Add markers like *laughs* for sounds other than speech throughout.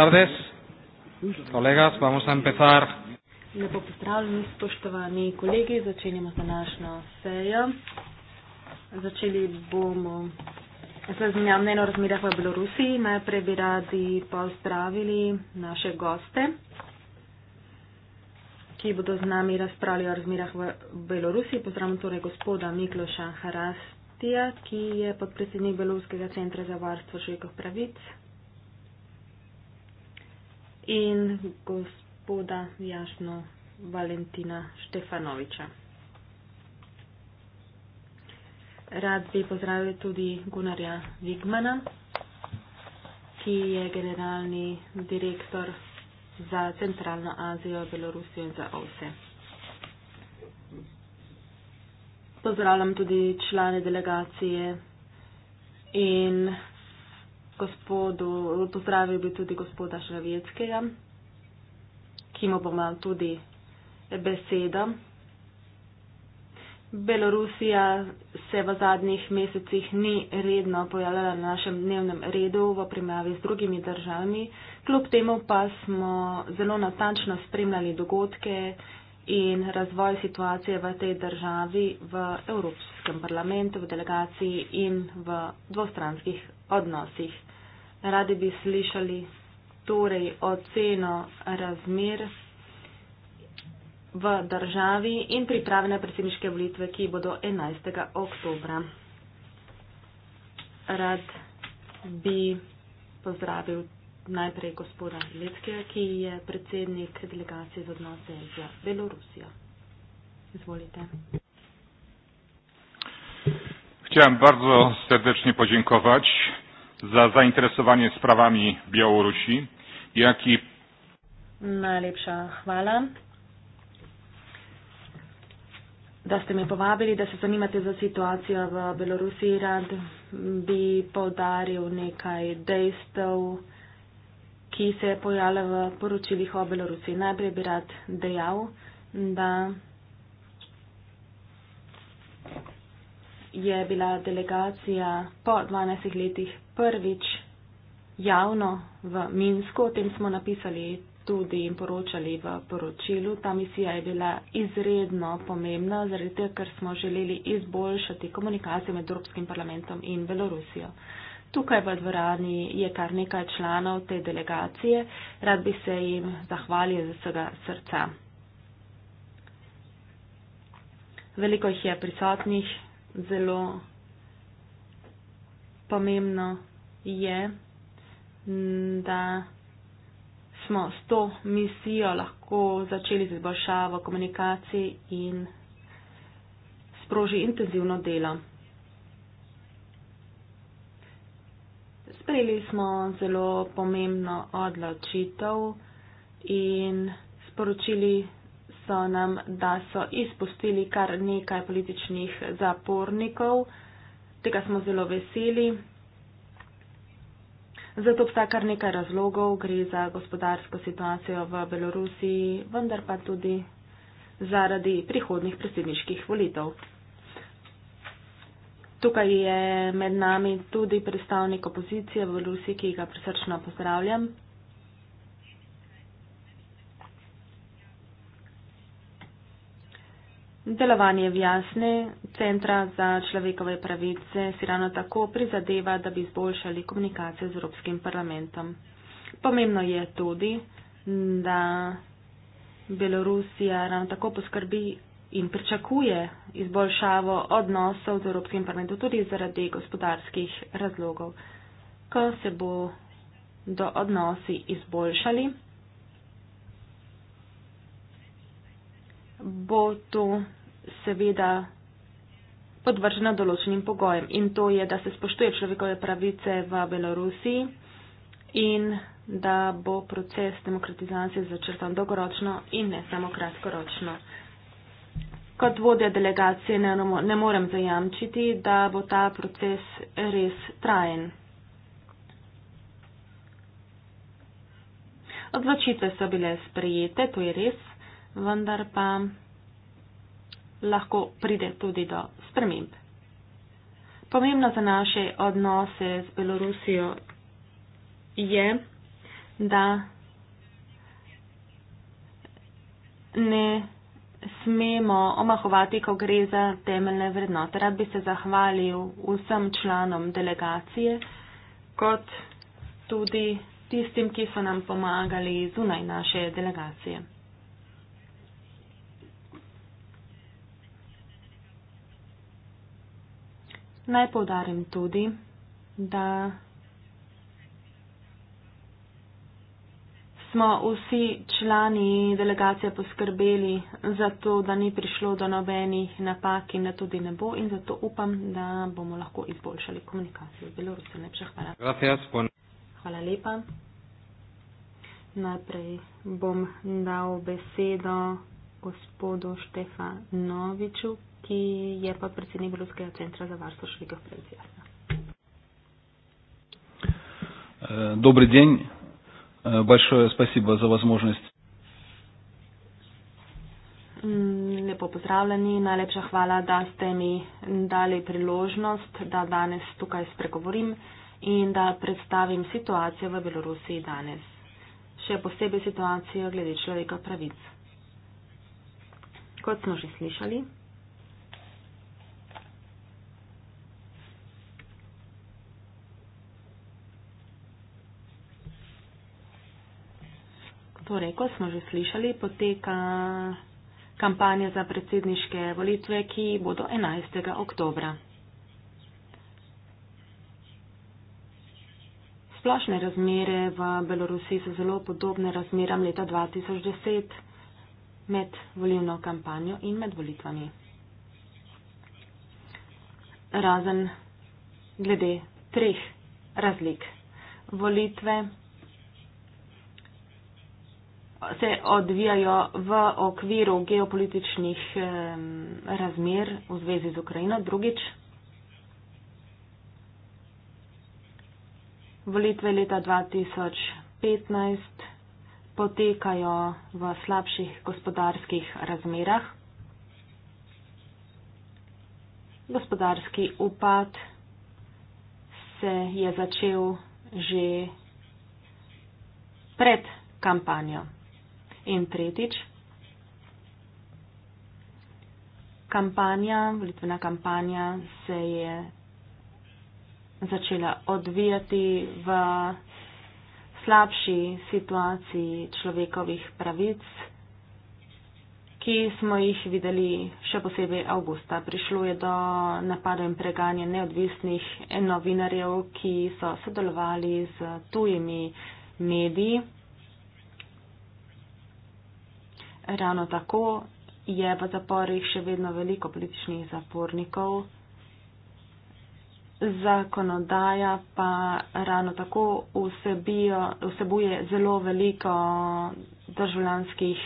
tardes, colegas. Vamos a empezar. Lepo pozdravljeni, spoštovani kolegi. Začenjamo današnjo sejo. Začeli bomo z mnenjem o razmerah v Belorusiji. Najprej bi radi pozdravili naše goste, ki bodo z nami razpravljali o razmerah v Belorusiji. Pozdravljam torej gospoda Mikloša Harastija, ki je podpredsednik Belorskega centra za varstvo človekovih pravic in gospoda Jašno Valentina Štefanoviča. Rad bi pozdravil tudi Gunarja Vigmana, ki je generalni direktor za Centralno Azijo, Belorusijo in za OSE. Pozdravljam tudi člane delegacije in gospodu, pozdravil bi tudi gospoda Šravjeckega, ki mu bomo tudi besedo. Belorusija se v zadnjih mesecih ni redno pojavljala na našem dnevnem redu v primerjavi z drugimi državami, kljub temu pa smo zelo natančno spremljali dogodke in razvoj situacije v tej državi, v Evropskem parlamentu, v delegaciji in v dvostranskih odnosih radi bi slišali torej oceno razmer v državi in priprave na predsedniške volitve, ki bodo 11. oktobra. Rad bi pozdravil najprej gospoda Letkega, ki je predsednik delegacije z odnose z Belorusijo. Izvolite. Chciałem bardzo serdecznie podziękować za zainteresovanje spravami Białorusi, jak i Najlepša hvala, da ste me povabili, da se zanimate za situacijo v Belorusiji. Rad bi podaril nekaj dejstev, ki se je pojavila v poročilih o Belorusiji. Najprej bi rad dejal, da je bila delegacija po 12 letih prvič javno v Minsku, o tem smo napisali tudi in poročali v poročilu. Ta misija je bila izredno pomembna, zaradi tega, ker smo želeli izboljšati komunikacijo med Evropskim parlamentom in Belorusijo. Tukaj v dvorani je kar nekaj članov te delegacije, rad bi se jim zahvalil z vsega srca. Veliko jih je prisotnih, zelo pomembno je, da smo s to misijo lahko začeli z izboljšavo komunikacij in sproži intenzivno delo. Sprejeli smo zelo pomembno odločitev in sporočili so nam, da so izpustili kar nekaj političnih zapornikov. Tega smo zelo veseli. Zato obstaja kar nekaj razlogov, gre za gospodarsko situacijo v Belorusiji, vendar pa tudi zaradi prihodnih predsedniških volitev. Tukaj je med nami tudi predstavnik opozicije v Belorusiji, ki ga prisrčno pozdravljam. Delovanje v jasne centra za človekove pravice si ravno tako prizadeva, da bi izboljšali komunikacijo z Evropskim parlamentom. Pomembno je tudi, da Belorusija ravno tako poskrbi in pričakuje izboljšavo odnosov z Evropskim parlamentom tudi zaradi gospodarskih razlogov. Ko se bo do odnosi izboljšali, bo to seveda podvržena določenim pogojem in to je, da se spoštuje človekove pravice v Belorusiji in da bo proces demokratizacije začrtan dolgoročno in ne samo kratkoročno. Kot vodja delegacije ne, ne morem zajamčiti, da bo ta proces res trajen. Odločitve so bile sprejete, to je res, vendar pa lahko pride tudi do sprememb. Pomembno za naše odnose z Belorusijo je, da ne smemo omahovati, ko gre za temeljne vrednote. Rad bi se zahvalil vsem članom delegacije, kot tudi tistim, ki so nam pomagali zunaj naše delegacije. Naj povdarim tudi, da smo vsi člani delegacije poskrbeli za to, da ni prišlo do nobenih napak in da tudi ne bo in zato upam, da bomo lahko izboljšali komunikacijo z Belorusijo. Najlepša hvala. Hvala lepa. Najprej bom dal besedo gospodu Štefanoviču, ki je pa predsednik Belovskega centra za varstvo človekovih pravic. Eh, dobri dan, veliko hvala za možnost. Mm, lepo pozdravljeni, najlepša hvala, da ste mi dali priložnost, da danes tukaj spregovorim in da predstavim situacijo v Belorusiji danes. Še posebej situacijo glede človeka pravic. Kot smo že slišali, Torej, kot smo že slišali, poteka kampanja za predsedniške volitve, ki bodo 11. oktober. Splošne razmere v Belorusiji so zelo podobne razmeram leta 2010 med volilno kampanjo in med volitvami. Razen glede treh razlik. Volitve se odvijajo v okviru geopolitičnih razmer v zvezi z Ukrajino. Drugič, volitve leta 2015 potekajo v slabših gospodarskih razmerah. Gospodarski upad se je začel že pred kampanjo. In tretjič, kampanja, volitvena kampanja se je začela odvijati v slabši situaciji človekovih pravic, ki smo jih videli še posebej avgusta. Prišlo je do napadov in preganja neodvisnih novinarjev, ki so sodelovali z tujimi mediji. ravno tako je v zaporih še vedno veliko političnih zapornikov, zakonodaja pa ravno tako vsebijo, vsebuje zelo veliko državljanskih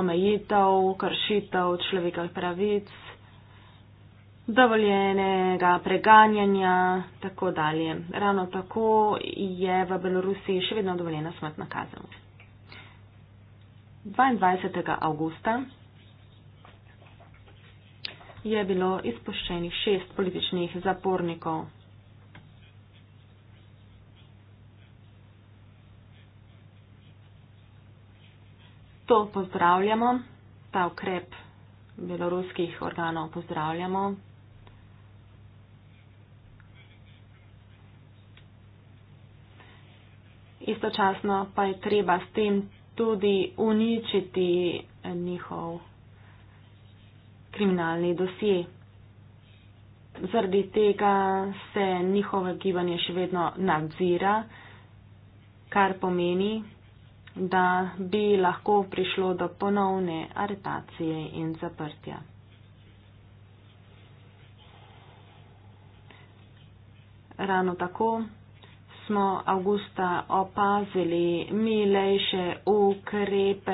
omejitev, kršitev človekovih pravic, dovoljenega preganjanja in tako dalje. Ravno tako je v Belorusiji še vedno dovoljena smrtna kazen. 22. avgusta je bilo izpuščenih šest političnih zapornikov. To pozdravljamo, ta ukrep beloruskih organov pozdravljamo. Istočasno pa je treba s tem tudi uničiti njihov kriminalni dosje. Zaradi tega se njihove gibanje še vedno nadzira, kar pomeni, da bi lahko prišlo do ponovne aretacije in zaprtja. Ravno tako smo avgusta opazili milejše ukrepe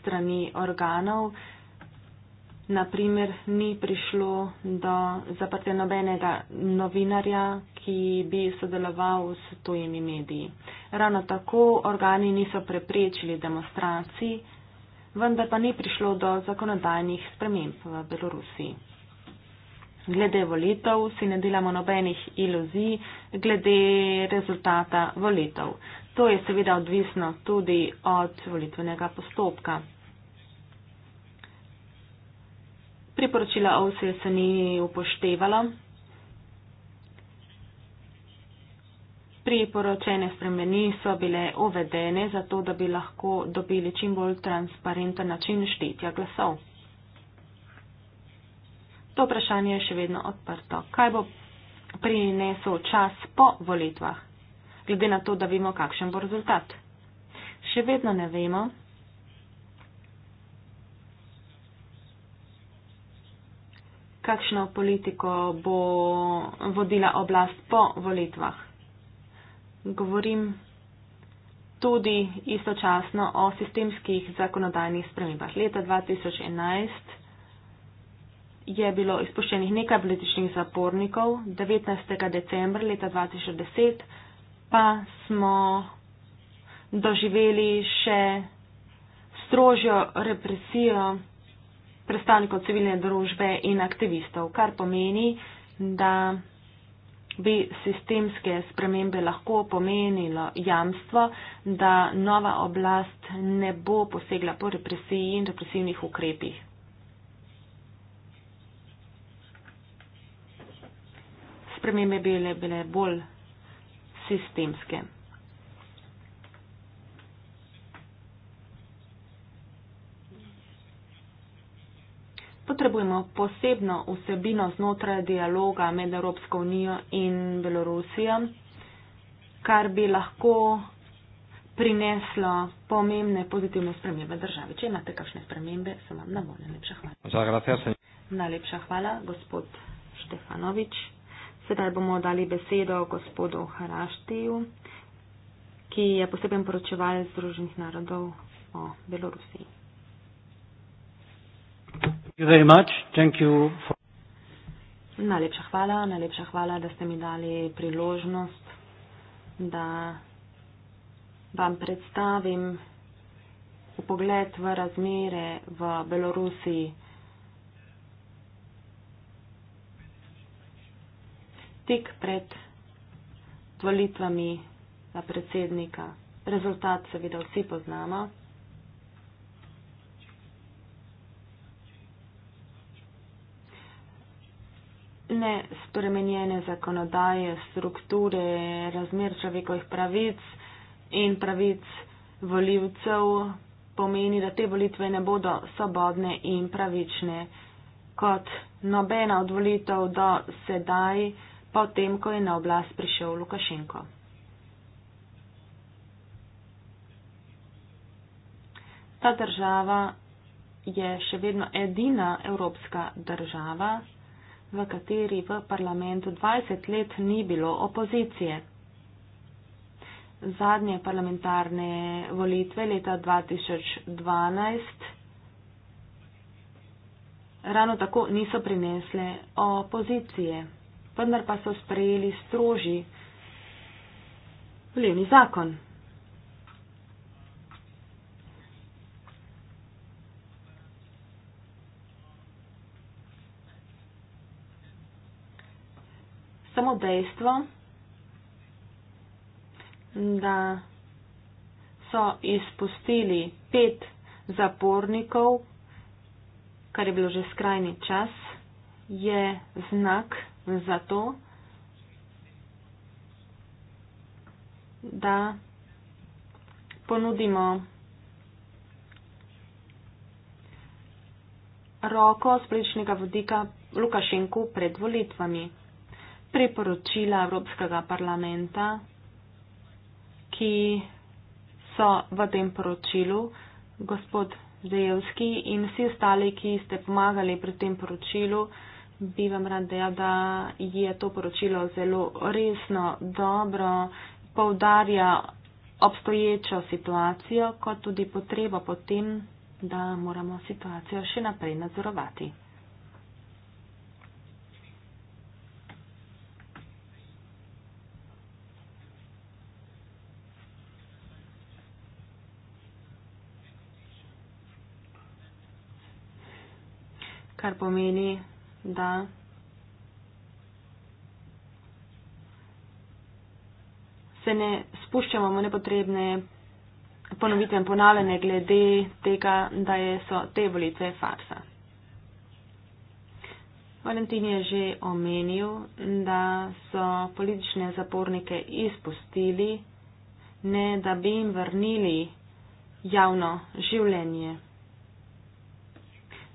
strani organov, naprimer ni prišlo do zaprte nobenega novinarja, ki bi sodeloval s tujimi mediji. Ravno tako organi niso preprečili demonstracij, vendar pa ni prišlo do zakonodajnih sprememb v Belorusiji glede volitev si ne delamo nobenih iluzij glede rezultata volitev. To je seveda odvisno tudi od volitvenega postopka. Priporočila OSE se ni upoštevalo. Priporočene spremeni so bile uvedene zato, da bi lahko dobili čim bolj transparenten način štetja glasov. To vprašanje je še vedno odprto. Kaj bo prinesel čas po volitvah, glede na to, da vemo, kakšen bo rezultat? Še vedno ne vemo. kakšno politiko bo vodila oblast po volitvah. Govorim tudi istočasno o sistemskih zakonodajnih spremembah. Leta 2011 je bilo izpuščenih nekaj političnih zapornikov, 19. decembra leta 2010 pa smo doživeli še strožjo represijo predstavnikov civilne družbe in aktivistov, kar pomeni, da bi sistemske spremembe lahko pomenilo jamstvo, da nova oblast ne bo posegla po represiji in represivnih ukrepih. spremembe bile, bile bolj sistemske. Potrebujemo posebno vsebino znotraj dialoga med Evropsko unijo in Belorusijo, kar bi lahko prineslo pomembne pozitivne spremembe države. Če imate kakšne spremembe, se vam na voljo. Najlepša hvala. Najlepša hvala, gospod Štefanovič. Sedaj bomo dali besedo gospodu Haraštiju, ki je poseben poročeval Združenih narodov o Belorusiji. Najlepša hvala, najlepša hvala, da ste mi dali priložnost, da vam predstavim pogled v razmere v Belorusiji. tik pred volitvami za predsednika. Rezultat seveda vsi poznamo. Ne spremenjene zakonodaje, strukture, razmer človekovih pravic in pravic voljivcev pomeni, da te volitve ne bodo sobodne in pravične. Kot nobena od volitev do sedaj potem, ko je na oblast prišel Lukašenko. Ta država je še vedno edina evropska država, v kateri v parlamentu 20 let ni bilo opozicije. Zadnje parlamentarne volitve leta 2012 ravno tako niso prinesle opozicije vendar pa so sprejeli stroži volilni zakon. Samo dejstvo, da so izpustili pet zapornikov, kar je bilo že skrajni čas, je znak, za to, da ponudimo roko splečnega vodika Lukašenku pred volitvami. Priporočila Evropskega parlamenta, ki so v tem poročilu, gospod Zajevski in vsi ostali, ki ste pomagali pri tem poročilu, bi vam rad dejal, da je to poročilo zelo resno, dobro, povdarja obstoječo situacijo, kot tudi potrebo potem, da moramo situacijo še naprej nadzorovati. Kar pomeni, da se ne spuščamo v nepotrebne ponovitve in ponavljanje glede tega, da je, so te volitve farsa. Valentin je že omenil, da so politične zapornike izpustili, ne da bi jim vrnili javno življenje.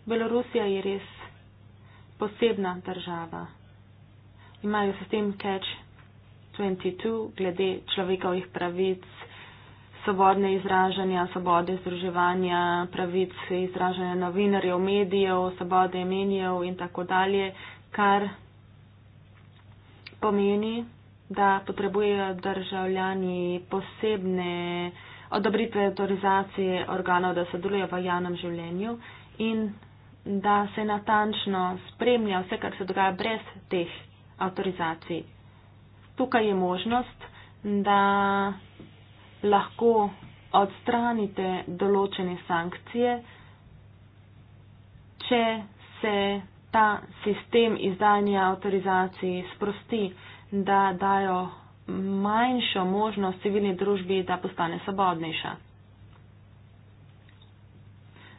Belorusija je res posebna država. Imajo sistem Catch 22 glede človekovih pravic, svobodne izražanja, svobode združevanja, pravic izražanja novinarjev, medijev, svobode menijev in tako dalje, kar pomeni, da potrebujejo državljani posebne odobritve, autorizacije organov, da sodelujejo v javnem življenju in da se natančno spremlja vse, kar se dogaja brez teh avtorizacij. Tukaj je možnost, da lahko odstranite določene sankcije, če se ta sistem izdanja avtorizacij sprosti, da dajo manjšo možnost civilni družbi, da postane svobodnejša.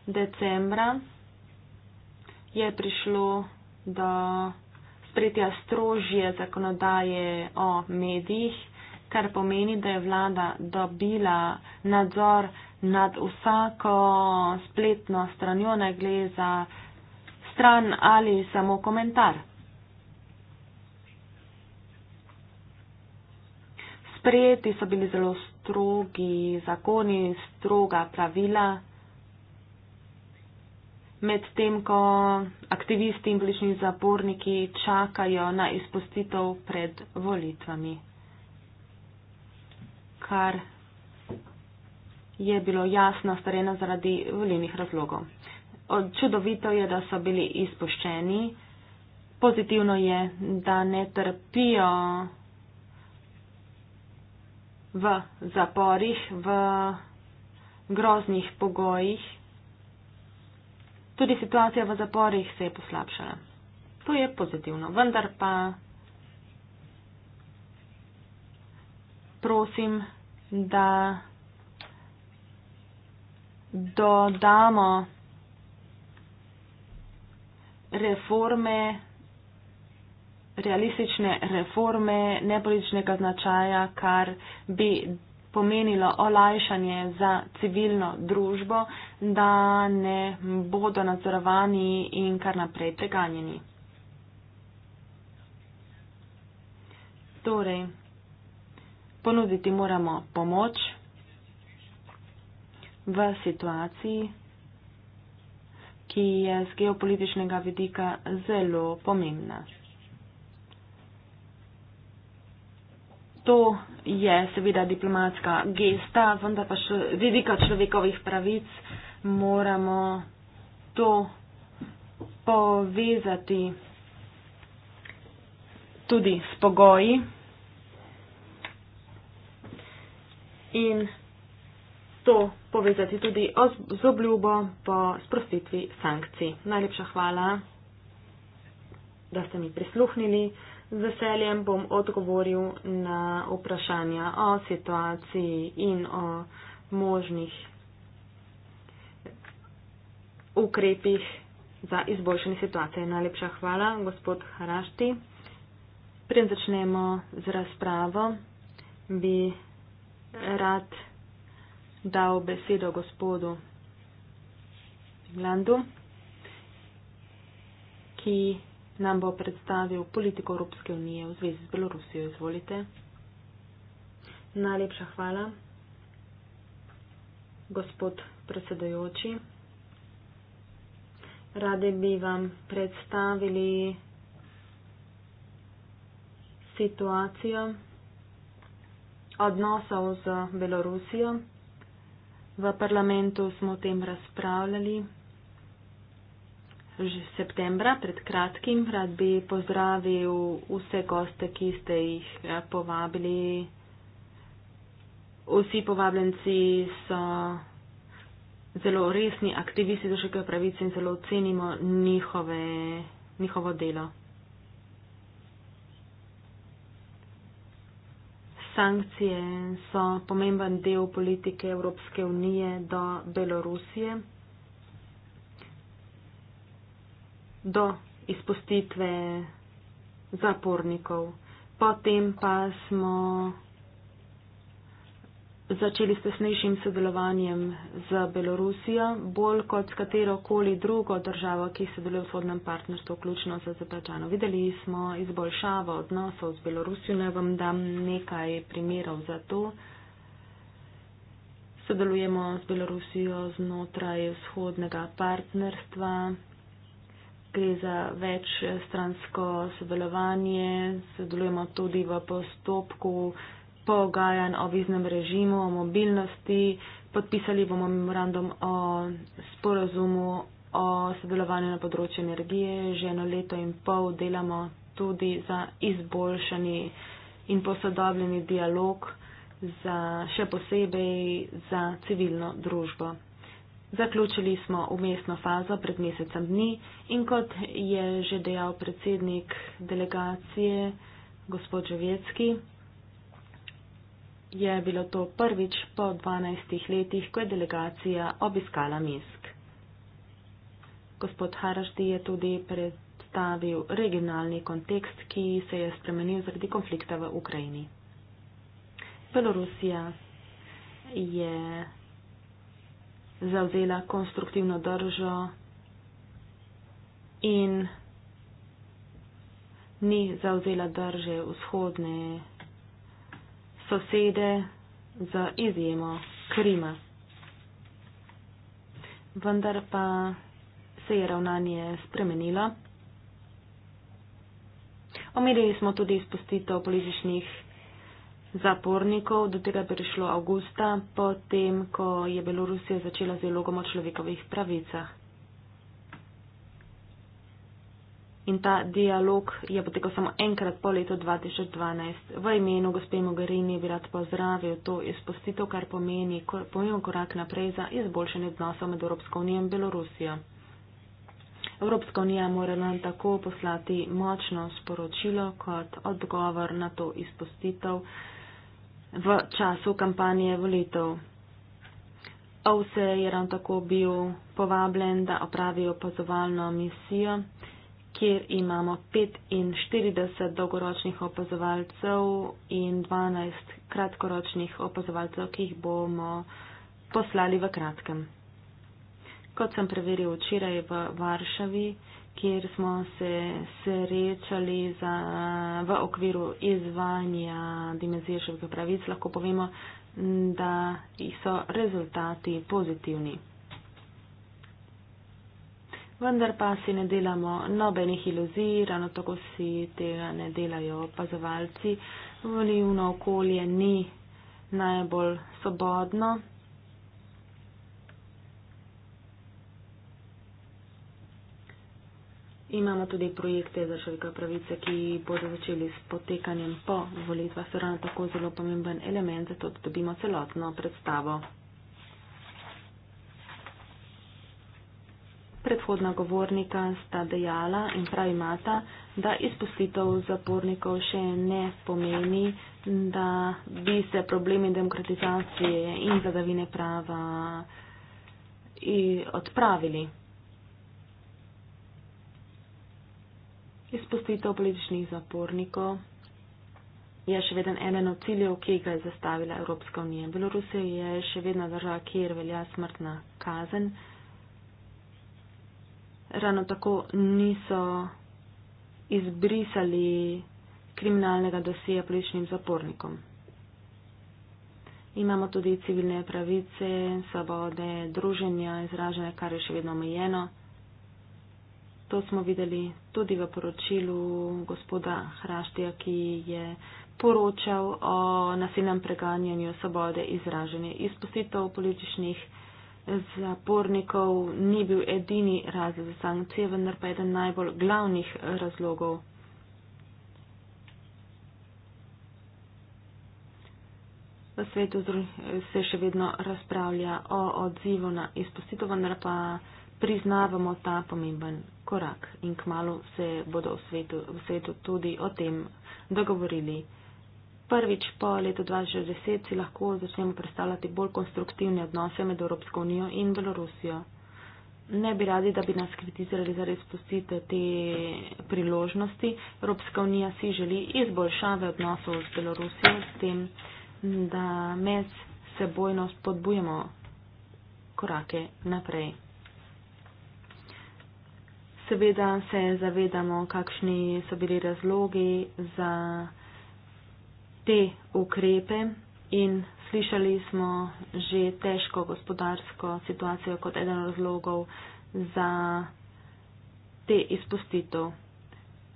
Decembra je prišlo do sprejetja strožje zakonodaje o medijih, kar pomeni, da je vlada dobila nadzor nad vsako spletno stranjo, ne gre za stran ali samo komentar. Sprejeti so bili zelo strogi zakoni, stroga pravila medtem ko aktivisti in politični zaporniki čakajo na izpustitev pred volitvami, kar je bilo jasno starjeno zaradi volilnih razlogov. Čudovito je, da so bili izpuščeni. Pozitivno je, da ne trpijo v zaporih, v groznih pogojih. Tudi situacija v zaporih se je poslabšala. To je pozitivno, vendar pa prosim, da dodamo reforme, realistične reforme nepoličnega značaja, kar bi pomenilo olajšanje za civilno družbo, da ne bodo nadzorovani in kar naprej preganjeni. Torej, ponuditi moramo pomoč v situaciji, ki je z geopolitičnega vidika zelo pomembna. to je seveda diplomatska gesta, vendar pa še vidika človekovih pravic moramo to povezati tudi s pogoji. In to povezati tudi z obljubo po sprostitvi sankcij. Najlepša hvala, da ste mi prisluhnili. Z veseljem bom odgovoril na vprašanja o situaciji in o možnih ukrepih za izboljšanje situacije. Najlepša hvala, gospod Harašti. Preden začnemo z razpravo, bi rad dal besedo gospodu Glandu, ki nam bo predstavil politiko Evropske unije v zvezi z Belorusijo. Izvolite. Najlepša hvala, gospod predsedojoči. Rade bi vam predstavili situacijo odnosov z Belorusijo. V parlamentu smo o tem razpravljali že septembra, pred kratkim. Rad bi pozdravil vse goste, ki ste jih eh, povabili. Vsi povabljenci so zelo resni aktivisti državljanske pravice in zelo cenimo njihove, njihovo delo. Sankcije so pomemben del politike Evropske unije do Belorusije. do izpustitve zapornikov. Potem pa smo začeli s tesnejšim sodelovanjem z Belorusijo, bolj kot s katero koli drugo državo, ki sodeluje v vzhodnem partnerstvu, vključno z Azerbajdžanom. Videli smo izboljšavo odnosov z Belorusijo, naj vam dam nekaj primerov za to. Sodelujemo z Belorusijo znotraj vzhodnega partnerstva, gre za večstransko sodelovanje, sodelujemo tudi v postopku pogajanj o viznem režimu, o mobilnosti, podpisali bomo memorandum o sporozumu o sodelovanju na področju energije, že eno leto in pol delamo tudi za izboljšanje in posodobljeni dialog, za, še posebej za civilno družbo. Zaključili smo umestno fazo pred mesecem dni in kot je že dejal predsednik delegacije, gospod Žovjetski, je bilo to prvič po 12 letih, ko je delegacija obiskala Misk. Gospod Harašti je tudi predstavil regionalni kontekst, ki se je spremenil zaradi konflikta v Ukrajini. Belorusija je zavzela konstruktivno držo in ni zavzela drže vzhodne sosede za izjemo Krima. Vendar pa se je ravnanje spremenilo. Omerili smo tudi izpustitev političnih zapornikov. Do tega je prišlo avgusta, potem, ko je Belorusija začela z dialogom o človekovih pravicah. In ta dialog je potekal samo enkrat po letu 2012. V imenu gospe Mogherini bi rad pozdravil to izpustitev, kar pomeni pomemben korak naprej za izboljšanje odnosov med Evropsko unijo in Belorusijo. Evropska unija mora nam tako poslati močno sporočilo kot odgovor na to izpustitev v času kampanje volitev. Ovse je ravno tako bil povabljen, da opravi opazovalno misijo, kjer imamo 45 dolgoročnih opazovalcev in 12 kratkoročnih opazovalcev, ki jih bomo poslali v kratkem kot sem preveril včeraj v Varšavi, kjer smo se srečali za, v okviru izvanja dimenzije človekovih pravic, lahko povemo, da so rezultati pozitivni. Vendar pa si ne delamo nobenih iluzij, ravno tako si tega ne delajo opazovalci. Volivno okolje ni najbolj svobodno, Imamo tudi projekte za človeka pravice, ki bodo začeli s potekanjem po volitvah. Se ravno tako zelo pomemben element, zato da dobimo celotno predstavo. Predhodna govornika sta dejala in pravi mata, da izpustitev zapornikov še ne pomeni, da bi se problemi demokratizacije in zadavine prava odpravili. Izpustitev političnih zapornikov je še vedno eden od ciljev, ki ga je zastavila Evropska unija. Belorusija je še vedno država, kjer velja smrtna kazen. Ravno tako niso izbrisali kriminalnega dosija političnim zapornikom. Imamo tudi civilne pravice, svobode, druženja, izražanje, kar je še vedno omejeno to smo videli tudi v poročilu gospoda Hraštija, ki je poročal o nasilnem preganjanju svobode izražanja. Izpustitev političnih zapornikov ni bil edini razlog za sankcije, vendar pa eden najbolj glavnih razlogov. V svetu se še vedno razpravlja o odzivu na izpustitev, vendar pa priznavamo ta pomemben korak in kmalo se bodo v svetu, v svetu tudi o tem dogovorili. Prvič po letu 2010 si lahko začnemo predstavljati bolj konstruktivne odnose med Evropsko unijo in Belorusijo. Ne bi radi, da bi nas kritizirali za razpustitev te priložnosti. Evropska unija si želi izboljšave odnosov z Belorusijo s tem, da med sebojno spodbujamo korake naprej. Seveda se zavedamo, kakšni so bili razlogi za te ukrepe in slišali smo že težko gospodarsko situacijo kot eden razlogov za te izpustitev.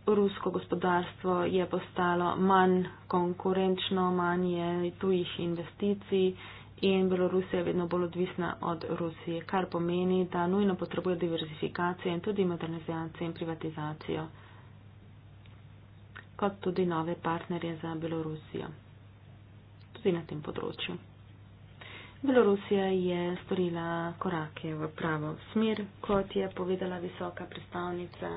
Rusko gospodarstvo je postalo manj konkurenčno, manj je tujih investicij in Belorusija je vedno bolj odvisna od Rusije, kar pomeni, da nujno potrebuje diverzifikacijo in tudi modernizacijo in privatizacijo, kot tudi nove partnerje za Belorusijo, tudi na tem področju. Belorusija je storila korake v pravo smer, kot je povedala visoka predstavnica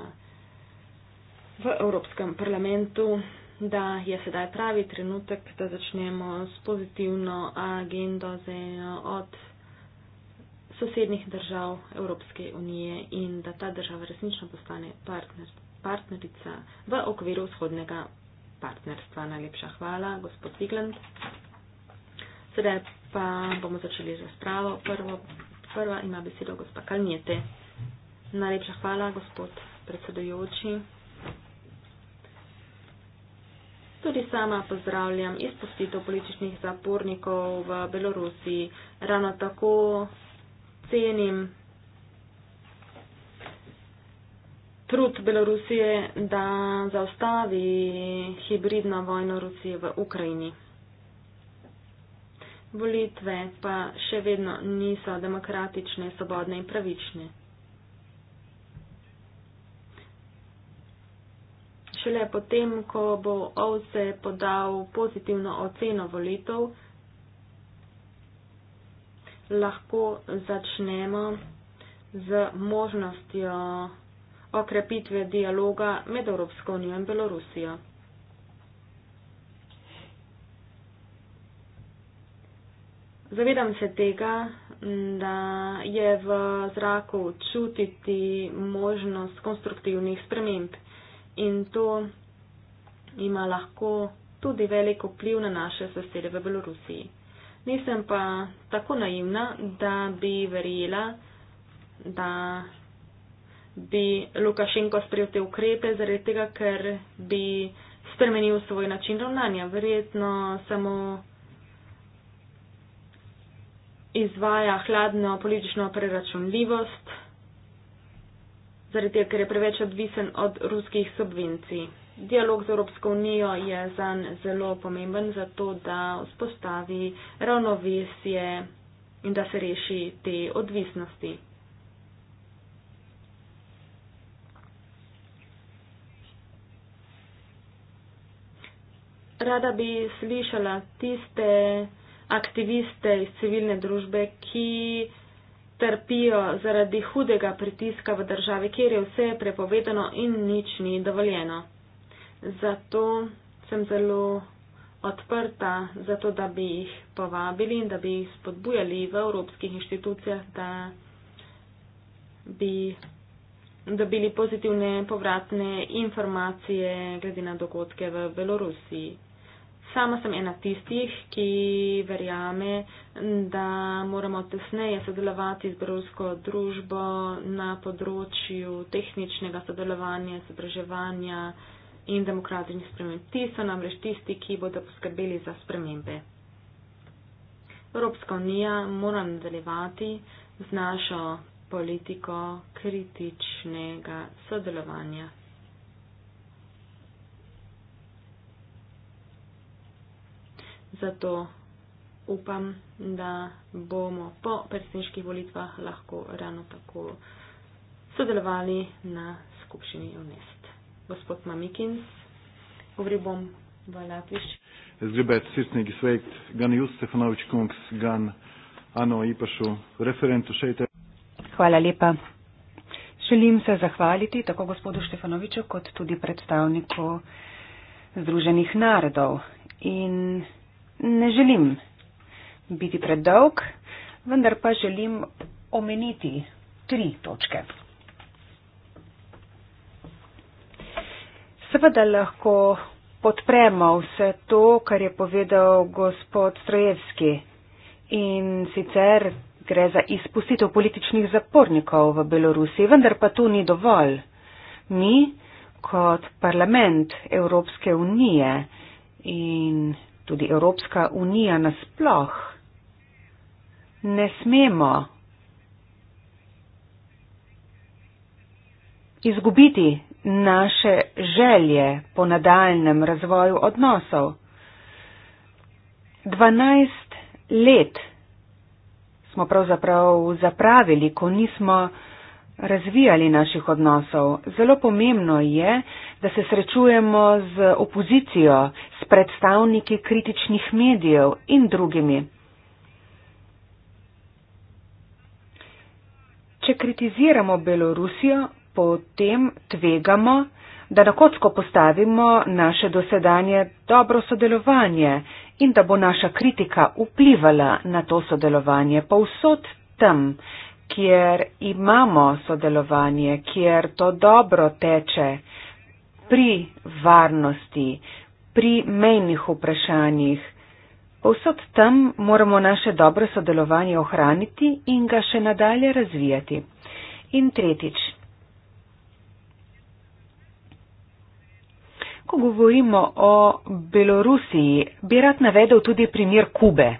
v Evropskem parlamentu da je sedaj pravi trenutek, da začnemo s pozitivno agendo za eno od sosednjih držav Evropske unije in da ta država resnično postane partner, partnerica v okviru vzhodnega partnerstva. Najlepša hvala, gospod Vigland. Sedaj pa bomo začeli z razpravo. Prvo, prva ima besedo gospa Kalnjete. Najlepša hvala, gospod predsedujoči. Tudi sama pozdravljam izpustitev političnih zapornikov v Belorusiji. Ravno tako cenim trud Belorusije, da zaustavi hibridno vojno Rusije v Ukrajini. Volitve pa še vedno niso demokratične, svobodne in pravične. šele potem, ko bo OVSE podal pozitivno oceno volitev, lahko začnemo z možnostjo okrepitve dialoga med Evropsko unijo in Belorusijo. Zavedam se tega, da je v zraku čutiti možnost konstruktivnih sprememb in to ima lahko tudi veliko vpliv na naše sosede v Belorusiji. Nisem pa tako naivna, da bi verjela, da bi Lukašenko sprejel te ukrepe zaradi tega, ker bi spremenil svoj način ravnanja. Verjetno samo izvaja hladno politično preračunljivost zaradi tega, ker je preveč odvisen od ruskih subvencij. Dialog z Evropsko unijo je zan zelo pomemben, zato da vzpostavi ravnovesje in da se reši te odvisnosti. Rada bi slišala tiste aktiviste iz civilne družbe, ki trpijo zaradi hudega pritiska v državi, kjer je vse prepovedano in nič ni dovoljeno. Zato sem zelo odprta za to, da bi jih povabili in da bi jih spodbujali v evropskih inštitucijah, da bi dobili pozitivne povratne informacije glede na dogodke v Belorusiji. Sama sem ena tistih, ki verjame, da moramo tesneje sodelovati z brusko družbo na področju tehničnega sodelovanja, izobraževanja in demokratičnih sprememb. Ti so namreč tisti, ki bodo poskrbeli za spremembe. Evropska unija mora nadaljevati z našo politiko kritičnega sodelovanja. zato upam, da bomo po predsedniških volitvah lahko ravno tako sodelovali na skupščini UNESCO. Gospod Mamikins, govori bom v Latviši. Es gribētu sirsnīgi sveikt gan Jūsefanovičs kungs, gan Ano īpašu referentu šeit. Hvala lepa. Želim se zahvaliti tako gospodu Štefanoviču kot tudi predstavniku Združenih narodov. In ne želim biti predolg, vendar pa želim omeniti tri točke. Seveda lahko podpremo vse to, kar je povedal gospod Strojevski in sicer gre za izpustitev političnih zapornikov v Belorusiji, vendar pa to ni dovolj. Mi kot parlament Evropske unije in tudi Evropska unija nasploh, ne smemo izgubiti naše želje po nadaljnem razvoju odnosov. 12 let smo pravzaprav zapravili, ko nismo razvijali naših odnosov. Zelo pomembno je, da se srečujemo z opozicijo, s predstavniki kritičnih medijev in drugimi. Če kritiziramo Belorusijo, potem tvegamo, da na kocko postavimo naše dosedanje dobro sodelovanje in da bo naša kritika vplivala na to sodelovanje povsod tam, kjer imamo sodelovanje, kjer to dobro teče pri varnosti, pri mejnih vprašanjih. Povsod tam moramo naše dobro sodelovanje ohraniti in ga še nadalje razvijati. In tretjič. Ko govorimo o Belorusiji, bi rad navedel tudi primer Kube.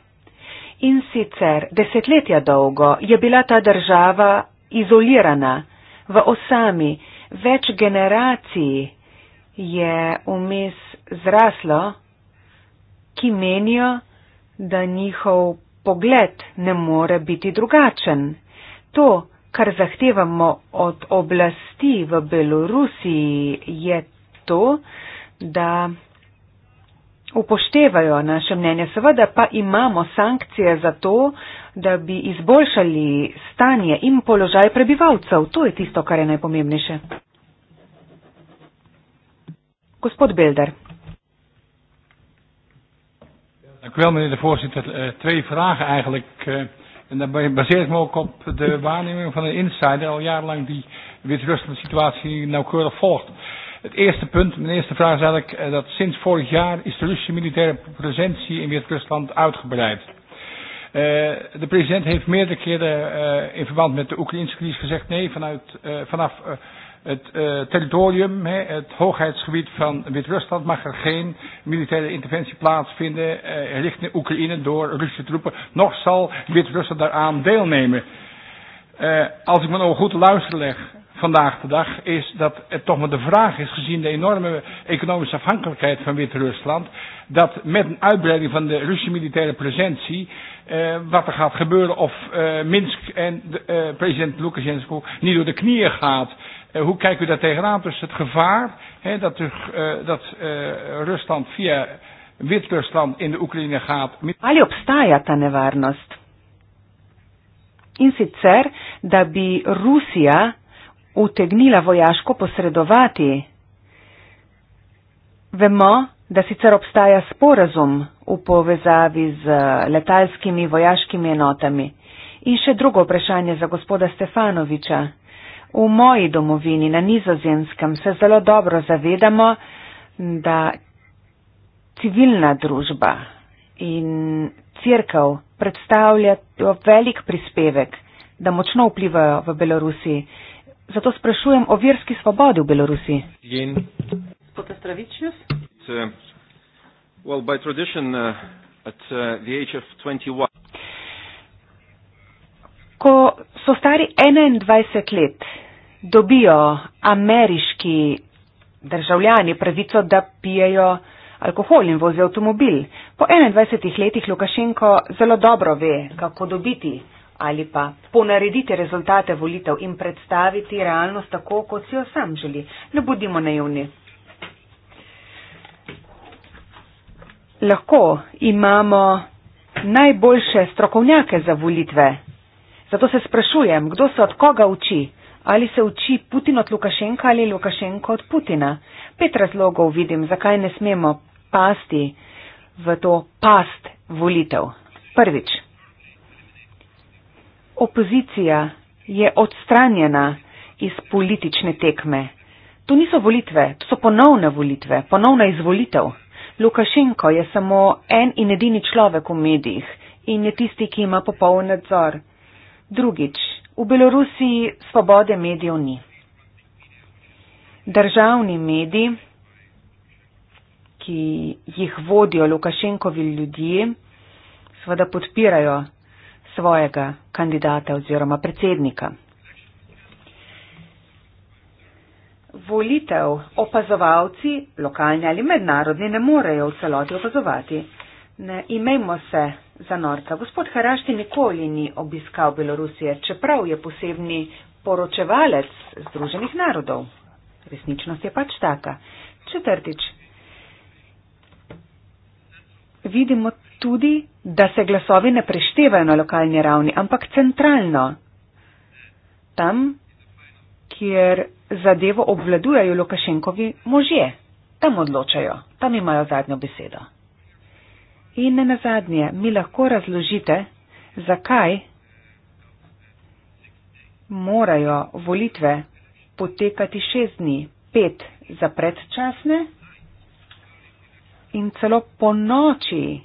In sicer desetletja dolgo je bila ta država izolirana, v osami, več generacij je vmes zraslo, ki menijo, da njihov pogled ne more biti drugačen. To, kar zahtevamo od oblasti v Belorusiji, je to, da upoštevajo naše mnenje. Seveda pa imamo sankcije za to, da bi izboljšali stanje in položaj prebivalcev. To je tisto, kar je najpomembnejše. Gospod Belder. Ik wil, meneer de voorzitter, eh, twee vragen eigenlijk. Eh, en daar baseer ik me ook op de *laughs* waarneming van een insider al jarenlang die Wit-Rusland-situatie nauwkeurig volgt. Uh, Het eerste punt, mijn eerste vraag is eigenlijk eh, dat sinds vorig jaar is de Russische militaire presentie in Wit-Rusland uitgebreid. Uh, de president heeft meerdere keren uh, in verband met de Oekraïnse crisis gezegd nee, vanuit, uh, vanaf uh, het uh, territorium, hè, het hoogheidsgebied van Wit-Rusland mag er geen militaire interventie plaatsvinden uh, richting Oekraïne door Russische troepen. Nog zal Wit-Rusland daaraan deelnemen. Uh, als ik mijn ogen goed luister leg, vandaag de dag is dat het toch maar de vraag is, gezien de enorme economische afhankelijkheid van Wit-Rusland, dat met een uitbreiding van de Russische militaire presentie, eh, wat er gaat gebeuren of eh, Minsk en de, eh, president Lukashenko niet door de knieën gaat. Eh, hoe kijkt u daar tegenaan? Dus het gevaar hè, dat, er, eh, dat eh, Rusland via Wit-Rusland in de Oekraïne gaat. In sicer, da bi Rusija utegnila vojaško posredovati. Vemo, da sicer obstaja sporazum v povezavi z eh, letalskimi vojaškimi enotami. In še drugo vprašanje za gospoda Stefanoviča. V moji domovini na nizozemskem se zelo dobro zavedamo, da civilna družba in crkav predstavlja velik prispevek, da močno vplivajo v Belorusiji. Zato sprašujem o verski svobodi v Belorusiji. Uh, uh, uh, Ko so stari 21 let, dobijo ameriški državljani pravico, da pijejo alkohol in vozijo avtomobil. Po 21 letih Lukašenko zelo dobro ve, kako dobiti ali pa ponarediti rezultate volitev in predstaviti realnost tako, kot si jo sam želi. Ne bodimo naivni. Lahko imamo najboljše strokovnjake za volitve. Zato se sprašujem, kdo se od koga uči. Ali se uči Putin od Lukašenka ali Lukašenko od Putina? Pet razlogov vidim, zakaj ne smemo pasti v to past volitev. Prvič. Opozicija je odstranjena iz politične tekme. To niso volitve, to so ponovne volitve, ponovna izvolitev. Lukašenko je samo en in edini človek v medijih in je tisti, ki ima popoln nadzor. Drugič, v Belorusiji svobode medijev ni. Državni mediji, ki jih vodijo Lukašenkovi ljudje, seveda podpirajo svojega kandidata oziroma predsednika. Volitev opazovalci, lokalni ali mednarodni, ne morejo v celoti opazovati. Ne imejmo se za norca. Gospod Harašti nikoli ni obiskal Belorusije, čeprav je posebni poročevalec Združenih narodov. Resničnost je pač taka. Četrtič. Vidimo tudi da se glasovi ne preštevajo na lokalni ravni, ampak centralno. Tam, kjer zadevo obvladujajo Lukašenkovi možje, tam odločajo, tam imajo zadnjo besedo. In ne nazadnje, mi lahko razložite, zakaj morajo volitve potekati šest dni, pet za predčasne in celo po noči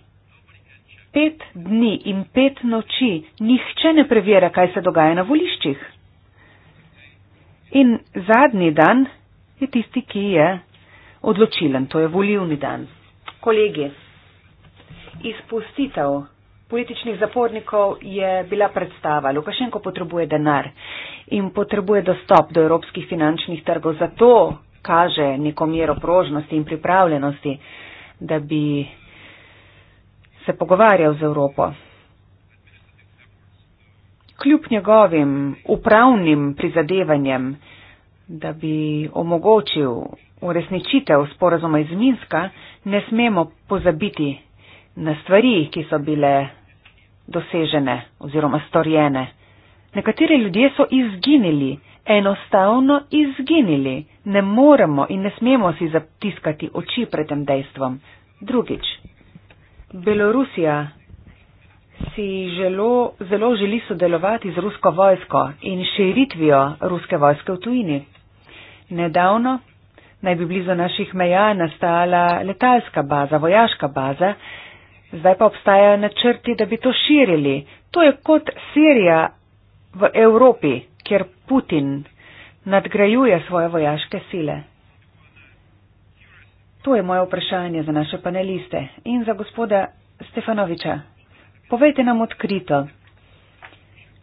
pet dni in pet noči nihče ne preverja, kaj se dogaja na voliščih. In zadnji dan je tisti, ki je odločilen, to je volivni dan. Kolegi, izpustitev političnih zapornikov je bila predstava. Lukašenko potrebuje denar in potrebuje dostop do evropskih finančnih trgov. Zato kaže neko mero prožnosti in pripravljenosti, da bi se pogovarjal z Evropo. Kljub njegovim upravnim prizadevanjem, da bi omogočil uresničitev sporazuma iz Minska, ne smemo pozabiti na stvari, ki so bile dosežene oziroma storjene. Nekateri ljudje so izginili, enostavno izginili. Ne moremo in ne smemo si zatiskati oči pred tem dejstvom. Drugič. Belorusija si želo, zelo želi sodelovati z rusko vojsko in širitvijo ruske vojske v tujini. Nedavno naj bi blizu naših meja nastala letalska baza, vojaška baza, zdaj pa obstajajo načrti, da bi to širili. To je kot Sirija v Evropi, kjer Putin nadgrajuje svoje vojaške sile. To je moje vprašanje za naše paneliste in za gospoda Stefanoviča. Povejte nam odkrito,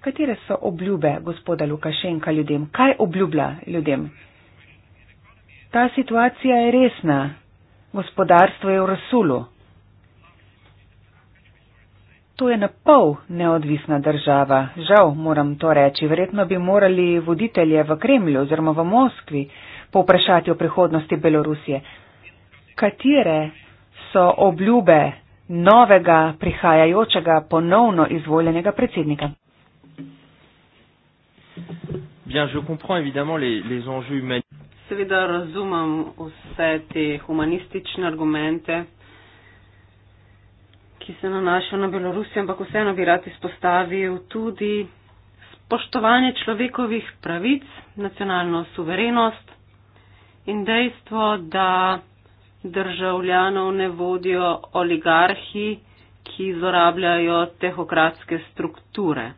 katere so obljube gospoda Lukašenka ljudem? Kaj obljublja ljudem? Ta situacija je resna. Gospodarstvo je v rasulu. To je na pol neodvisna država. Žal moram to reči. Verjetno bi morali voditelje v Kremlju oziroma v Moskvi povprašati o prihodnosti Belorusije katere so obljube novega prihajajočega ponovno izvoljenega predsednika. Bien, je comprends évidemment les, les enjeux humanitaires. Ki se nanašajo na Belorusijo, ampak vseeno bi rad izpostavil tudi spoštovanje človekovih pravic, nacionalno suverenost in dejstvo, da državljanov ne vodijo oligarhi, ki zorabljajo tehokratske strukture.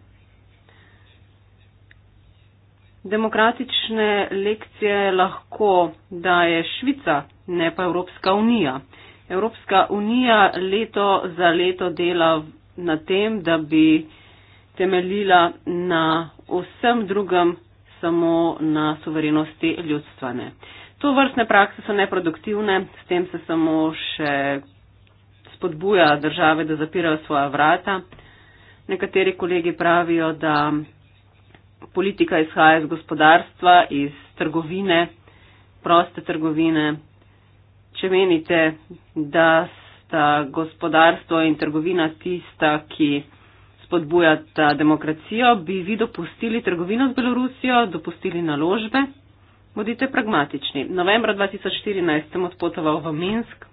Demokratične lekcije lahko daje Švica, ne pa Evropska unija. Evropska unija leto za leto dela na tem, da bi temeljila na vsem drugem, samo na suverenosti ljudstvane. To vrstne prakse so neproduktivne, s tem se samo še spodbuja države, da zapirajo svoja vrata. Nekateri kolegi pravijo, da politika izhaja iz gospodarstva, iz trgovine, proste trgovine. Če menite, da sta gospodarstvo in trgovina tista, ki spodbujata demokracijo, bi vi dopustili trgovino z Belorusijo, dopustili naložbe? Bodite pragmatični. Novembra 2014 sem odpotoval v Minsk.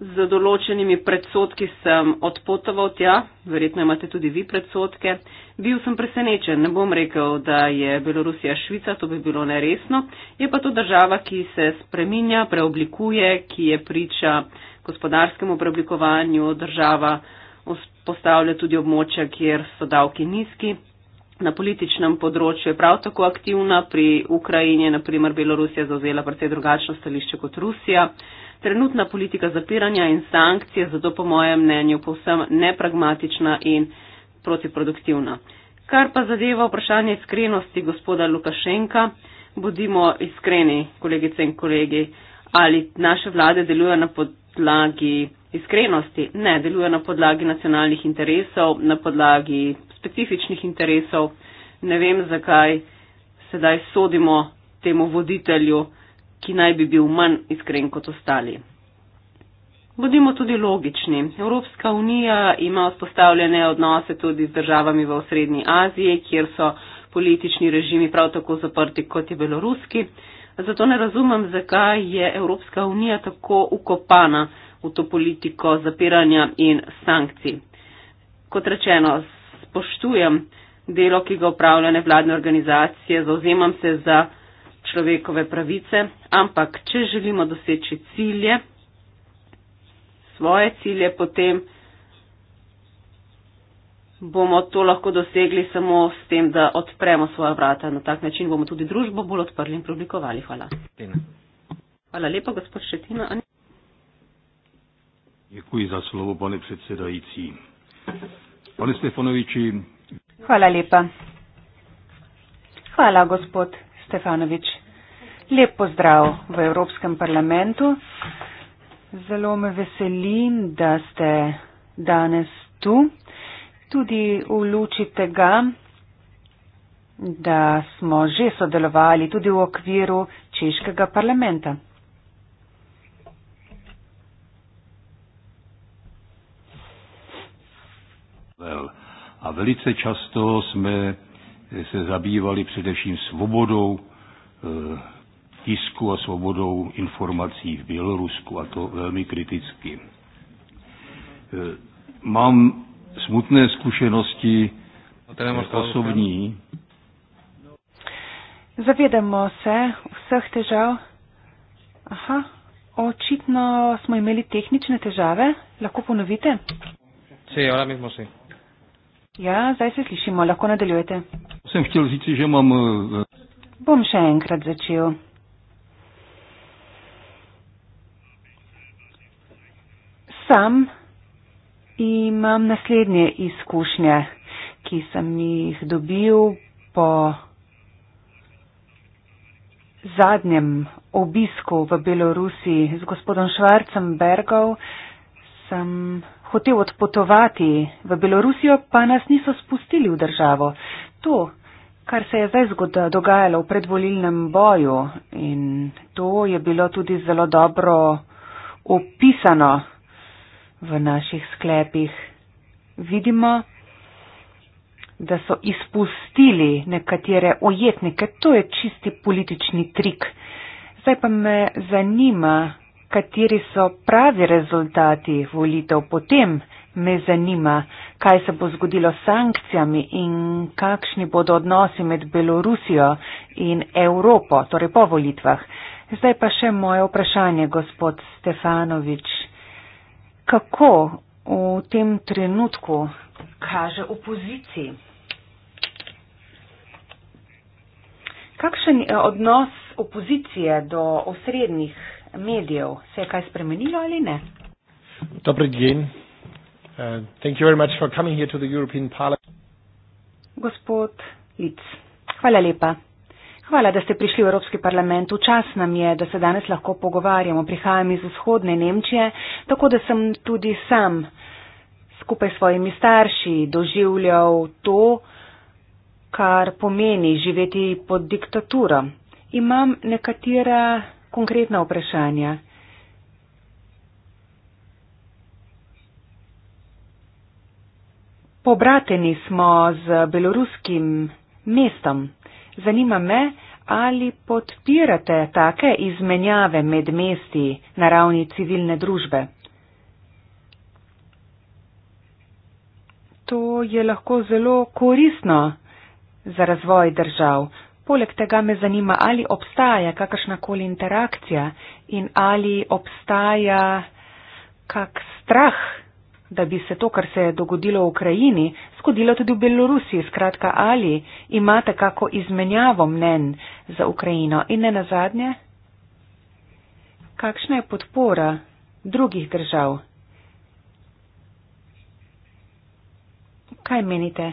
Z določenimi predsotki sem odpotoval tja, verjetno imate tudi vi predsotke. Bil sem presenečen, ne bom rekel, da je Belorusija Švica, to bi bilo neresno. Je pa to država, ki se spreminja, preoblikuje, ki je priča gospodarskemu preoblikovanju. Država postavlja tudi območja, kjer so davki nizki na političnem področju je prav tako aktivna, pri Ukrajini je naprimer Belorusija zauzela precej drugačno stališče kot Rusija. Trenutna politika zapiranja in sankcije je zato po mojem mnenju povsem nepragmatična in protiproduktivna. Kar pa zadeva vprašanje iskrenosti gospoda Lukašenka, bodimo iskreni, kolegice in kolegi, ali naše vlade delujejo na podlagi iskrenosti, ne deluje na podlagi nacionalnih interesov, na podlagi specifičnih interesov. Ne vem, zakaj sedaj sodimo temu voditelju, ki naj bi bil manj iskren kot ostali. Bodimo tudi logični. Evropska unija ima vzpostavljene odnose tudi z državami v Srednji Aziji, kjer so politični režimi prav tako zaprti kot je beloruski. Zato ne razumem, zakaj je Evropska unija tako ukopana v to politiko zapiranja in sankcij. Kot rečeno, spoštujem delo, ki ga upravljane vladne organizacije, zauzemam se za človekove pravice, ampak če želimo doseči cilje, svoje cilje, potem bomo to lahko dosegli samo s tem, da odpremo svoja vrata. Na tak način bomo tudi družbo bolj odprli in preoblikovali. Hvala. Hvala lepa, gospod Šetina. Děkuji za slovo, pane předsedající. Pane Stefanoviči. Hvala lepa. Hvala, gospod Stefanovič. Lep pozdrav v Evropskem parlamentu. Zelo me veselim, da ste danes tu. Tudi v luči tega, da smo že sodelovali tudi v okviru Češkega parlamenta. Pavel. A velice často jsme eh, se zabývali především svobodou eh, tisku a svobodou informací v Bělorusku, a to velmi kriticky. Eh, mám smutné zkušenosti osobní. Zavedamo se vseh težav. Aha, očitno smo imeli tehnične težave. Lahko ponovite? Sí, ahora mismo sí. Ja, zdaj se slišimo, lahko nadaljujete. Sem hotel reči, že imam. Eh, Bom še enkrat začel. Sam imam naslednje izkušnje, ki sem jih dobil po zadnjem obisku v Belorusiji z gospodom Švarcem Bergov. Sem hotel odpotovati v Belorusijo, pa nas niso spustili v državo. To, kar se je zdaj zgodaj dogajalo v predvolilnem boju in to je bilo tudi zelo dobro opisano v naših sklepih, vidimo, da so izpustili nekatere ojetnike. To je čisti politični trik. Zdaj pa me zanima, kateri so pravi rezultati volitev potem, me zanima, kaj se bo zgodilo s sankcijami in kakšni bodo odnosi med Belorusijo in Evropo, torej po volitvah. Zdaj pa še moje vprašanje, gospod Stefanovič. Kako v tem trenutku kaže opoziciji? Kakšen je odnos opozicije do osrednjih medijev. Se je kaj spremenilo ali ne? Dobro eh, dan. Gospod Lic, hvala lepa. Hvala, da ste prišli v Evropski parlament. Včas nam je, da se danes lahko pogovarjamo. Prihajam iz vzhodne Nemčije, tako da sem tudi sam skupaj s svojimi starši doživljal to, kar pomeni živeti pod diktaturo. Imam nekatera konkretna vprašanja. Pobrateni smo z beloruskim mestom. Zanima me, ali podpirate take izmenjave med mesti na ravni civilne družbe. To je lahko zelo koristno za razvoj držav. Poleg tega me zanima, ali obstaja kakršnakoli interakcija in ali obstaja kak strah, da bi se to, kar se je dogodilo v Ukrajini, zgodilo tudi v Belorusiji. Skratka, ali imate kako izmenjavo mnen za Ukrajino in ne nazadnje, kakšna je podpora drugih držav? Kaj menite?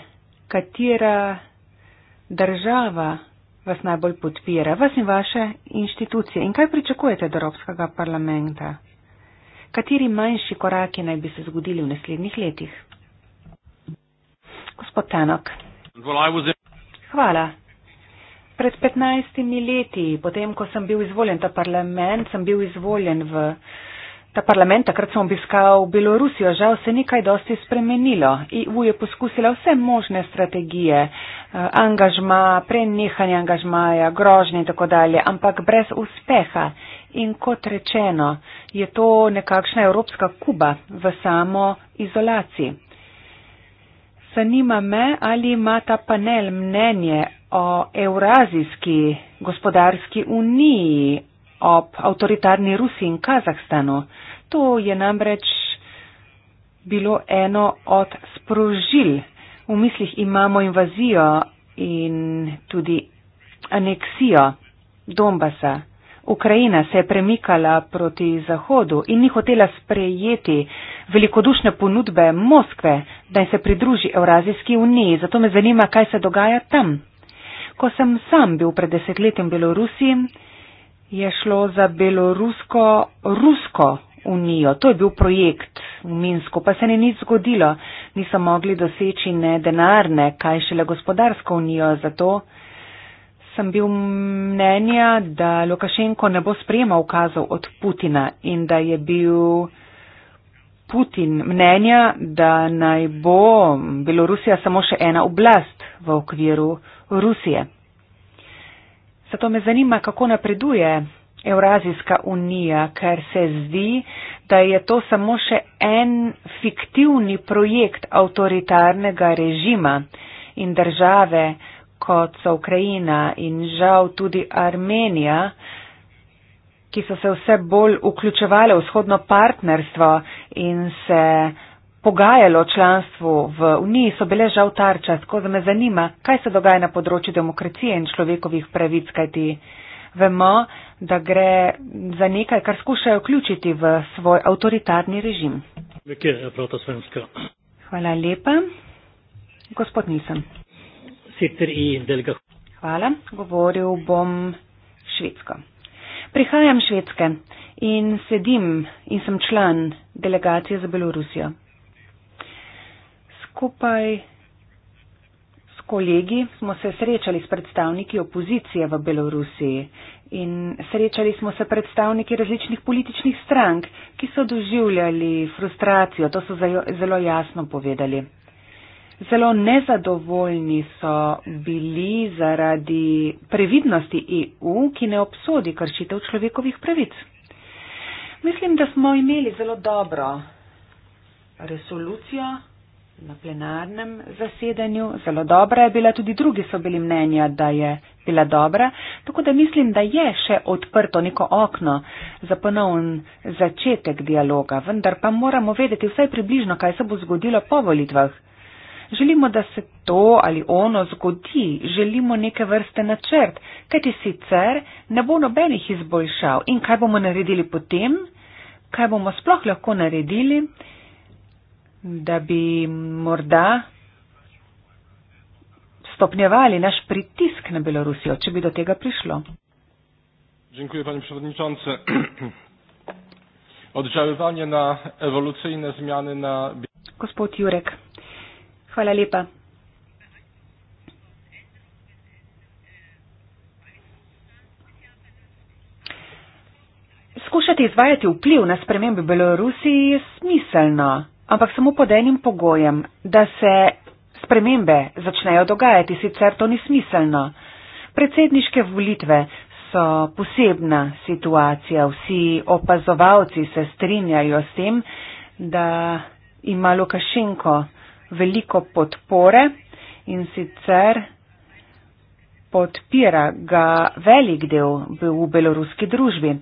Katera država vas najbolj podpira, vas in vaše inštitucije. In kaj pričakujete od Evropskega parlamenta? Kateri manjši koraki naj bi se zgodili v naslednjih letih? Gospod Tanok. Hvala. Pred 15 leti, potem, ko sem bil izvoljen v parlament, sem bil izvoljen v. Ta parlament takrat sem obiskal Belorusijo, žal se ni kaj dosti spremenilo. EU je poskusila vse možne strategije, eh, angažma, prenehanje angažmaja, grožnje in tako dalje, ampak brez uspeha. In kot rečeno, je to nekakšna evropska kuba v samo izolaciji. Zanima me, ali ima ta panel mnenje o Eurazijski gospodarski uniji, ob avtoritarni Rusiji in Kazahstanu. To je namreč bilo eno od sprožil. V mislih imamo invazijo in tudi aneksijo Donbasa. Ukrajina se je premikala proti Zahodu in ni hotela sprejeti velikodušne ponudbe Moskve, da se pridruži Eurazijski uniji. Zato me zanima, kaj se dogaja tam. Ko sem sam bil pred desetletjem v Belorusiji, je šlo za Belorusko Rusko unijo. To je bil projekt v Minsku, pa se ni nič zgodilo. Niso mogli doseči ne denarne, kaj šele gospodarsko unijo. Zato sem bil mnenja, da Lukašenko ne bo sprejemal ukazov od Putina in da je bil. Putin mnenja, da naj bo Belorusija samo še ena oblast v okviru Rusije. Zato me zanima, kako napreduje Evrazijska unija, ker se zdi, da je to samo še en fiktivni projekt avtoritarnega režima in države, kot so Ukrajina in žal tudi Armenija, ki so se vse bolj vključevale v vzhodno partnerstvo in se pogajalo o članstvu v Uniji, so bile žal tarča, tako da me zanima, kaj se dogaja na področju demokracije in človekovih pravic, kajti vemo, da gre za nekaj, kar skušajo vključiti v svoj avtoritarni režim. Hvala lepa. Gospod Nisem. Hvala. Govoril bom švedsko. Prihajam švedske in sedim in sem član delegacije za Belorusijo skupaj s kolegi smo se srečali s predstavniki opozicije v Belorusiji in srečali smo se predstavniki različnih političnih strank, ki so doživljali frustracijo, to so zelo jasno povedali. Zelo nezadovoljni so bili zaradi previdnosti EU, ki ne obsodi kršitev človekovih pravic. Mislim, da smo imeli zelo dobro resolucijo. Na plenarnem zasedanju zelo dobra je bila, tudi drugi so bili mnenja, da je bila dobra, tako da mislim, da je še odprto neko okno za ponovn začetek dialoga, vendar pa moramo vedeti vsaj približno, kaj se bo zgodilo po volitvah. Želimo, da se to ali ono zgodi, želimo neke vrste načrt, kajti sicer ne bo nobenih izboljšav in kaj bomo naredili potem, kaj bomo sploh lahko naredili da bi morda stopnjevali naš pritisk na Belorusijo, če bi do tega prišlo. Dziękuję panie przewodniczący. *clears throat* Oddziaływanie na ewolucyjne zmiany na Gospod Jurek. Hvala lepa. Skušati izvajati vpliv na spremembe Belorusiji je smiselno ampak samo pod enim pogojem, da se spremembe začnejo dogajati, sicer to ni smiselno. Predsedniške volitve so posebna situacija, vsi opazovalci se strinjajo s tem, da ima Lukašenko veliko podpore in sicer podpira ga velik del v beloruski družbi.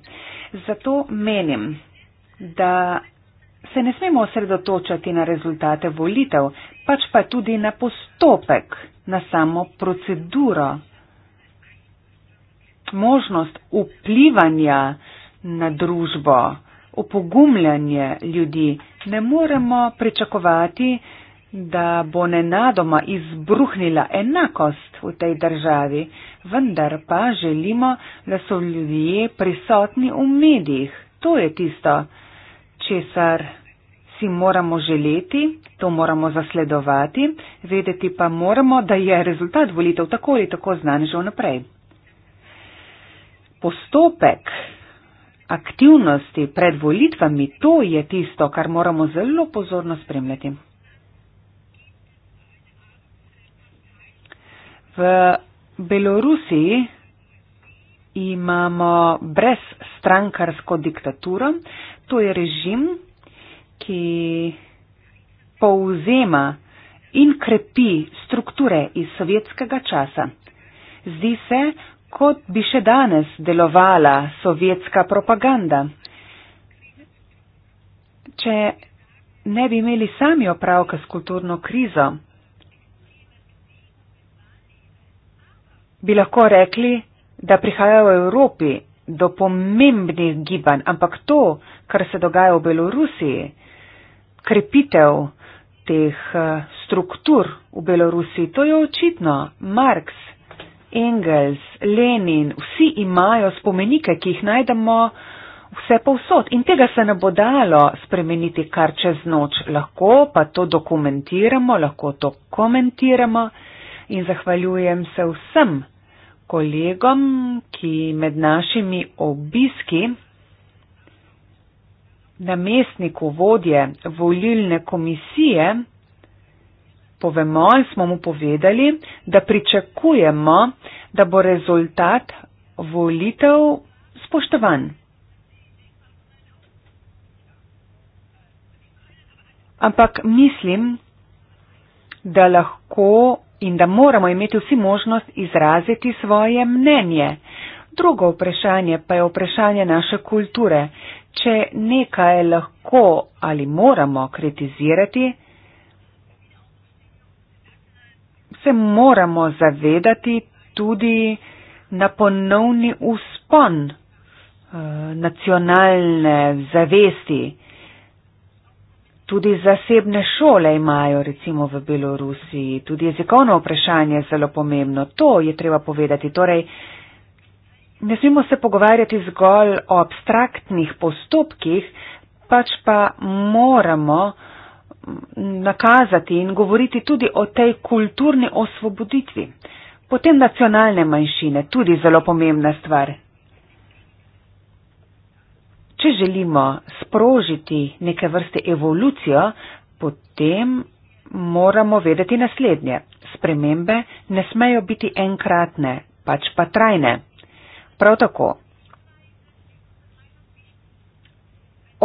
Zato menim, da se ne smemo osredotočati na rezultate volitev, pač pa tudi na postopek, na samo proceduro, možnost vplivanja na družbo, opogumljanje ljudi. Ne moremo pričakovati, da bo nenadoma izbruhnila enakost v tej državi, vendar pa želimo, da so ljudje prisotni v medijih. To je tisto, kar česar si moramo želeti, to moramo zasledovati, vedeti pa moramo, da je rezultat volitev tako ali tako znan že vnaprej. Postopek aktivnosti pred volitvami, to je tisto, kar moramo zelo pozorno spremljati. V Belorusiji imamo brezstrankarsko diktaturo, to je režim, ki povzema in krepi strukture iz sovjetskega časa. Zdi se, kot bi še danes delovala sovjetska propaganda. Če ne bi imeli sami opravka s kulturno krizo, bi lahko rekli, da prihajajo v Evropi do pomembnih gibanj, ampak to, kar se dogaja v Belorusiji, krepitev teh eh, struktur v Belorusiji, to je očitno. Marx, Engels, Lenin, vsi imajo spomenike, ki jih najdemo vse povsod in tega se ne bo dalo spremeniti kar čez noč. Lahko pa to dokumentiramo, lahko to komentiramo in zahvaljujem se vsem kolegom, ki med našimi obiski namestniku vodje volilne komisije povemo in smo mu povedali, da pričakujemo, da bo rezultat volitev spoštovan. Ampak mislim, da lahko in da moramo imeti vsi možnost izraziti svoje mnenje. Drugo vprašanje pa je vprašanje naše kulture. Če nekaj lahko ali moramo kritizirati, se moramo zavedati tudi na ponovni uspon eh, nacionalne zavesti. Tudi zasebne šole imajo, recimo v Belorusiji, tudi jezikovno vprašanje je zelo pomembno. To je treba povedati. Torej, ne smemo se pogovarjati zgolj o abstraktnih postopkih, pač pa moramo nakazati in govoriti tudi o tej kulturni osvoboditvi. Potem nacionalne manjšine, tudi zelo pomembna stvar če želimo sprožiti neke vrste evolucijo, potem moramo vedeti naslednje. Spremembe ne smejo biti enkratne, pač pa trajne. Prav tako.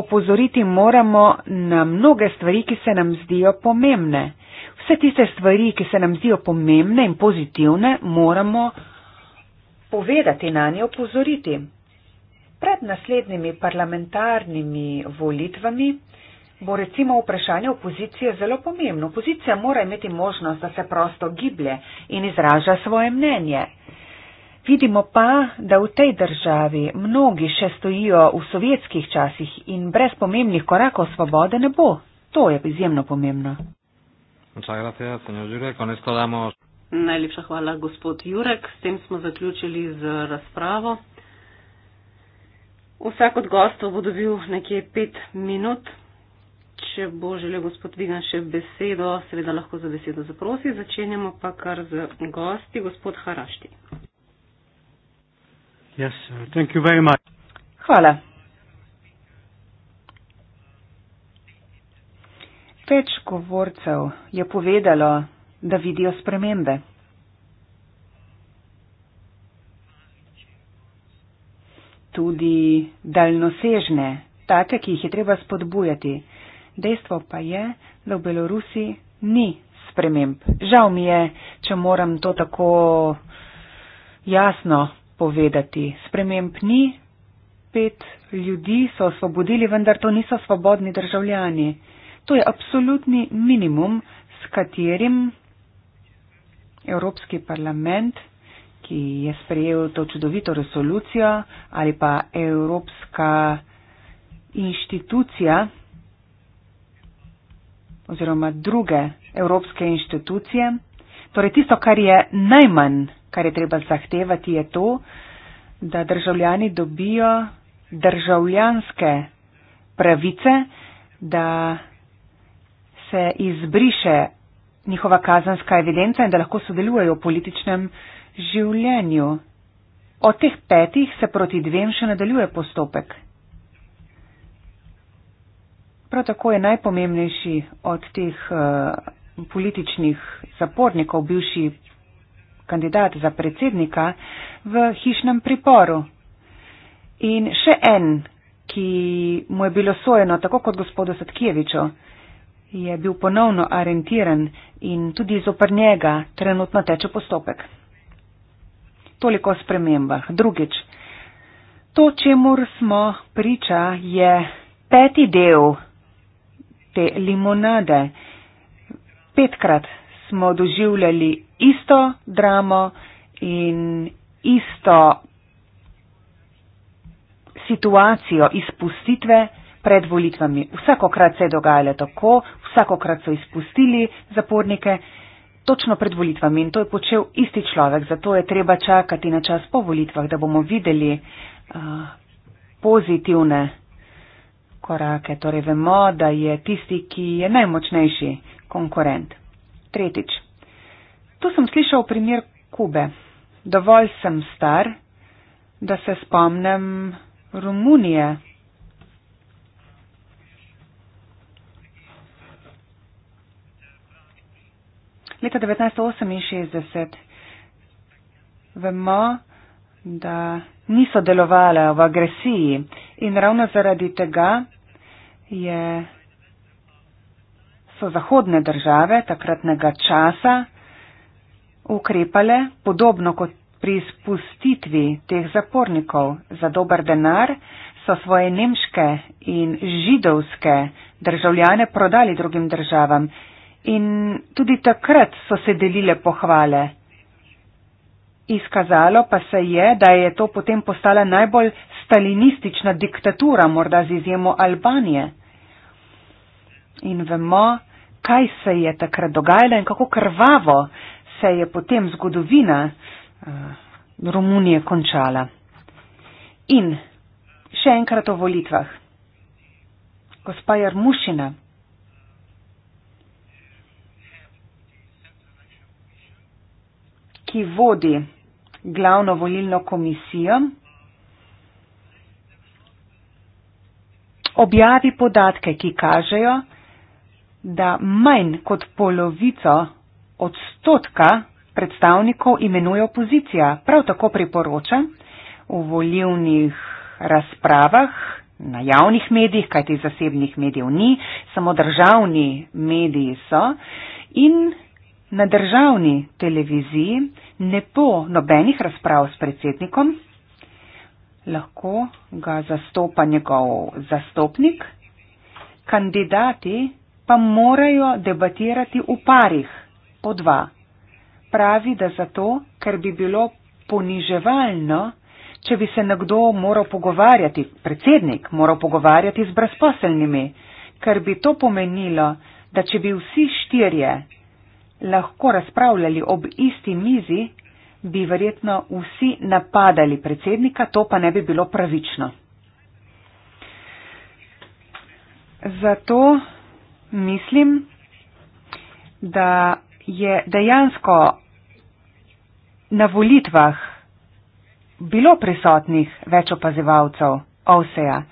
Opozoriti moramo na mnoge stvari, ki se nam zdijo pomembne. Vse tiste stvari, ki se nam zdijo pomembne in pozitivne, moramo povedati na nje, opozoriti. Pred naslednjimi parlamentarnimi volitvami bo recimo vprašanje opozicije zelo pomembno. Opozicija mora imeti možnost, da se prosto giblje in izraža svoje mnenje. Vidimo pa, da v tej državi mnogi še stojijo v sovjetskih časih in brez pomembnih korakov svobode ne bo. To je izjemno pomembno. Najlepša hvala, gospod Jurek. S tem smo zaključili z razpravo. Vsak od gostov bo dobil nekje pet minut. Če bo želel gospod Vigan še besedo, seveda lahko za besedo zaprosi. Začenjamo pa kar z gosti, gospod Harašti. Yes, thank you very much. Hvala. Več govorcev je povedalo, da vidijo spremembe. tudi daljnosežne, take, ki jih je treba spodbujati. Dejstvo pa je, da v Belorusi ni sprememb. Žal mi je, če moram to tako jasno povedati. Sprememb ni, pet ljudi so osvobodili, vendar to niso svobodni državljani. To je absolutni minimum, s katerim Evropski parlament ki je sprejel to čudovito resolucijo ali pa Evropska inštitucija oziroma druge evropske inštitucije. Torej tisto, kar je najmanj, kar je treba zahtevati, je to, da državljani dobijo državljanske pravice, da se izbriše njihova kazanska evidenca in da lahko sodelujejo v političnem življenju. Od teh petih se proti dvem še nadaljuje postopek. Prav tako je najpomembnejši od teh uh, političnih zapornikov bivši kandidat za predsednika v hišnem priporu. In še en, ki mu je bilo sojeno, tako kot gospodu Satkeviču, je bil ponovno arentiran in tudi zoper njega trenutno teče postopek toliko o spremembah. Drugič, to, čemur smo priča, je peti del te limonade. Petkrat smo doživljali isto dramo in isto situacijo izpustitve pred volitvami. Vsakokrat se je dogajalo tako, vsakokrat so izpustili zapornike točno pred volitvami in to je počel isti človek. Zato je treba čakati na čas po volitvah, da bomo videli eh, pozitivne korake. Torej vemo, da je tisti, ki je najmočnejši konkurent. Tretjič. Tu sem slišal primer Kube. Dovolj sem star, da se spomnem Romunije, leta 1968. Vemo, da niso delovale v agresiji in ravno zaradi tega je, so zahodne države takratnega časa ukrepale podobno kot pri izpustitvi teh zapornikov. Za dober denar so svoje nemške in židovske državljane prodali drugim državam in tudi takrat so se delile pohvale. Izkazalo pa se je, da je to potem postala najbolj stalinistična diktatura, morda z izjemo Albanije. In vemo, kaj se je takrat dogajalo in kako krvavo se je potem zgodovina uh, Romunije končala. In še enkrat o volitvah. Gospa Jarmušina, ki vodi glavno volilno komisijo, objavi podatke, ki kažejo, da manj kot polovico odstotka predstavnikov imenuje opozicija. Prav tako priporoča v volilnih razpravah na javnih medijih, kajti zasebnih medijev ni, samo državni mediji so in Na državni televiziji ne bo nobenih razprav s predsednikom, lahko ga zastopa njegov zastopnik, kandidati pa morajo debatirati v parih po dva. Pravi, da zato, ker bi bilo poniževalno, če bi se nekdo moral pogovarjati, predsednik moral pogovarjati z brezposelnimi, ker bi to pomenilo, da če bi vsi štirje lahko razpravljali ob isti mizi, bi verjetno vsi napadali predsednika, to pa ne bi bilo pravično. Zato mislim, da je dejansko na volitvah bilo prisotnih več opazevalcev Ovseja.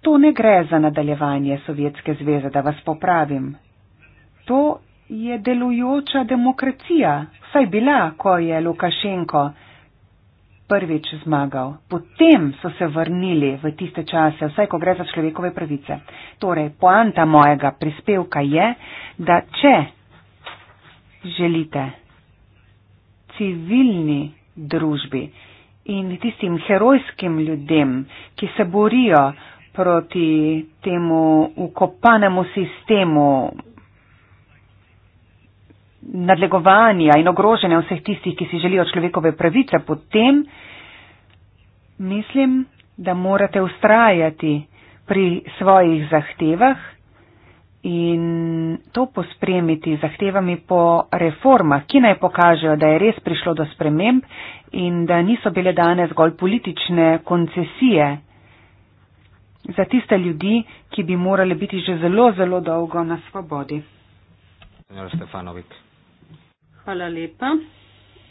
To ne gre za nadaljevanje Sovjetske zveze, da vas popravim. To je delujoča demokracija, saj bila, ko je Lukašenko prvič zmagal. Potem so se vrnili v tiste čase, vsaj ko gre za človekove pravice. Torej, poanta mojega prispevka je, da če želite civilni družbi in tistim herojskim ljudem, ki se borijo proti temu ukopanemu sistemu nadlegovanja in ogrožanja vseh tistih, ki si želijo človekove pravice, potem mislim, da morate ustrajati pri svojih zahtevah in to pospremiti z zahtevami po reformah, ki naj pokažejo, da je res prišlo do sprememb in da niso bile dane zgolj politične koncesije za tiste ljudi, ki bi morali biti že zelo, zelo dolgo na svobodi. Senor Stefanovič. Hvala lepa.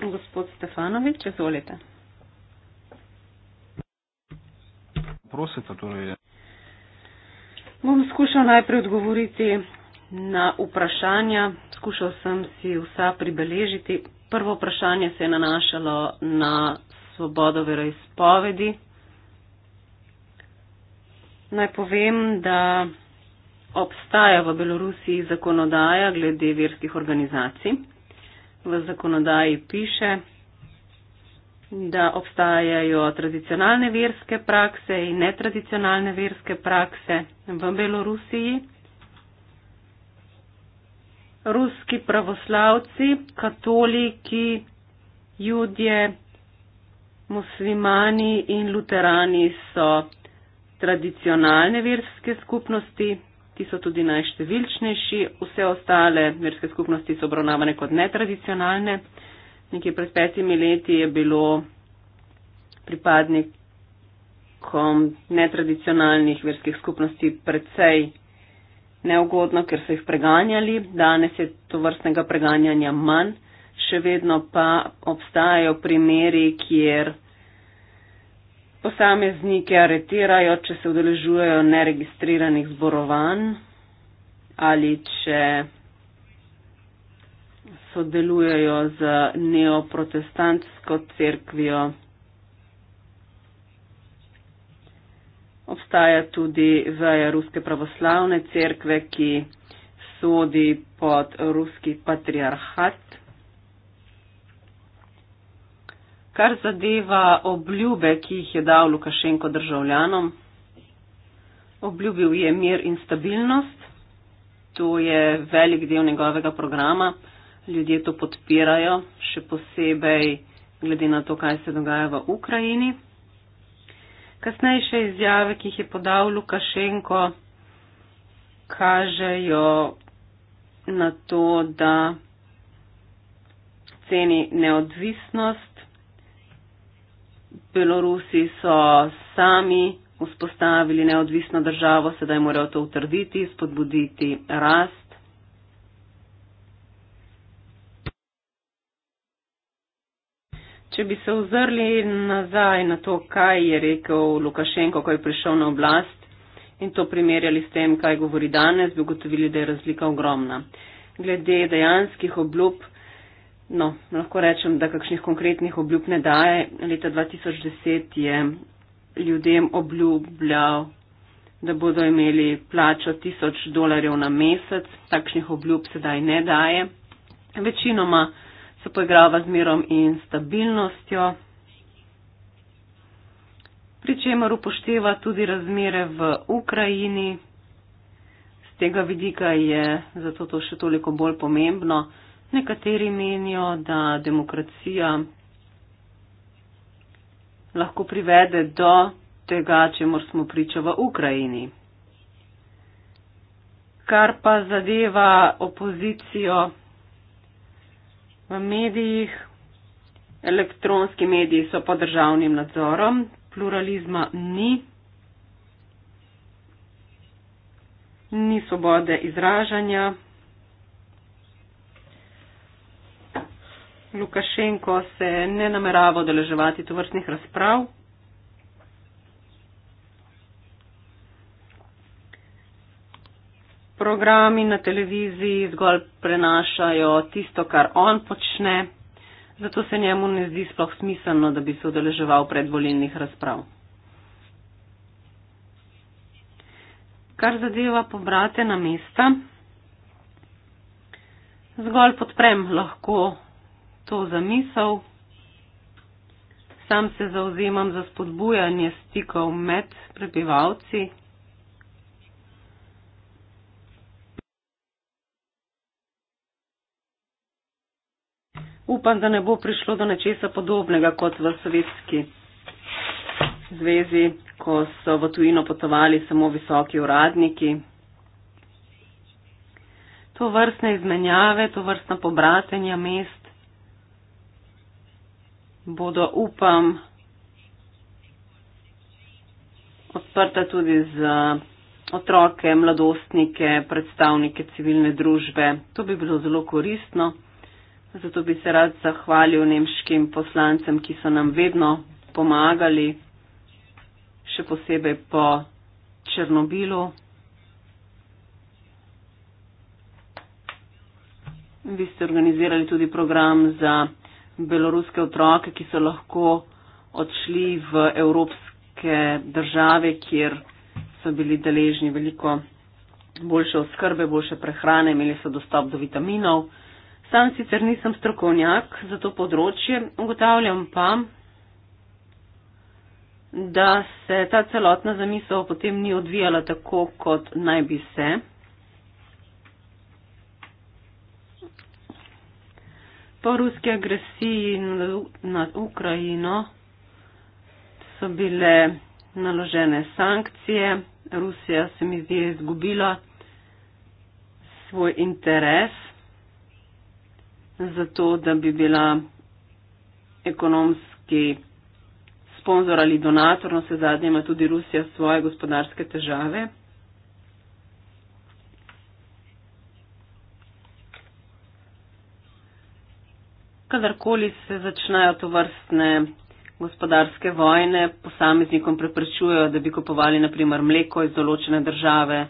Gospod Stefanovič, izvolite. Prosite, torej. Bom skušal najprej odgovoriti na vprašanja. Skušal sem si vsa pribeležiti. Prvo vprašanje se je nanašalo na svobodo veroizpovedi. Naj povem, da obstaja v Belorusiji zakonodaja glede verskih organizacij, v zakonodaji piše, da obstajajo tradicionalne verske prakse in netradicionalne verske prakse v Belorusiji. Ruski pravoslavci, katoliki, judje, muslimani in luterani so tradicionalne verske skupnosti, ki so tudi najštevilčnejši. Vse ostale verske skupnosti so obravnavane kot netradicionalne. Nekje pred petimi leti je bilo pripadnikom netradicionalnih verskih skupnosti precej neugodno, ker so jih preganjali. Danes je to vrstnega preganjanja manj. Še vedno pa obstajajo primeri, kjer posameznike aretirajo, če se udeležujejo neregistriranih zborovanj ali če sodelujejo z neoprotestantsko cerkvijo. Obstaja tudi veja Ruske pravoslavne cerkve, ki sodi pod ruski patriarhat. kar zadeva obljube, ki jih je dal Lukašenko državljanom. Obljubil je mir in stabilnost, to je velik del njegovega programa, ljudje to podpirajo, še posebej glede na to, kaj se dogaja v Ukrajini. Kasnejše izjave, ki jih je podal Lukašenko, kažejo na to, da ceni neodvisnost, Belorusi so sami vzpostavili neodvisno državo, sedaj morajo to utrditi, spodbuditi rast. Če bi se ozrli nazaj na to, kaj je rekel Lukašenko, ko je prišel na oblast in to primerjali s tem, kaj govori danes, bi ugotovili, da je razlika ogromna. Glede dejanskih obljub No, lahko rečem, da kakšnih konkretnih obljub ne daje. Leta 2010 je ljudem obljubljal, da bodo imeli plačo 1000 dolarjev na mesec. Takšnih obljub sedaj ne daje. Večinoma se poigrava z mirom in stabilnostjo, pri čemer upošteva tudi razmere v Ukrajini. Z tega vidika je zato to še toliko bolj pomembno. Nekateri menijo, da demokracija lahko privede do tega, čemor smo priča v Ukrajini. Kar pa zadeva opozicijo v medijih, elektronski mediji so pod državnim nadzorom, pluralizma ni, ni svobode izražanja. Lukašenko se ne namerava odeleževati tovrstnih razprav. Programi na televiziji zgolj prenašajo tisto, kar on počne, zato se njemu ne zdi sploh smiselno, da bi se odeleževal predvolilnih razprav. Kar zadeva pobrate na mesta, zgolj podprem lahko to zamisel, sam se zauzemam za spodbujanje stikov med prebivalci. Upam, da ne bo prišlo do nečesa podobnega kot v Sovjetski zvezi, ko so v tujino potovali samo visoki uradniki. To vrstne izmenjave, to vrstna pobratenja mest bodo, upam, odprta tudi za otroke, mladostnike, predstavnike civilne družbe. To bi bilo zelo koristno. Zato bi se rad zahvalil nemškim poslancem, ki so nam vedno pomagali, še posebej po Černobilu. Vi ste organizirali tudi program za beloruske otroke, ki so lahko odšli v evropske države, kjer so bili deležni veliko boljše oskrbe, boljše prehrane, imeli so dostop do vitaminov. Sam sicer nisem strokovnjak za to področje, ugotavljam pa, da se ta celotna zamisel potem ni odvijala tako, kot naj bi se. po ruski agresiji nad Ukrajino so bile naložene sankcije. Rusija se mi zdi izgubila svoj interes za to, da bi bila ekonomski sponzor ali donator, no se zadnje ima tudi Rusija svoje gospodarske težave. kadarkoli se začnejo to vrstne gospodarske vojne, posameznikom preprečujejo, da bi kupovali naprimer mleko iz določene države,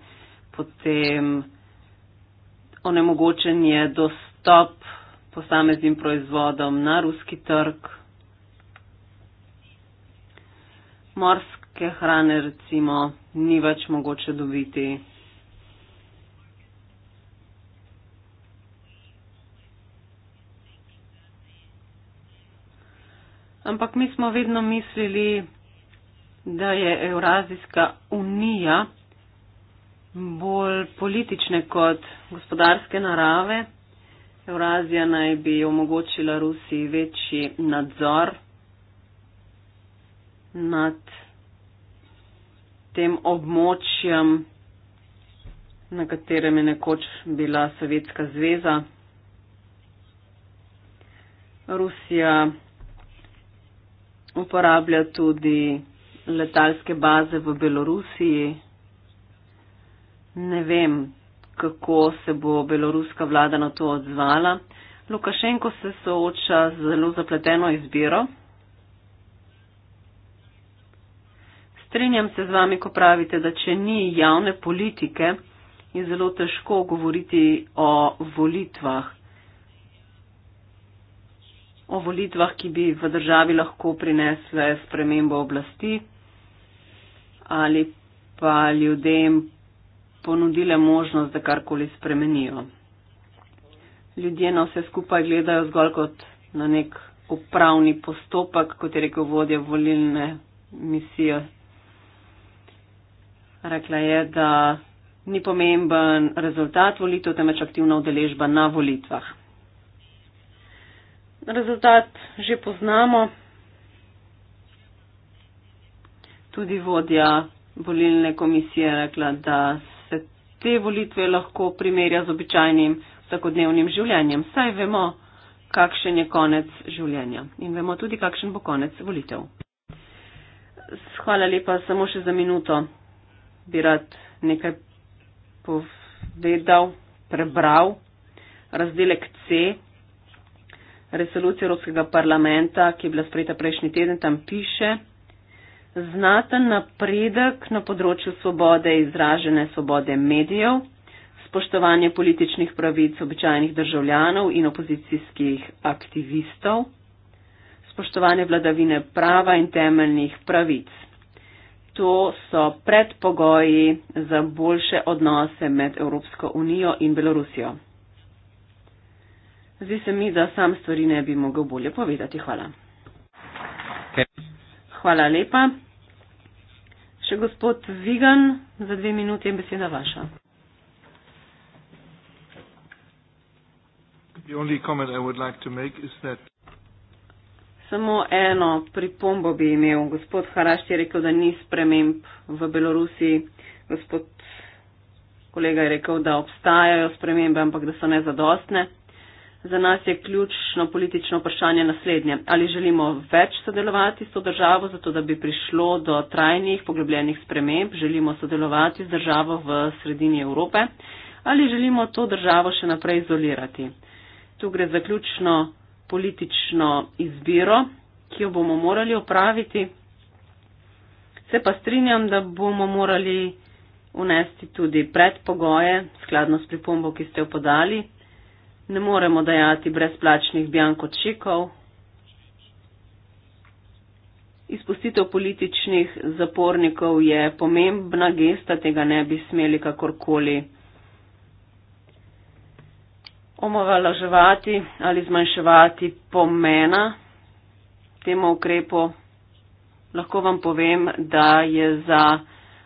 potem onemogočen je dostop posameznim proizvodom na ruski trg. Morske hrane recimo ni več mogoče dobiti. Ampak mi smo vedno mislili, da je Eurazijska unija bolj politične kot gospodarske narave. Eurazija naj bi omogočila Rusiji večji nadzor nad tem območjem, na katerem je nekoč bila Sovjetska zveza. Rusija uporablja tudi letalske baze v Belorusiji. Ne vem, kako se bo beloruska vlada na to odzvala. Lukašenko se sooča z zelo zapleteno izbiro. Strenjam se z vami, ko pravite, da če ni javne politike, je zelo težko govoriti o volitvah o volitvah, ki bi v državi lahko prinesle spremembo oblasti ali pa ljudem ponudile možnost, da karkoli spremenijo. Ljudje na vse skupaj gledajo zgolj kot na nek upravni postopek, kot je rekel vodja volilne misije. Rekla je, da ni pomemben rezultat volitev, temveč aktivna udeležba na volitvah rezultat že poznamo. Tudi vodja volilne komisije je rekla, da se te volitve lahko primerja z običajnim vsakodnevnim življenjem. Saj vemo, kakšen je konec življenja in vemo tudi, kakšen bo konec volitev. Hvala lepa, samo še za minuto bi rad nekaj povedal, prebral. Razdelek C resolucije Evropskega parlamenta, ki je bila sprejeta prejšnji teden, tam piše znaten napredek na področju svobode izražene svobode medijev, spoštovanje političnih pravic običajnih državljanov in opozicijskih aktivistov, spoštovanje vladavine prava in temeljnih pravic. To so predpogoji za boljše odnose med Evropsko unijo in Belorusijo. Zdi se mi, da sam stvari ne bi mogel bolje povedati. Hvala. Okay. Hvala lepa. Še gospod Vigan, za dve minute je beseda vaša. Samo eno pripombo bi imel. Gospod Harašt je rekel, da ni sprememb v Belorusiji. Gospod kolega je rekel, da obstajajo spremembe, ampak da so nezadostne. Za nas je ključno politično vprašanje naslednje. Ali želimo več sodelovati s to državo, zato da bi prišlo do trajnih poglobljenih sprememb, želimo sodelovati z državo v sredini Evrope, ali želimo to državo še naprej izolirati. Tu gre za ključno politično izbiro, ki jo bomo morali opraviti. Se pa strinjam, da bomo morali unesti tudi predpogoje, skladno s pripombo, ki ste jo podali, ne moremo dajati brezplačnih bjankočikov, izpustitev političnih zapornikov je pomembna gesta, tega ne bi smeli kakorkoli omavalaževati ali zmanjševati pomena temu ukrepu. Lahko vam povem, da je za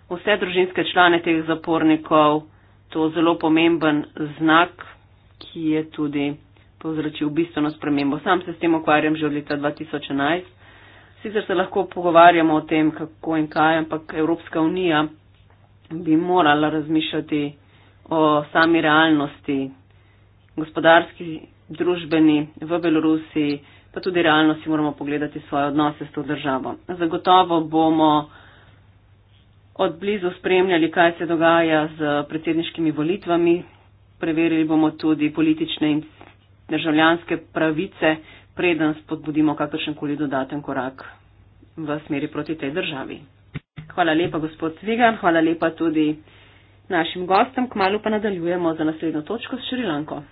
vse družinske člane teh zapornikov to zelo pomemben znak ki je tudi povzročil bistveno spremembo. Sam se s tem ukvarjam že od leta 2011. Sicer se lahko pogovarjamo o tem, kako in kaj, ampak Evropska unija bi morala razmišljati o sami realnosti gospodarski, družbeni v Belorusiji, pa tudi realnosti moramo pogledati svoje odnose s to državo. Zagotovo bomo odblizu spremljali, kaj se dogaja z predsedniškimi volitvami, preverili bomo tudi politične in državljanske pravice, preden spodbudimo kakršen koli dodaten korak v smeri proti tej državi. Hvala lepa, gospod Svigan, hvala lepa tudi našim gostom. Kmalo pa nadaljujemo za naslednjo točko s Šrilanko.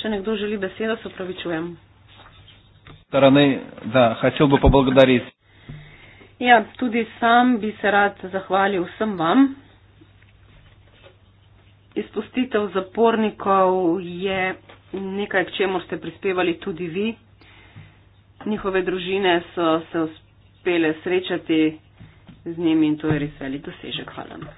Še nekdo želi besedo, se upravičujem. Strane, da, hočel bi poblagodariti. Ja, tudi sam bi se rad zahvalil vsem vam. Izpustitev zapornikov je nekaj, k čemu ste prispevali tudi vi. Njihove družine so se uspele srečati z njimi in to je res velik dosežek. Hvala.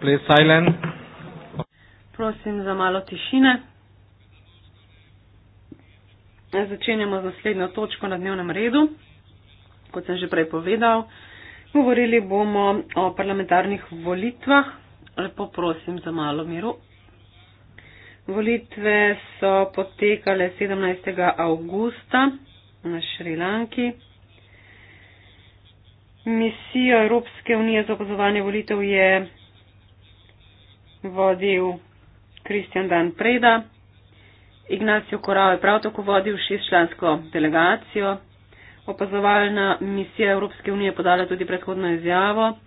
please silent. Prosim za malo tišine. Začenjamo z naslednjo točko na dnevnem redu. Kot sem že prej povedal, govorili bomo o parlamentarnih volitvah. Lepo prosim za malo miru. Volitve so potekale 17. avgusta na Šrilanki. Misijo Evropske unije za opazovanje volitev je vodil Kristjan Dan Preda. Ignacio Korao je prav tako vodil šestčlansko delegacijo. Opazovalna misija Evropske unije podala tudi predhodno izjavo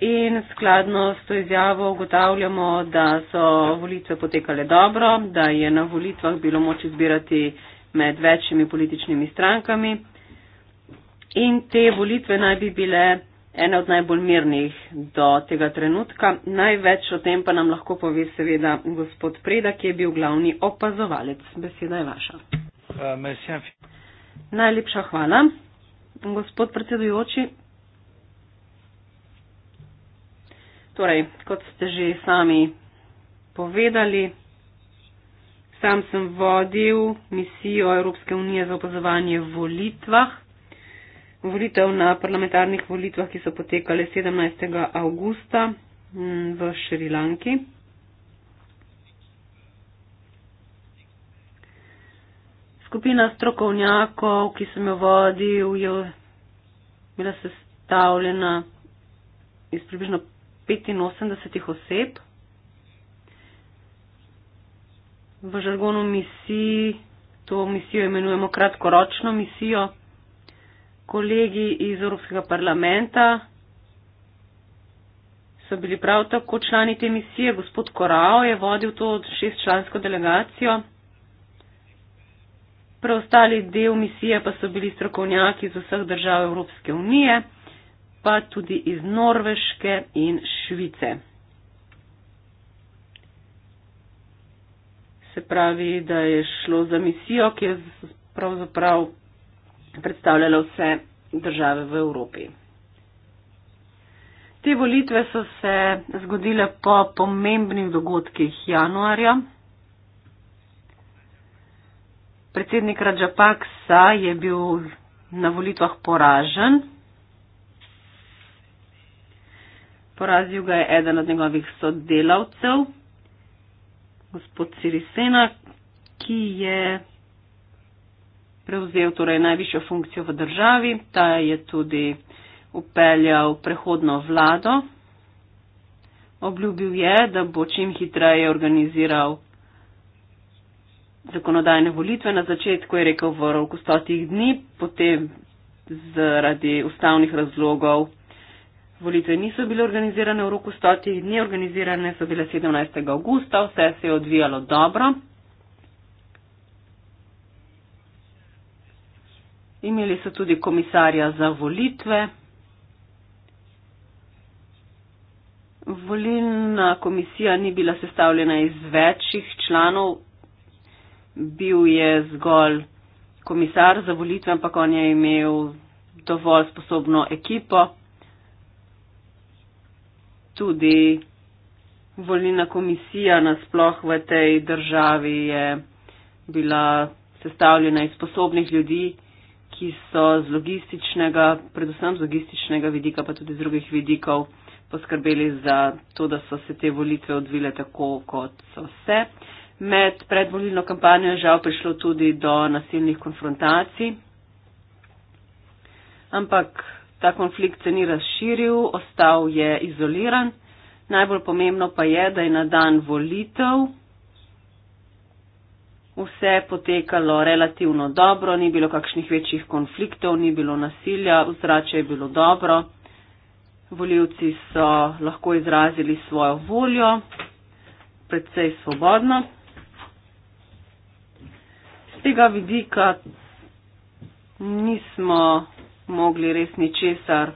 in skladno s to izjavo ugotavljamo, da so volitve potekale dobro, da je na volitvah bilo moč izbirati med večjimi političnimi strankami in te volitve naj bi bile ene od najbolj mirnih do tega trenutka. Največ o tem pa nam lahko pove seveda gospod Preda, ki je bil glavni opazovalec. Beseda je vaša. Najlepša hvala. Gospod predsedujoči. Torej, kot ste že sami povedali, sam sem vodil misijo Evropske unije za opazovanje v volitvah volitev na parlamentarnih volitvah, ki so potekale 17. augusta mm, v Šrilanki. Skupina strokovnjakov, ki sem jo vodil, je bila sestavljena iz približno 85 oseb. V žargonu misiji to misijo imenujemo kratkoročno misijo kolegi iz Evropskega parlamenta so bili prav tako člani te misije. Gospod Korao je vodil to šestčlansko delegacijo. Preostali del misije pa so bili strokovnjaki iz vseh držav Evropske unije, pa tudi iz Norveške in Švice. Se pravi, da je šlo za misijo, ki je pravzaprav predstavljala vse države v Evropi. Te volitve so se zgodile po pomembnih dogodkih januarja. Predsednik Rajapaksa je bil na volitvah poražen. Porazil ga je eden od njegovih sodelavcev, gospod Sirisena, ki je prevzel torej najvišjo funkcijo v državi. Ta je tudi upeljal prehodno vlado. Obljubil je, da bo čim hitreje organiziral zakonodajne volitve. Na začetku je rekel v roku stotih dni, potem zaradi ustavnih razlogov volitve niso bile organizirane v roku stotih dni, organizirane so bile 17. augusta, vse se je odvijalo dobro. Imeli so tudi komisarja za volitve. Volilna komisija ni bila sestavljena iz večjih članov, bil je zgolj komisar za volitve, ampak on je imel dovolj sposobno ekipo. Tudi volilna komisija nasploh v tej državi je bila sestavljena iz sposobnih ljudi ki so z logističnega, predvsem z logističnega vidika, pa tudi z drugih vidikov poskrbeli za to, da so se te volitve odvile tako, kot so se. Med predvolilno kampanjo je žal prišlo tudi do nasilnih konfrontacij, ampak ta konflikt se ni razširil, ostal je izoliran. Najbolj pomembno pa je, da je na dan volitev vse potekalo relativno dobro, ni bilo kakšnih večjih konfliktov, ni bilo nasilja, vzrače je bilo dobro. Voljivci so lahko izrazili svojo voljo, predvsej svobodno. Z tega vidika nismo mogli res ničesar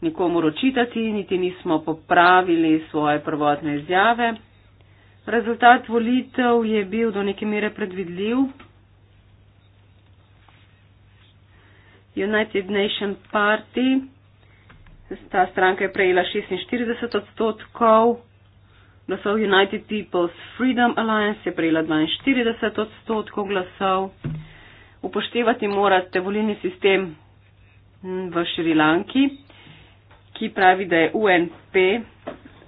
nikomu ročitati, niti nismo popravili svoje prvotne izjave. Rezultat volitev je bil do neke mere predvidljiv. United Nation Party, ta stranka je prejela 46 odstotkov, glasov United People's Freedom Alliance je prejela 42 odstotkov glasov. Upoštevati morate volilni sistem v Šrilanki, ki pravi, da je UNP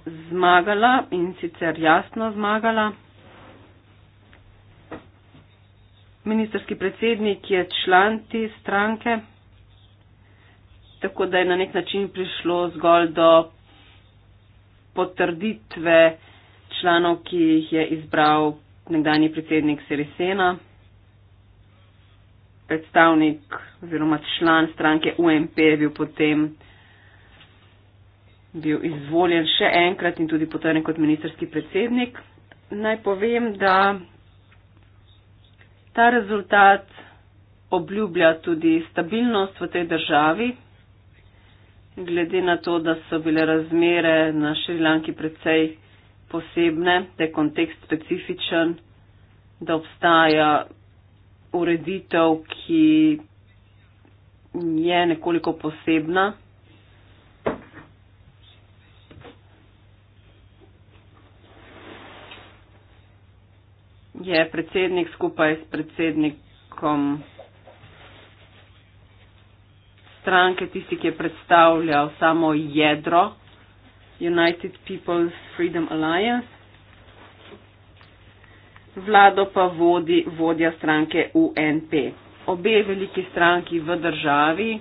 zmagala in sicer jasno zmagala. Ministerski predsednik je član te stranke, tako da je na nek način prišlo zgolj do potrditve članov, ki jih je izbral nekdani predsednik Sirisena, predstavnik oziroma član stranke UMP je bil potem bil izvoljen še enkrat in tudi potrjen kot ministerski predsednik. Naj povem, da ta rezultat obljublja tudi stabilnost v tej državi, glede na to, da so bile razmere na Šrilanki precej posebne, da je kontekst specifičen, da obstaja ureditev, ki je nekoliko posebna. je predsednik skupaj s predsednikom stranke, tisti, ki je predstavljal samo jedro United People's Freedom Alliance. Vlado pa vodi vodja stranke UNP. Obe veliki stranki v državi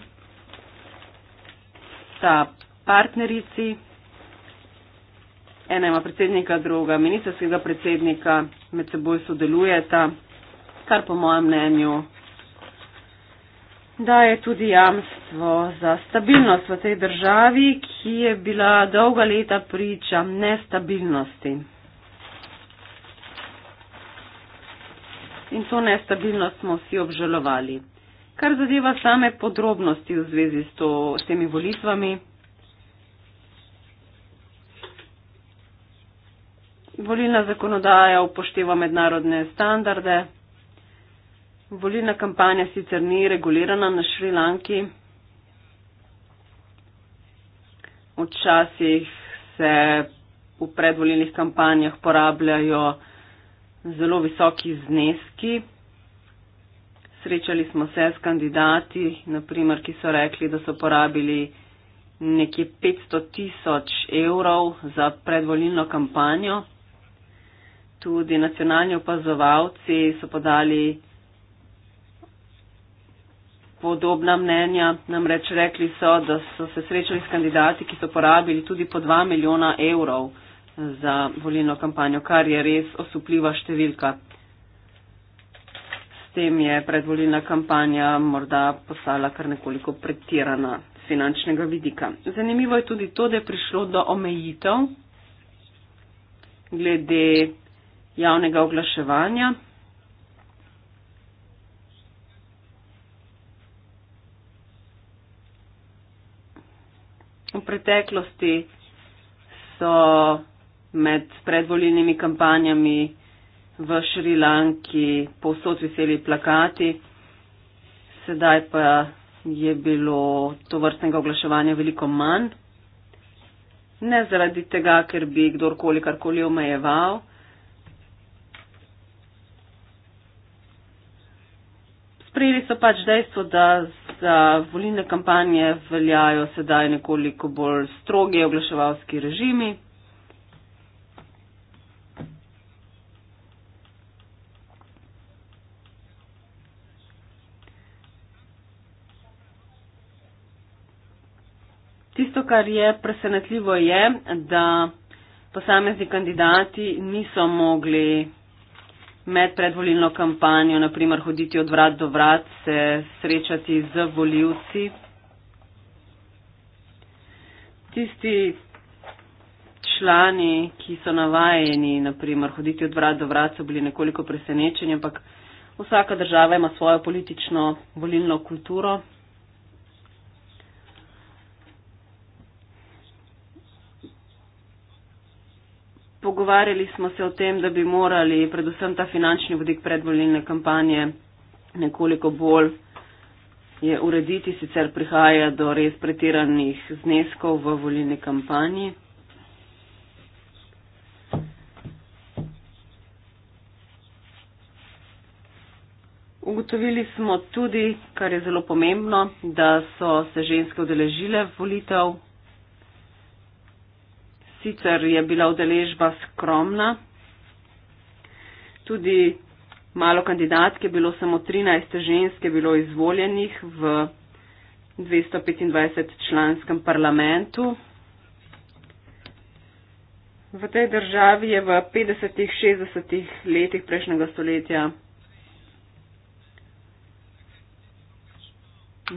sta partnerici, ena ima predsednika, druga ministrskega predsednika med seboj sodelujeta, kar po mojem mnenju daje tudi jamstvo za stabilnost v tej državi, ki je bila dolga leta priča nestabilnosti. In to nestabilnost smo vsi obžalovali. Kar zadeva same podrobnosti v zvezi s, to, s temi volitvami, volilna zakonodaja upošteva mednarodne standarde. Volilna kampanja sicer ni regulirana na Šrilanki. Včasih se v predvolilnih kampanjah porabljajo zelo visoki zneski. Srečali smo se s kandidati, naprimer, ki so rekli, da so porabili nekje 500 tisoč evrov za predvolilno kampanjo tudi nacionalni opazovalci so podali podobna mnenja. Namreč rekli so, da so se srečali s kandidati, ki so porabili tudi po 2 milijona evrov za volilno kampanjo, kar je res osupljiva številka. S tem je predvolilna kampanja morda postala kar nekoliko pretirana z finančnega vidika. Zanimivo je tudi to, da je prišlo do omejitev glede javnega oglaševanja. V preteklosti so med predvolilnimi kampanjami v Šrilanki povsod veseli plakati, sedaj pa je bilo to vrstnega oglaševanja veliko manj. Ne zaradi tega, ker bi kdorkoli karkoli omejeval. sprejeli so pač dejstvo, da za volilne kampanje veljajo sedaj nekoliko bolj strogi oglaševalski režimi. Tisto, kar je presenetljivo, je, da posamezni kandidati niso mogli med predvolilno kampanjo, naprimer hoditi od vrat do vrat, se srečati z voljivci. Tisti člani, ki so navajeni, naprimer hoditi od vrat do vrat, so bili nekoliko presenečeni, ampak vsaka država ima svojo politično volilno kulturo. pogovarjali smo se o tem, da bi morali predvsem ta finančni vodik predvoljene kampanje nekoliko bolj je urediti, sicer prihaja do res pretiranih zneskov v volilni kampanji. Ugotovili smo tudi, kar je zelo pomembno, da so se ženske odeležile volitev sicer je bila udeležba skromna, tudi malo kandidatke, bilo samo 13 žensk je bilo izvoljenih v 225 članskem parlamentu. V tej državi je v 50-60 letih prejšnjega stoletja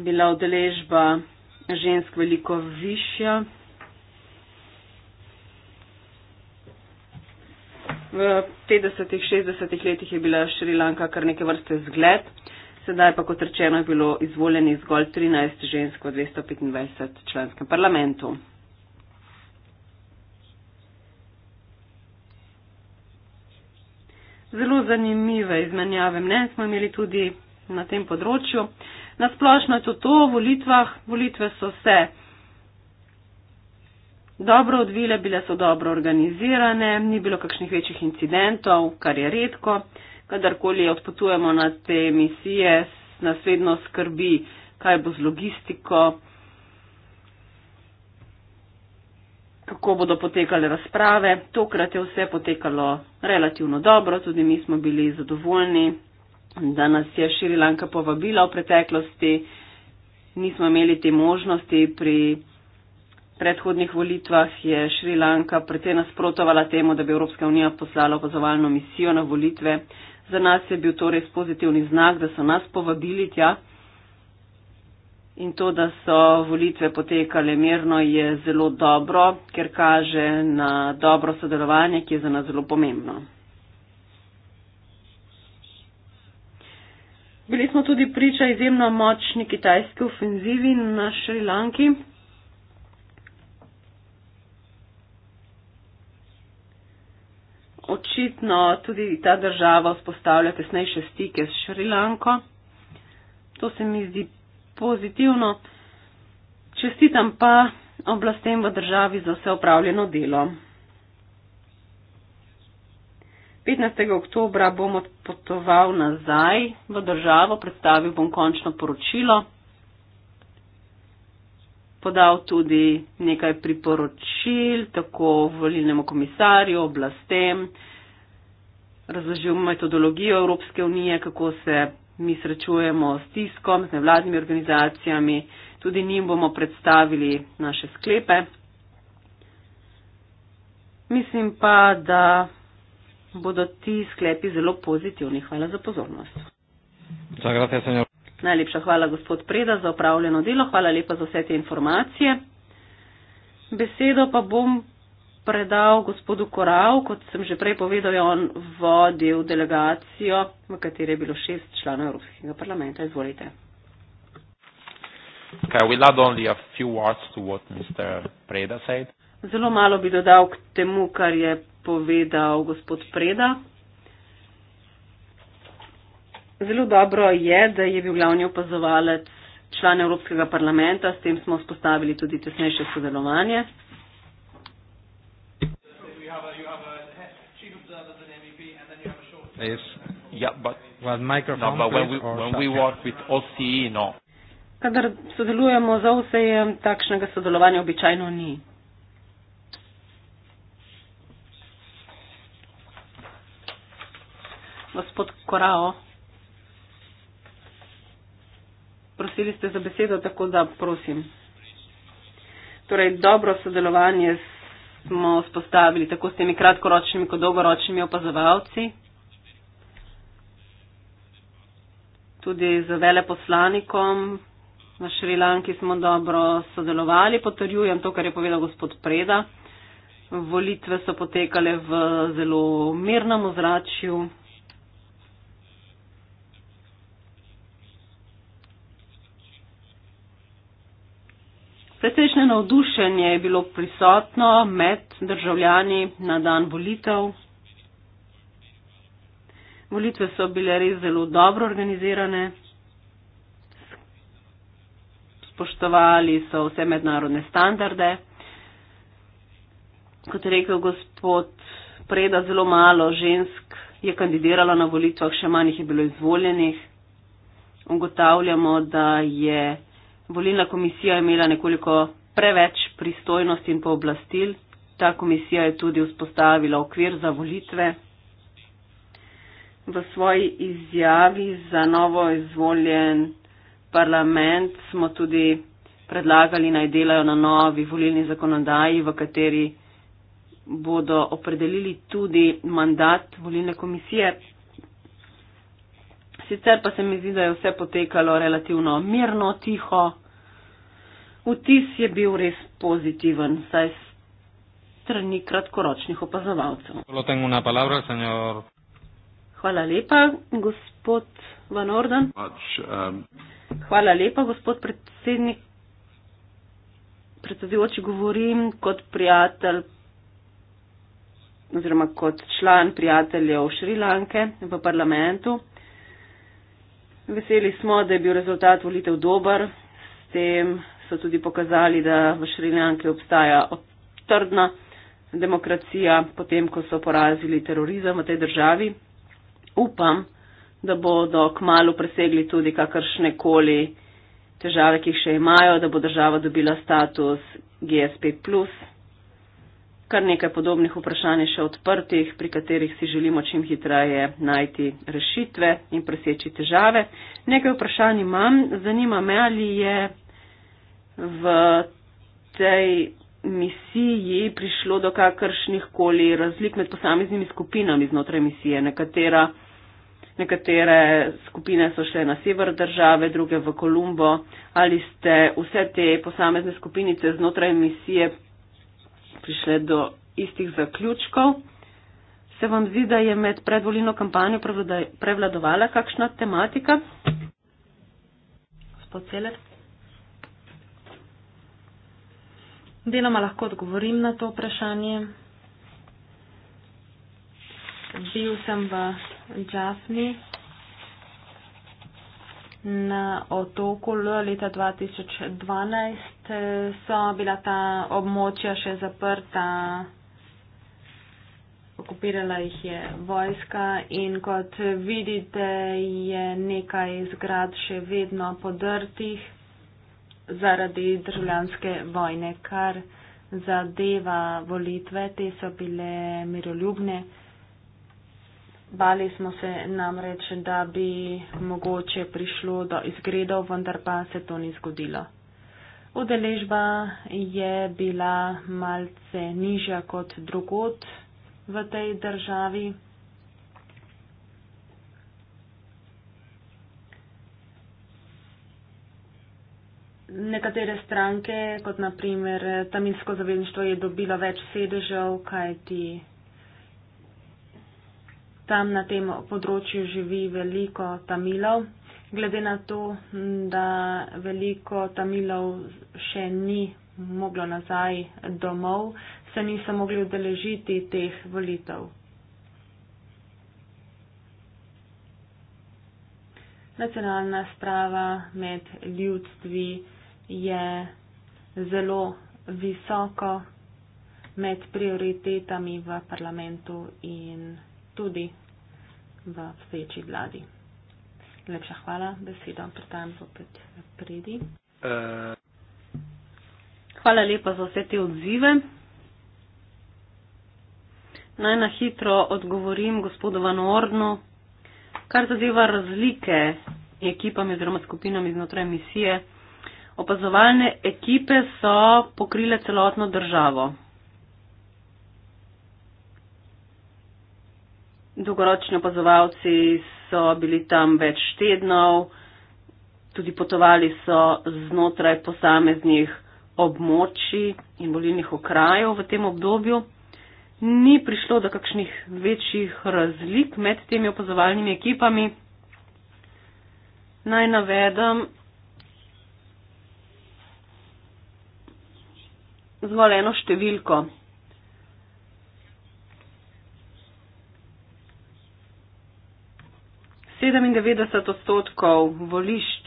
bila udeležba žensk veliko višja. V 50-ih, 60-ih letih je bila Šrilanka kar neke vrste zgled, sedaj pa, kot rečeno, je bilo izvoljeni zgolj 13 žensk v 225 članskem parlamentu. Zelo zanimive izmenjave mnen smo imeli tudi na tem področju. Na splošno je to to, volitvah, volitve so se dobro odvile, bile so dobro organizirane, ni bilo kakšnih večjih incidentov, kar je redko. Kadarkoli odpotujemo na te misije, nas vedno skrbi, kaj bo z logistiko, kako bodo potekale razprave. Tokrat je vse potekalo relativno dobro, tudi mi smo bili zadovoljni, da nas je Šrilanka povabila v preteklosti. Nismo imeli te možnosti pri predhodnih volitvah je Šrilanka precej nasprotovala temu, da bi Evropska unija poslala opazovalno misijo na volitve. Za nas je bil to res pozitivni znak, da so nas povabili tja in to, da so volitve potekale mirno, je zelo dobro, ker kaže na dobro sodelovanje, ki je za nas zelo pomembno. Bili smo tudi priča izjemno močni kitajski ofenzivi na Šrilanki. očitno tudi ta država vzpostavlja tesnejše stike s Šrilanko. To se mi zdi pozitivno. Čestitam pa oblastem v državi za vse upravljeno delo. 15. oktobra bom odpotoval nazaj v državo, predstavil bom končno poročilo podal tudi nekaj priporočil, tako volilnemu komisarju, oblastem, razložil metodologijo Evropske unije, kako se mi srečujemo s tiskom, z nevladnimi organizacijami, tudi njim bomo predstavili naše sklepe. Mislim pa, da bodo ti sklepi zelo pozitivni. Hvala za pozornost. Zagrat, ja, Najlepša hvala, gospod Preda, za upravljeno delo. Hvala lepa za vse te informacije. Besedo pa bom predal gospodu Korav. Kot sem že prej povedal, je on vodil delegacijo, v kateri je bilo šest članov Evropskega parlamenta. Izvolite. Zelo malo bi dodal k temu, kar je povedal gospod Preda. Zelo dobro je, da je bil glavni opazovalec član Evropskega parlamenta, s tem smo vzpostavili tudi tesnejše sodelovanje. No, e, no. Kadar sodelujemo z OCEM, takšnega sodelovanja običajno ni. Gospod Korao. prosili ste za besedo, tako da prosim. Torej, dobro sodelovanje smo spostavili tako s temi kratkoročnimi kot dolgoročnimi opazovalci, tudi z veleposlanikom. Na Šrilanki smo dobro sodelovali, potrjujem to, kar je povedal gospod Preda. Volitve so potekale v zelo mirnem ozračju. Precejšnje navdušenje je bilo prisotno med državljani na dan volitev. Volitve so bile res zelo dobro organizirane. Spoštovali so vse mednarodne standarde. Kot je rekel gospod Preda, zelo malo žensk je kandidiralo na volitvah, še manj jih je bilo izvoljenih. Ugotavljamo, da je volilna komisija imela nekoliko preveč pristojnosti in pooblastil. Ta komisija je tudi vzpostavila okvir za volitve. V svoji izjavi za novo izvoljen parlament smo tudi predlagali naj delajo na novi volilni zakonodaji, v kateri bodo opredelili tudi mandat volilne komisije, Sicer pa se mi zdi, da je vse potekalo relativno mirno, tiho. Vtis je bil res pozitiven, saj strani kratkoročnih opazovalcev. Palabra, Hvala lepa, gospod Van Orden. Pač, um... Hvala lepa, gospod predsednik. Predsedujoči govorim kot prijatelj oziroma kot član prijateljev Šrilanke v parlamentu. Veseli smo, da je bil rezultat volitev dober. S tem so tudi pokazali, da v Šrilanki obstaja trdna demokracija, potem ko so porazili terorizem v tej državi. Upam, da bodo k malu presegli tudi kakršne koli težave, ki jih še imajo, da bo država dobila status GSP kar nekaj podobnih vprašanj še odprtih, pri katerih si želimo čim hitreje najti rešitve in preseči težave. Nekaj vprašanj imam. Zanima me, ali je v tej misiji prišlo do kakršnih koli razlik med posameznimi skupinami znotraj misije. Nekatera, nekatere skupine so šle na sever države, druge v Kolumbo. Ali ste vse te posamezne skupinice znotraj misije prišle do istih zaključkov. Se vam zdi, da je med predvolino kampanjo prevladovala kakšna tematika? Deloma lahko odgovorim na to vprašanje. Bil sem v Džasni, na otoku leta 2012 eh, so bila ta območja še zaprta, okupirala jih je vojska in kot vidite je nekaj zgrad še vedno podrtih zaradi državljanske vojne, kar zadeva volitve, te so bile miroljubne. Bali smo se namreč, da bi mogoče prišlo do izgredov, vendar pa se to ni zgodilo. Udeležba je bila malce nižja kot drugot v tej državi. Nekatere stranke, kot naprimer Tamilsko zavezništvo, je dobilo več sedežev, kajti tam na tem področju živi veliko tamilov. Glede na to, da veliko tamilov še ni moglo nazaj domov, se niso mogli udeležiti teh volitev. Nacionalna sprava med ljudstvi je zelo visoko med prioritetami v parlamentu in tudi v obstoječi vladi. Lepša hvala, besedo predajam zopet predi. Eh. Hvala lepa za vse te odzive. Naj na hitro odgovorim gospodu Van Ordnu. Kar zadeva razlike ekipami oziroma skupinami znotraj misije, opazovalne ekipe so pokrile celotno državo. Dolgoročni opazovalci so bili tam več tednov, tudi potovali so znotraj posameznih območij in volilnih okrajev v tem obdobju. Ni prišlo do kakšnih večjih razlik med temi opazovalnimi ekipami. Naj navedem zgolj eno številko. 97 odstotkov volišč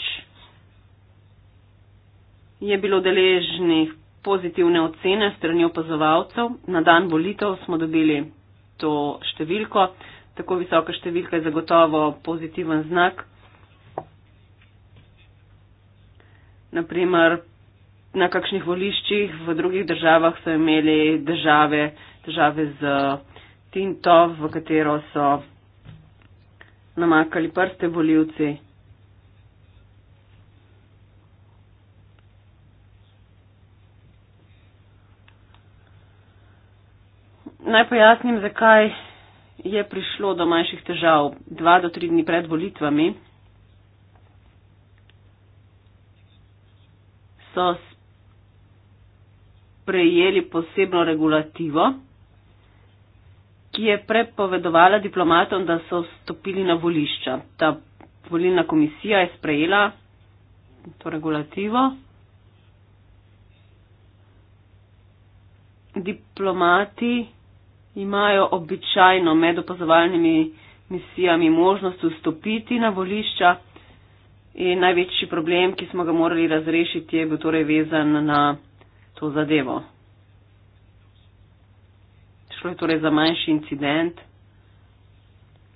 je bilo deležnih pozitivne ocene strani opazovalcev. Na dan volitev smo dobili to številko. Tako visoka številka je zagotovo pozitiven znak. Naprimer, na kakšnih voliščih v drugih državah so imeli države, države z tinto, v katero so namakali prste voljivci. Naj pojasnim, zakaj je prišlo do manjših težav dva do tri dni pred volitvami. So prejeli posebno regulativo ki je prepovedovala diplomatom, da so vstopili na volišča. Ta volilna komisija je sprejela to regulativo. Diplomati imajo običajno med opazovalnimi misijami možnost vstopiti na volišča in največji problem, ki smo ga morali razrešiti, je bil torej vezan na to zadevo šlo je torej za manjši incident,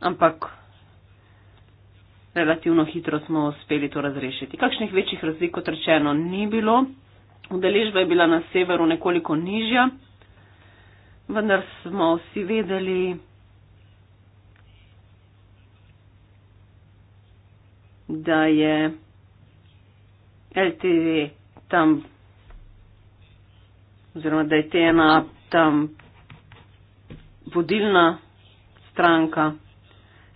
ampak relativno hitro smo uspeli to razrešiti. Kakšnih večjih razlik, kot rečeno, ni bilo. Udeležba je bila na severu nekoliko nižja, vendar smo vsi vedeli, da je LTV tam, oziroma da je TNA tam vodilna stranka.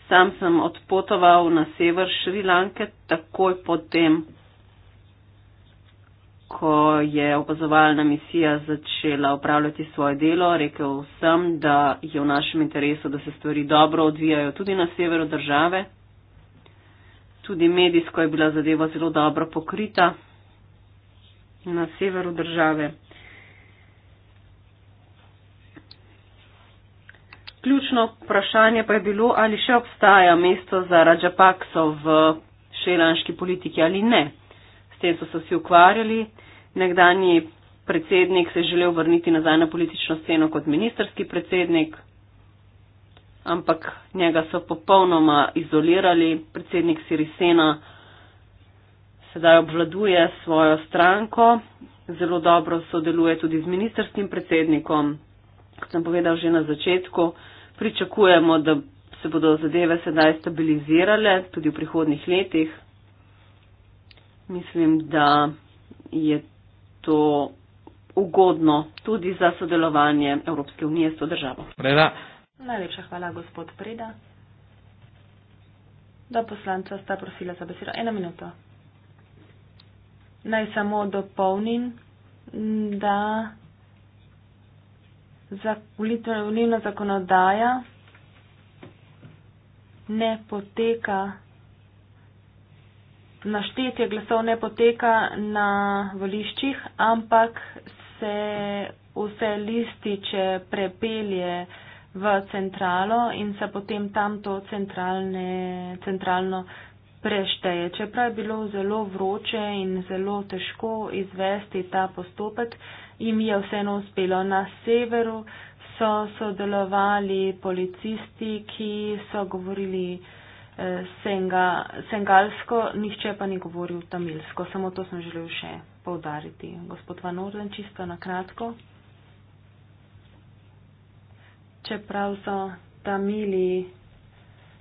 Sam sem odpotoval na sever Šrilanke takoj potem, ko je opazovalna misija začela upravljati svoje delo. Rekel sem, da je v našem interesu, da se stvari dobro odvijajo tudi na severu države. Tudi medijsko je bila zadeva zelo dobro pokrita na severu države. ključno vprašanje pa je bilo, ali še obstaja mesto za Rajapakso v šelanški politiki ali ne. S tem so se vsi ukvarjali. Nekdani predsednik se je želel vrniti nazaj na politično sceno kot ministerski predsednik, ampak njega so popolnoma izolirali. Predsednik Sirisena sedaj obvladuje svojo stranko, zelo dobro sodeluje tudi z ministerskim predsednikom. Kot sem povedal že na začetku, pričakujemo, da se bodo zadeve sedaj stabilizirale tudi v prihodnih letih. Mislim, da je to ugodno tudi za sodelovanje Evropske unije s to državo. Preda. Najlepša hvala, gospod Preda. Da poslanca sta prosila za besedo. Eno minuto. Naj samo dopolnim, da volilna zakonodaja ne poteka, naštetje glasov ne poteka na voliščih, ampak se vse lističe prepelje v centralo in se potem tam to centralne, centralno prešteje. Čeprav je bilo zelo vroče in zelo težko izvesti ta postopek, jim je vseeno uspelo. Na severu so sodelovali policisti, ki so govorili eh, senga, sengalsko, nihče pa ni govoril tamilsko. Samo to sem želel še povdariti. Gospod Van Orden, čisto na kratko. Čeprav so tamili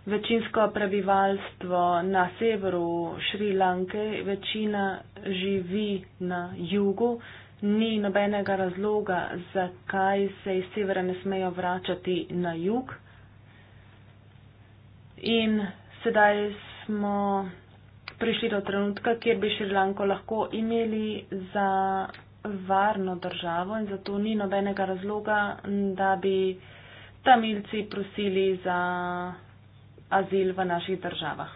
večinsko prebivalstvo na severu Šrilanke, večina živi na jugu, ni nobenega razloga, zakaj se iz severa ne smejo vračati na jug. In sedaj smo prišli do trenutka, kjer bi Šrilanko lahko imeli za varno državo in zato ni nobenega razloga, da bi tamilci prosili za azil v naših državah.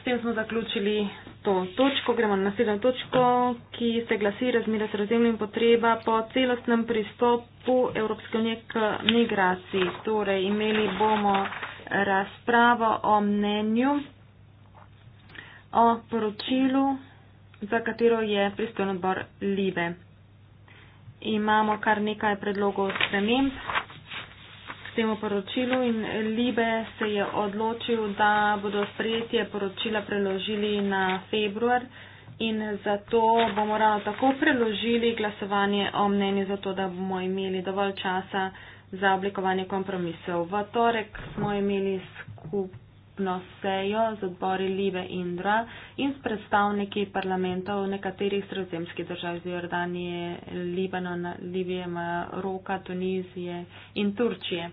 S tem smo zaključili to točko, gremo na naslednjo točko, ki se glasi razmira s razjemnim potreba po celostnem pristopu Evropske unije k migraciji. Torej, imeli bomo razpravo o mnenju, o poročilu, za katero je pristojen odbor Libe. Imamo kar nekaj predlogov sprememb temu poročilu in Libe se je odločil, da bodo sprejetje poročila preložili na februar in zato bomo ravno tako preložili glasovanje o mnenju, zato da bomo imeli dovolj časa za oblikovanje kompromisov. V torek smo imeli skupno sejo z odbori Libe in Dra in s predstavniki parlamentov nekaterih sredozemskih držav z Jordanije, Libanona, Libije, Maroka, Tunizije in Turčije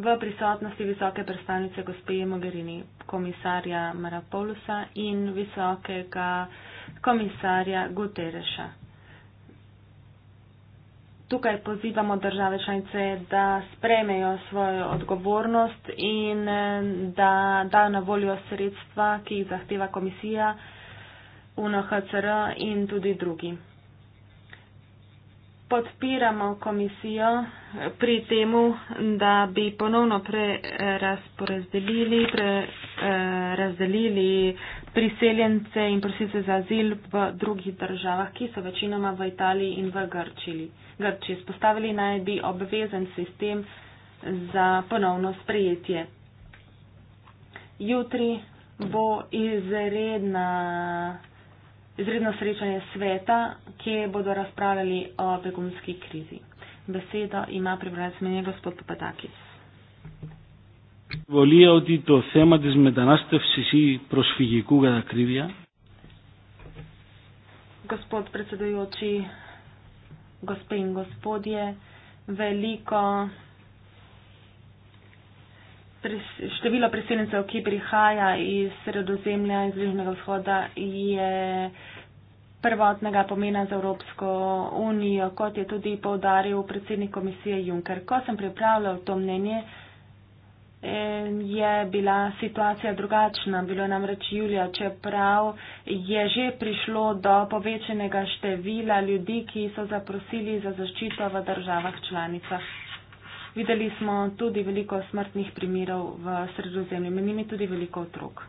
v prisotnosti visoke predstavnice gospe Mogherini, komisarja Marapolusa in visokega komisarja Gutereša. Tukaj pozivamo države članice, da spremejo svojo odgovornost in da dajo na voljo sredstva, ki jih zahteva komisija, UNHCR in tudi drugi podpiramo komisijo pri temu, da bi ponovno prerazporedili, prerazdelili priseljence in prosice za azil v drugih državah, ki so večinoma v Italiji in v Grčili. Grči spostavili naj bi obvezen sistem za ponovno sprejetje. Jutri bo izredna izredno srečanje sveta, kje bodo razpravljali o begunski krizi. Besedo ima pripravljen smenje gospod Papadakis. Volijo, da to tema izmedanastevsi si prosfigiku ga da krivija. Gospod predsedujoči, gospe in gospodje, veliko pres, število priseljencev, ki prihaja iz sredozemlja in Zvižnega vzhoda, je prvotnega pomena za Evropsko unijo, kot je tudi povdaril predsednik komisije Juncker. Ko sem pripravljal to mnenje, je bila situacija drugačna. Bilo je namreč julija, čeprav je že prišlo do povečenega števila ljudi, ki so zaprosili za zaščito v državah članicah. Videli smo tudi veliko smrtnih primerov v sredozemlju, med njimi tudi veliko otrok.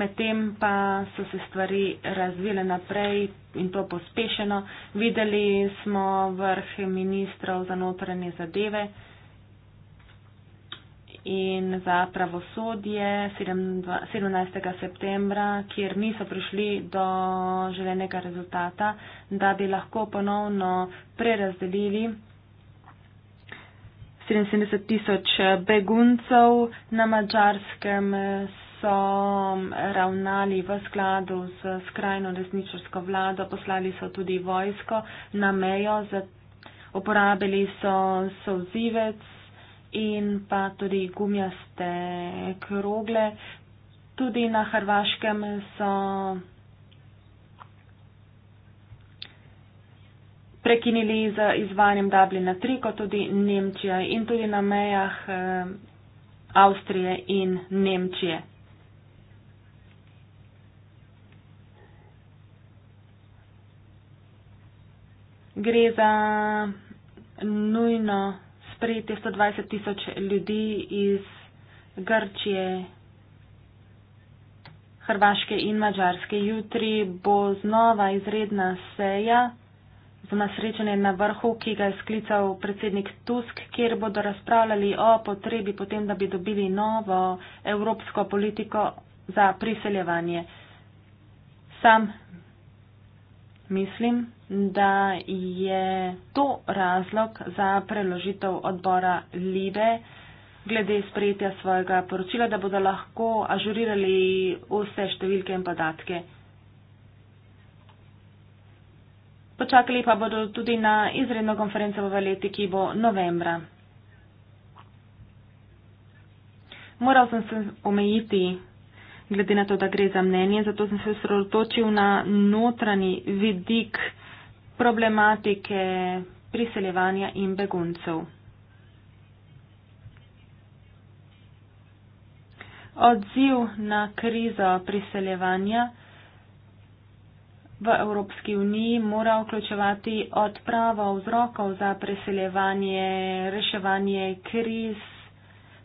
Medtem pa so se stvari razvile naprej in to pospešeno. Videli smo vrh ministrov za notranje zadeve in za pravosodje 17. septembra, kjer niso prišli do želenega rezultata, da bi lahko ponovno prerazdelili 73 tisoč beguncev na mačarskem so mm, ravnali v skladu z skrajno desničarsko vlado, poslali so tudi vojsko na mejo, uporabili so sozivec in pa tudi gumijaste krogle. Tudi na Hrvaškem so prekinili z izvajanjem Dublina 3, kot tudi Nemčija in tudi na mejah eh, Avstrije in Nemčije. Gre za nujno sprejetje 120 tisoč ljudi iz Grčije, Hrvaške in Mačarske. Jutri bo znova izredna seja na srečanje na vrhu, ki ga je sklical predsednik Tusk, kjer bodo razpravljali o potrebi potem, da bi dobili novo evropsko politiko za priseljevanje. Sam mislim, da je to razlog za preložitev odbora Libe glede sprejetja svojega poročila, da bodo lahko ažurirali vse številke in podatke. Počakali pa bodo tudi na izredno konferenco v Valeti, ki bo novembra. Moral sem se omejiti, glede na to, da gre za mnenje, zato sem se sredotočil na notranji vidik problematike priseljevanja in beguncev. Odziv na krizo priseljevanja v Evropski uniji mora vključevati odpravo vzrokov za preseljevanje, reševanje kriz,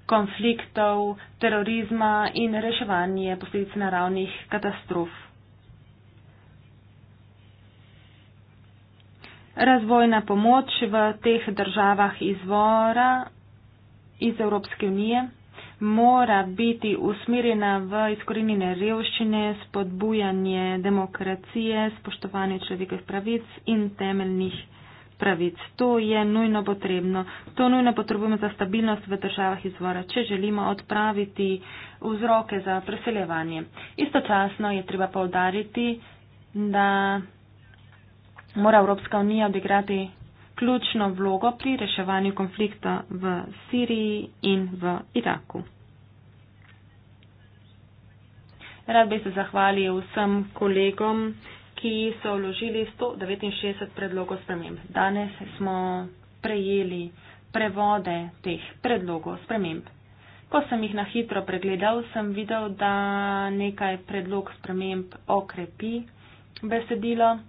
konfliktov, terorizma in reševanje posledic naravnih katastrof. Razvojna pomoč v teh državah izvora iz Evropske unije mora biti usmirjena v izkorinjene revščine, spodbujanje demokracije, spoštovanje človekovih pravic in temeljnih pravic. To je nujno potrebno. To nujno potrebujemo za stabilnost v državah izvora, če želimo odpraviti vzroke za preseljevanje. Istočasno je treba povdariti, da mora Evropska unija odigrati ključno vlogo pri reševanju konflikta v Siriji in v Iraku. Rad bi se zahvalil vsem kolegom, ki so vložili 169 predlogov sprememb. Danes smo prejeli prevode teh predlogov sprememb. Ko sem jih na hitro pregledal, sem videl, da nekaj predlog sprememb okrepi besedilo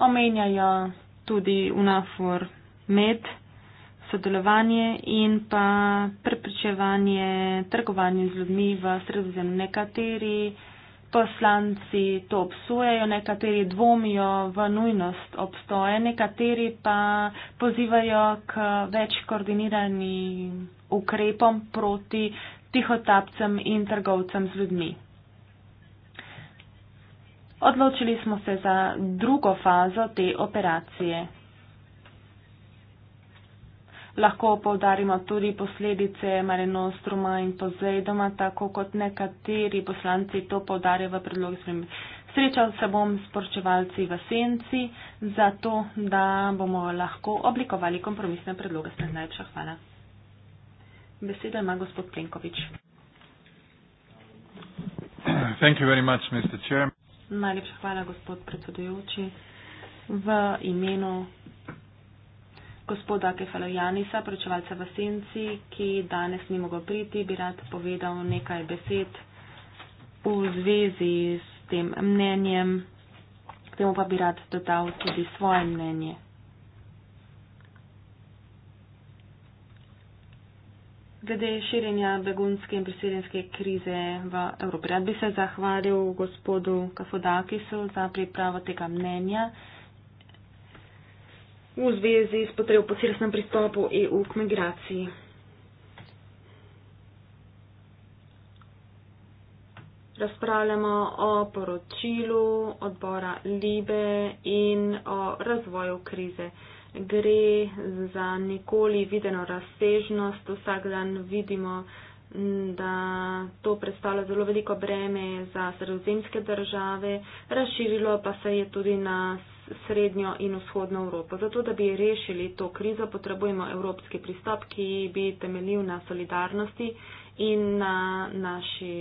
omenjajo tudi UNAFOR med sodelovanje in pa preprečevanje trgovanja z ljudmi v sredozemlju. Nekateri poslanci to obsujejo, nekateri dvomijo v nujnost obstoje, nekateri pa pozivajo k več koordiniranim ukrepom proti tihotapcem in trgovcem z ljudmi. Odločili smo se za drugo fazo te operacije. Lahko povdarimo tudi posledice Marenostruma in Pozejdoma, tako kot nekateri poslanci to povdarjajo v predlogu sprememb. Srečal se bom s poročevalci v senci, zato da bomo lahko oblikovali kompromisne predloge. Sme najlepša hvala. Besedo ima gospod Plenkovič. Thank you very much, Mr. Chairman. Najlepša hvala, gospod predsedujoči. V imenu gospoda Kefala Janisa, pročevalca v Senci, ki danes ni mogel priti, bi rad povedal nekaj besed v zvezi s tem mnenjem. K temu pa bi rad dodal tudi svoje mnenje. Glede širjenja begunske in priseljenske krize v Evropi. Rad bi se zahvalil gospodu Kafodakisu za pripravo tega mnenja v zvezi s potrebo po celostnem pristopu EU k migraciji. Razpravljamo o poročilu odbora Libe in o razvoju krize gre za nikoli videno razsežnost. Vsak dan vidimo, da to predstavlja zelo veliko breme za sredozemske države, razširilo pa se je tudi na srednjo in vzhodno Evropo. Zato, da bi rešili to krizo, potrebujemo evropski pristop, ki bi temeljil na solidarnosti in na naši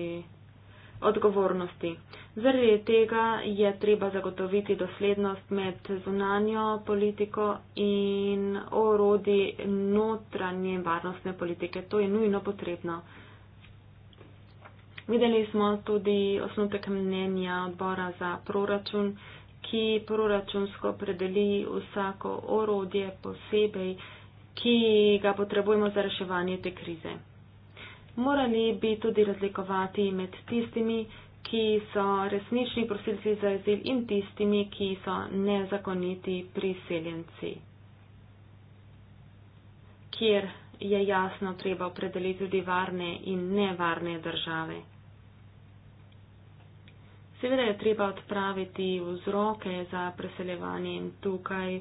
odgovornosti. Zaradi tega je treba zagotoviti doslednost med zunanjo politiko in orodi notranje varnostne politike. To je nujno potrebno. Videli smo tudi osnutek mnenja odbora za proračun, ki proračunsko predeli vsako orodje posebej, ki ga potrebujemo za reševanje te krize morali bi tudi razlikovati med tistimi, ki so resnični prosilci za azil in tistimi, ki so nezakoniti priseljenci. Kjer je jasno treba opredeliti tudi varne in nevarne države. Seveda je treba odpraviti vzroke za preseljevanje in tukaj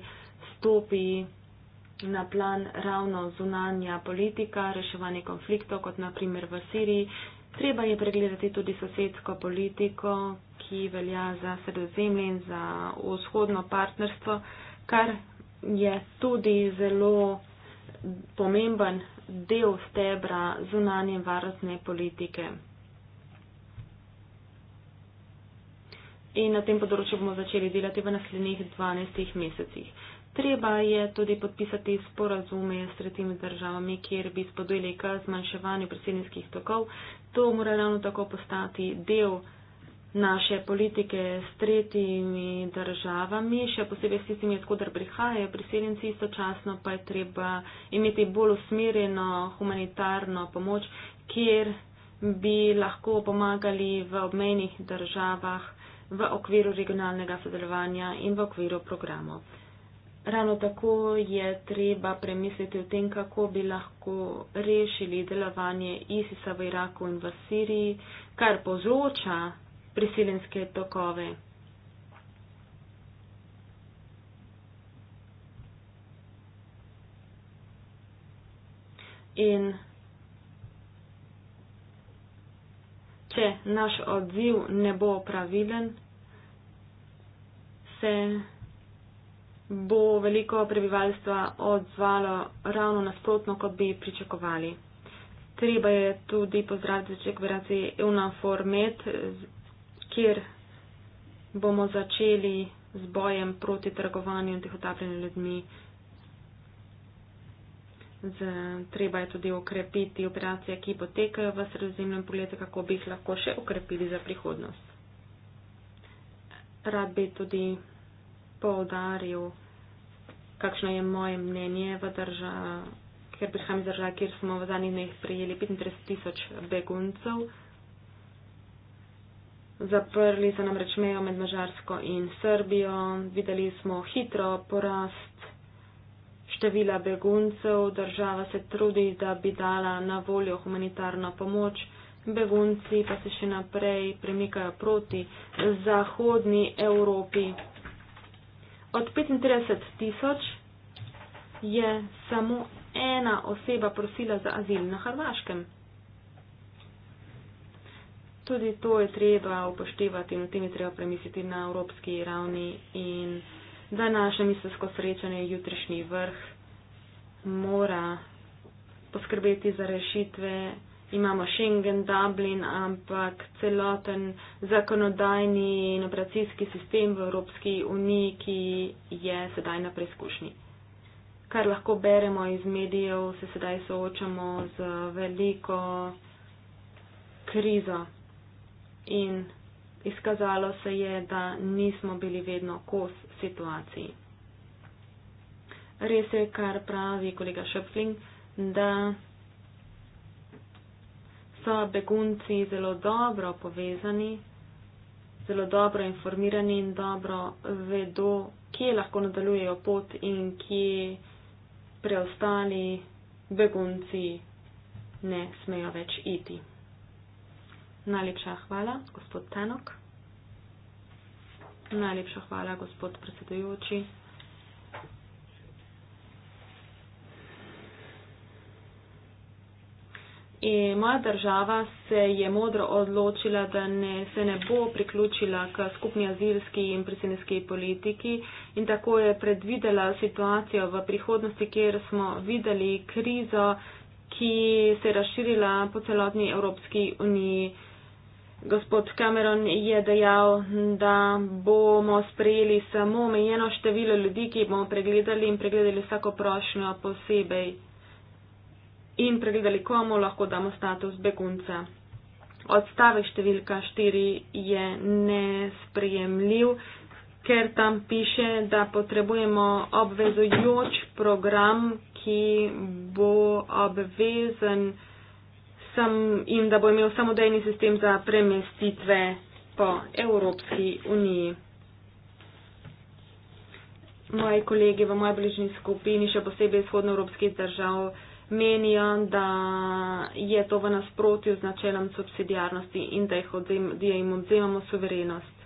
stopi na plan ravno zunanja politika, reševanje konfliktov, kot naprimer v Siriji. Treba je pregledati tudi sosedsko politiko, ki velja za sredozemlje in za vzhodno partnerstvo, kar je tudi zelo pomemben del stebra zunanje varnostne politike. In na tem področju bomo začeli delati v naslednjih 12 mesecih treba je tudi podpisati sporazume s tretjimi državami, kjer bi spodujili k zmanjševanju priseljenskih tokov. To mora ravno tako postati del naše politike s tretjimi državami, še posebej s tistimi, odkudar prihajajo priseljenci, istočasno pa je treba imeti bolj usmerjeno humanitarno pomoč, kjer bi lahko pomagali v obmejnih državah v okviru regionalnega sodelovanja in v okviru programov. Ravno tako je treba premisliti o tem, kako bi lahko rešili delovanje ISIS-a v Iraku in v Siriji, kar povzroča prisilenske tokove. In če naš odziv ne bo pravilen, se bo veliko prebivalstva odzvalo ravno nasprotno, kot bi pričakovali. Treba je tudi pozdraviti začetek verjaci Eunaformet, kjer bomo začeli z bojem proti trgovanju in tehotapljenju ljudmi. Z, treba je tudi okrepiti operacije, ki potekajo v sredozemljem poletju, kako bi jih lahko še okrepili za prihodnost. Rad bi tudi poudaril, kakšno je moje mnenje v državi, ker prihajam iz države, kjer smo v zadnjih dneh prijeli 35 tisoč beguncev. Zaprli so namreč mejo med Mažarsko in Srbijo. Videli smo hitro porast števila beguncev. Država se trudi, da bi dala na voljo humanitarno pomoč. Begunci pa se še naprej premikajo proti zahodni Evropi. Od 35 tisoč je samo ena oseba prosila za azil na Hrvaškem. Tudi to je treba upoštevati in o tem je treba premisliti na evropski ravni in današnje mislesko srečanje, jutrišnji vrh mora poskrbeti za rešitve imamo Schengen, Dublin, ampak celoten zakonodajni in operacijski sistem v Evropski uniji, ki je sedaj na preizkušnji. Kar lahko beremo iz medijev, se sedaj soočamo z veliko krizo in izkazalo se je, da nismo bili vedno kos situaciji. Res je, kar pravi kolega Šöpfling, da so begunci zelo dobro povezani, zelo dobro informirani in dobro vedo, kje lahko nadaljujejo pot in kje preostali begunci ne smejo več iti. Najlepša hvala, gospod Tanok. Najlepša hvala, gospod predsedujoči. In e, moja država se je modro odločila, da ne, se ne bo priključila k skupni azilski in priseljenski politiki in tako je predvidela situacijo v prihodnosti, kjer smo videli krizo, ki se je razširila po celotni Evropski uniji. Gospod Cameron je dejal, da bomo sprejeli samo omejeno število ljudi, ki bomo pregledali in pregledali vsako prošnjo posebej in pregledali, komu lahko damo status begunca. Odstavek številka 4 je nesprejemljiv, ker tam piše, da potrebujemo obvezujoč program, ki bo obvezen sem, in da bo imel samodejni sistem za premestitve po Evropski uniji. Moji kolegi v moji bližnji skupini, še posebej izhodnoevropskih držav, menijo, da je to v nasprotju z načelom subsidijarnosti in da, odzem, da jim odzemamo suverenost.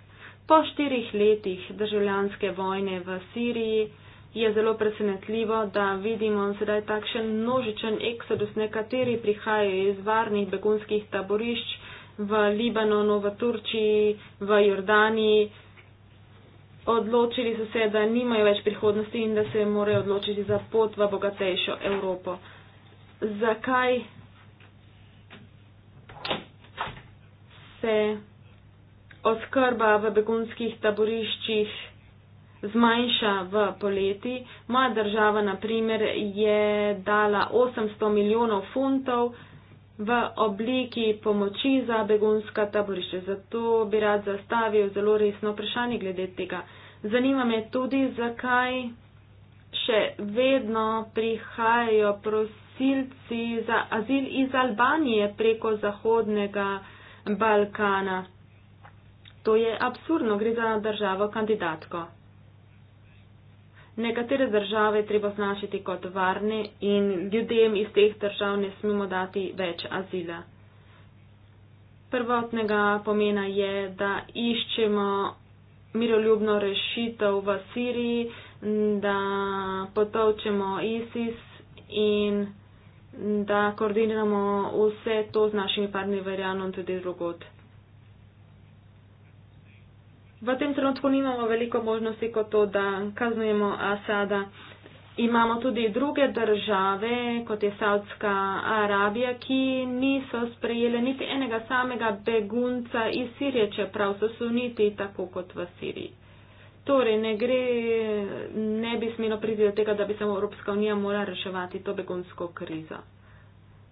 Po štirih letih državljanske vojne v Siriji je zelo presenetljivo, da vidimo sedaj takšen množičen eksodus, nekateri prihajajo iz varnih begunskih taborišč v Libanonu, v Turčiji, v Jordaniji. Odločili so se, da nimajo več prihodnosti in da se morajo odločiti za pot v bogatejšo Evropo zakaj se oskrba v begunskih taboriščih zmanjša v poleti. Moja država, na primer, je dala 800 milijonov funtov v obliki pomoči za begunska taborišča. Zato bi rad zastavil zelo resno vprašanje glede tega. Zanima me tudi, zakaj še vedno prihajajo prosti prosilci za azil iz Albanije preko Zahodnega Balkana. To je absurdno, gre za državo kandidatko. Nekatere države treba označiti kot varne in ljudem iz teh držav ne smemo dati več azila. Prvotnega pomena je, da iščemo miroljubno rešitev v Siriji, da potovčemo ISIS in da koordiniramo vse to z našimi partnerjem tudi drugod. V tem trenutku nimamo veliko možnosti kot to, da kaznujemo Asada. Imamo tudi druge države, kot je Saudska Arabija, ki niso sprejele niti enega samega begunca iz Sirije, čeprav so suniti tako kot v Siriji. Torej, ne, gre, ne bi smelo priti do tega, da bi se Evropska unija morala reševati to begunsko krizo.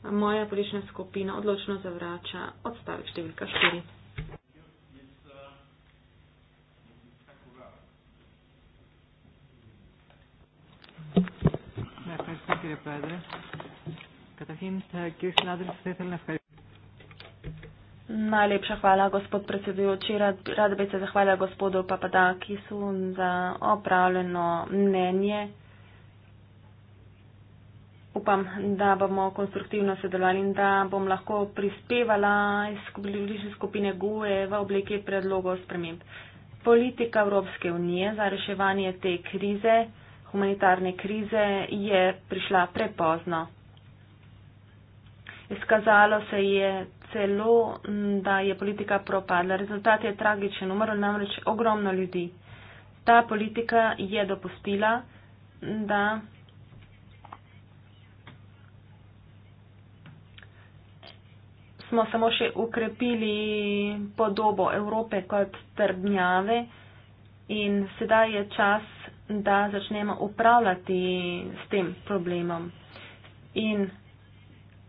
Moja politična skupina odločno zavrača odstavek številka 4. Katarina, kje si nadal, da si se tam nafajal? Najlepša hvala, gospod predsedujoči. Rad, rad bi se zahvalila gospodu Papadakisu za opravljeno mnenje. Upam, da bomo konstruktivno sodelovali in da bom lahko prispevala iz bližne skupine GUE v obliki predlogov sprememb. Politika Evropske unije za reševanje te krize, humanitarne krize, je prišla prepozno. Izkazalo se je celo, da je politika propadla. Rezultat je tragičen. Umrlo namreč ogromno ljudi. Ta politika je dopustila, da smo samo še ukrepili podobo Evrope kot trdnjave in sedaj je čas, da začnemo upravljati s tem problemom. In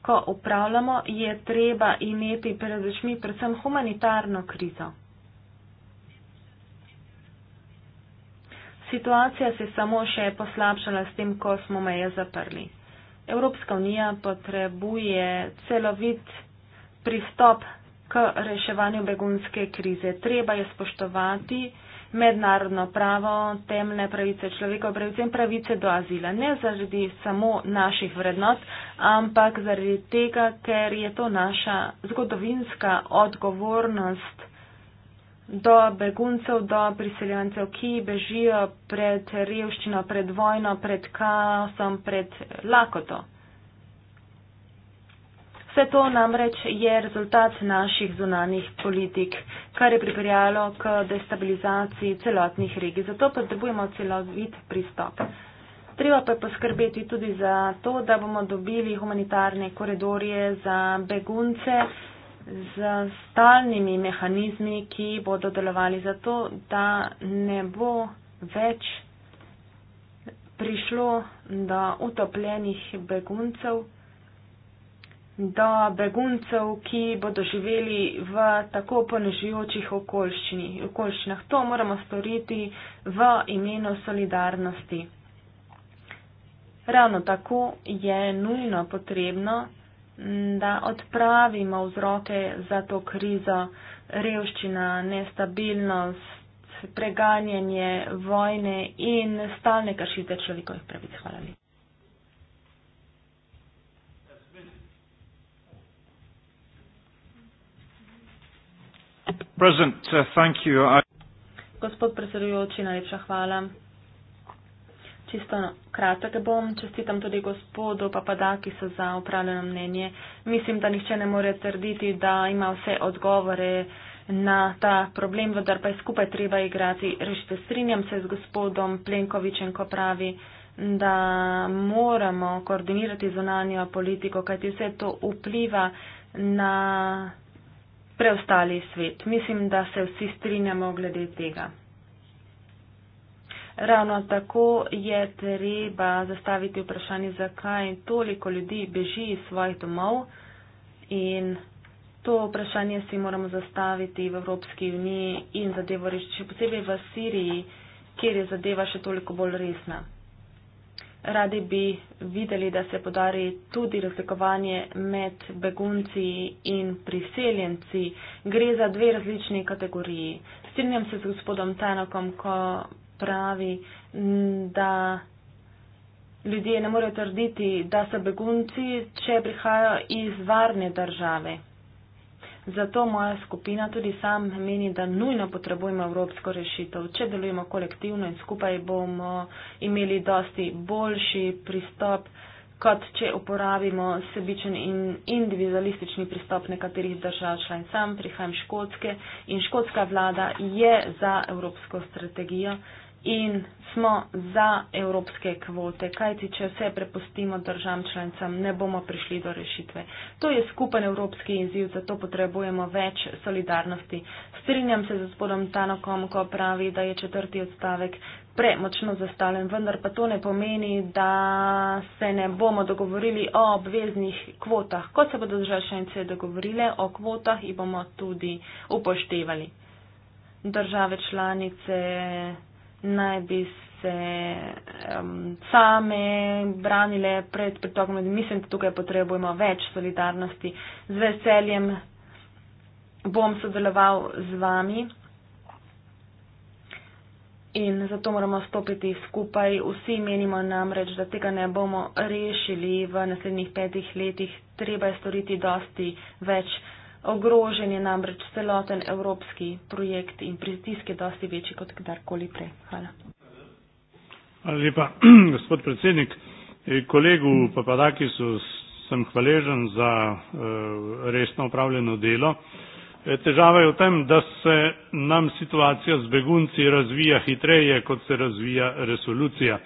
ko upravljamo, je treba imeti pred očmi predvsem humanitarno krizo. Situacija se je samo še poslabšala s tem, ko smo meje zaprli. Evropska unija potrebuje celovit pristop k reševanju begunske krize. Treba je spoštovati mednarodno pravo, temne pravice človekov, predvsem pravice do azila. Ne zaradi samo naših vrednot, ampak zaradi tega, ker je to naša zgodovinska odgovornost do beguncev, do priseljencev, ki bežijo pred revščino, pred vojno, pred kaosom, pred lakoto. Vse to namreč je rezultat naših zunanih politik, kar je pripeljalo k destabilizaciji celotnih regij. Zato potrebujemo celovit pristop. Treba pa je poskrbeti tudi za to, da bomo dobili humanitarne koridorje za begunce z stalnimi mehanizmi, ki bodo delovali za to, da ne bo več prišlo do utopljenih beguncev do beguncev, ki bodo živeli v tako ponežujočih okoliščinah. To moramo storiti v imenu solidarnosti. Ravno tako je nujno potrebno, da odpravimo vzroke za to krizo, revščina, nestabilnost, preganjanje, vojne in stalne kršite človekovih pravic. Hvala lepa. President, uh, thank you. I... Gospod predsedujoči, najlepša hvala. Čisto kratek bom, čestitam tudi gospodu Papadakisu za upravljeno mnenje. Mislim, da nihče ne more trditi, da ima vse odgovore na ta problem, vendar pa je skupaj treba igrati. Rešite, strinjam se z gospodom Plenkovičem, ko pravi, da moramo koordinirati zunanjo politiko, kajti vse to vpliva na preostali svet. Mislim, da se vsi strinjamo glede tega. Ravno tako je treba zastaviti vprašanje, zakaj toliko ljudi beži iz svojih domov in to vprašanje si moramo zastaviti v Evropski uniji in zadevo reči, še posebej v Siriji, kjer je zadeva še toliko bolj resna radi bi videli, da se podari tudi razlikovanje med begunci in priseljenci. Gre za dve različni kategoriji. Strinjam se z gospodom Tanokom, ko pravi, da ljudje ne morejo trditi, da so begunci, če prihajajo iz varne države. Zato moja skupina tudi sam meni, da nujno potrebujemo evropsko rešitev. Če delujemo kolektivno in skupaj bomo imeli dosti boljši pristop, kot če uporabimo sebičen in individualistični pristop nekaterih držav članic. Sam prihajam škotske in škotska vlada je za evropsko strategijo in smo za evropske kvote, kajti če vse prepustimo državam članicam, ne bomo prišli do rešitve. To je skupen evropski izziv, zato potrebujemo več solidarnosti. Strinjam se z gospodom Tanokom, ko pravi, da je četrti odstavek premočno zastavljen, vendar pa to ne pomeni, da se ne bomo dogovorili o obveznih kvotah. Ko se bodo države članice dogovorile o kvotah, jih bomo tudi upoštevali. Države članice naj bi se um, same branile pred pritokom ljudi. Mislim, da tukaj potrebujemo več solidarnosti. Z veseljem bom sodeloval z vami in zato moramo stopiti skupaj. Vsi menimo namreč, da tega ne bomo rešili v naslednjih petih letih. Treba je storiti dosti več ogrožen je namreč celoten evropski projekt in pritisk je dosti večji kot kdarkoli prej. Hvala. Hvala lepa, *clears throat* gospod predsednik. E, kolegu Papadakisu sem hvaležen za e, resno upravljeno delo. E, težava je v tem, da se nam situacija z begunci razvija hitreje, kot se razvija resolucija.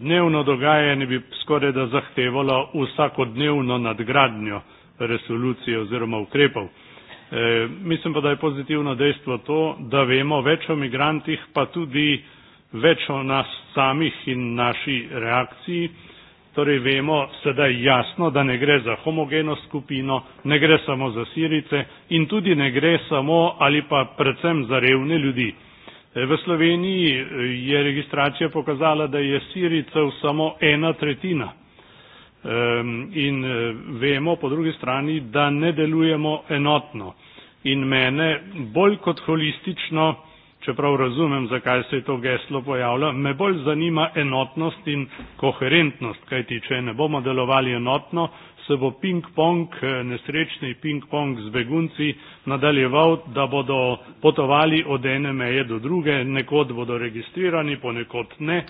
Dnevno dogajanje bi skoraj da zahtevalo vsakodnevno nadgradnjo resolucije oziroma ukrepov. E, mislim pa, da je pozitivno dejstvo to, da vemo več o migrantih, pa tudi več o nas samih in naši reakciji. Torej vemo sedaj jasno, da ne gre za homogeno skupino, ne gre samo za sirice in tudi ne gre samo ali pa predvsem za revne ljudi. E, v Sloveniji e, je registracija pokazala, da je siricev samo ena tretjina. Ehm, in eh, vemo po drugi strani, da ne delujemo enotno. In mene bolj kot holistično, čeprav razumem, zakaj se je to geslo pojavlja, me bolj zanima enotnost in koherentnost, kajti če ne bomo delovali enotno, se bo ping-pong, eh, nesrečni ping-pong z begunci nadaljeval, da bodo potovali od ene meje do druge, nekod bodo registrirani, ponekod ne.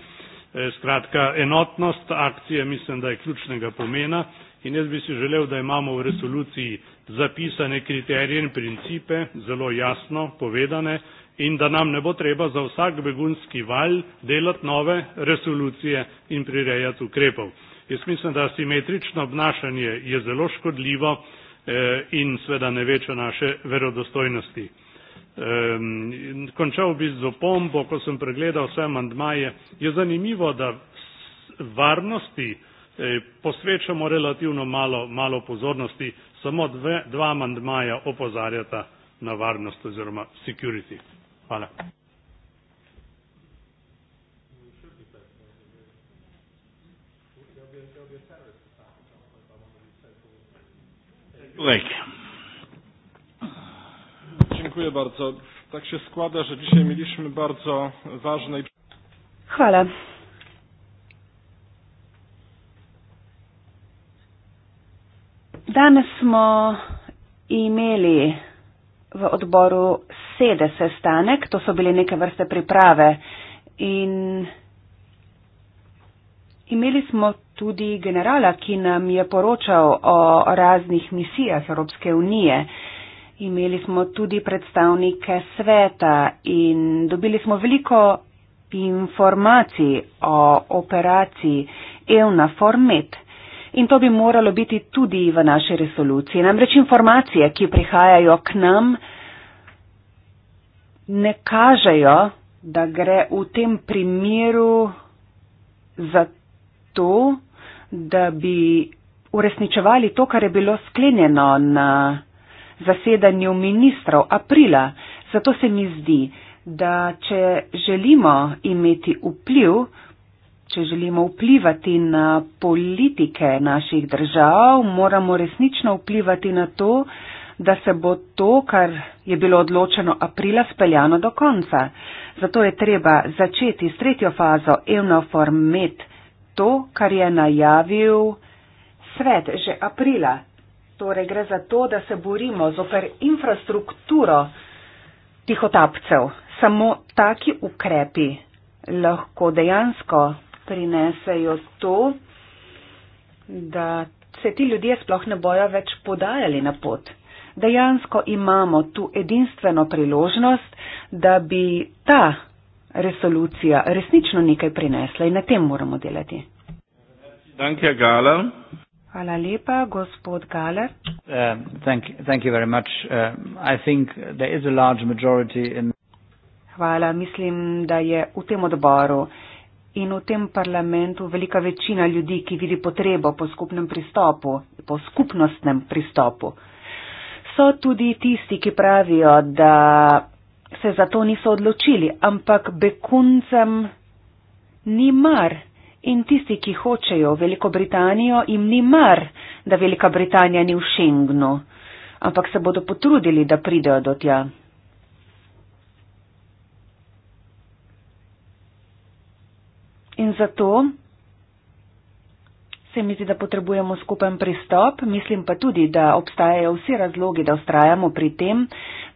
Eh, skratka, enotnost akcije mislim, da je ključnega pomena in jaz bi si želel, da imamo v resoluciji zapisane kriterije in principe, zelo jasno povedane in da nam ne bo treba za vsak begunski val delati nove resolucije in prirejati ukrepov. Jaz mislim, da simetrično obnašanje je zelo škodljivo eh, in sveda ne veče naše verodostojnosti. Um, končal bi z opombo, ko sem pregledal vse mandmaje. Je zanimivo, da varnosti eh, posvečamo relativno malo, malo pozornosti, samo dve, dva mandmaja opozarjata na varnost oziroma security. Hvala. Lekaj. Dziękuję bardzo. Tak się składa, że dzisiaj mieliśmy bardzo ważne. Chwalę. Danes smo imeli v odboru sede sestanek, to so bile neke vrste priprave in imeli smo tudi generala, ki nam je poročal o raznih misijah Evropske unije. Uh, Imeli smo tudi predstavnike sveta in dobili smo veliko informacij o operaciji EUNAFORMET. In to bi moralo biti tudi v naši resoluciji. Namreč informacije, ki prihajajo k nam, ne kažejo, da gre v tem primeru za to, da bi uresničevali to, kar je bilo sklenjeno na zasedanju ministrov aprila. Zato se mi zdi, da če želimo imeti vpliv, če želimo vplivati na politike naših držav, moramo resnično vplivati na to, da se bo to, kar je bilo odločeno aprila, speljano do konca. Zato je treba začeti s tretjo fazo Evnoformet, to, kar je najavil svet že aprila. Torej gre za to, da se borimo zoper infrastrukturo tihotapcev. Samo taki ukrepi lahko dejansko prinesejo to, da se ti ljudje sploh ne bojo več podajali na pot. Dejansko imamo tu edinstveno priložnost, da bi ta resolucija resnično nekaj prinesla in na tem moramo delati. Danke, Gala. Hvala lepa. Gospod Galer. Um, um, Hvala. Mislim, da je v tem odboru in v tem parlamentu velika večina ljudi, ki vidi potrebo po skupnem pristopu, po skupnostnem pristopu. So tudi tisti, ki pravijo, da se za to niso odločili, ampak beguncem ni mar. In tisti, ki hočejo Veliko Britanijo, jim ni mar, da Velika Britanija ni v Schengnu, ampak se bodo potrudili, da pridejo do tja. In zato se mi zdi, da potrebujemo skupen pristop, mislim pa tudi, da obstajajo vsi razlogi, da ustrajamo pri tem,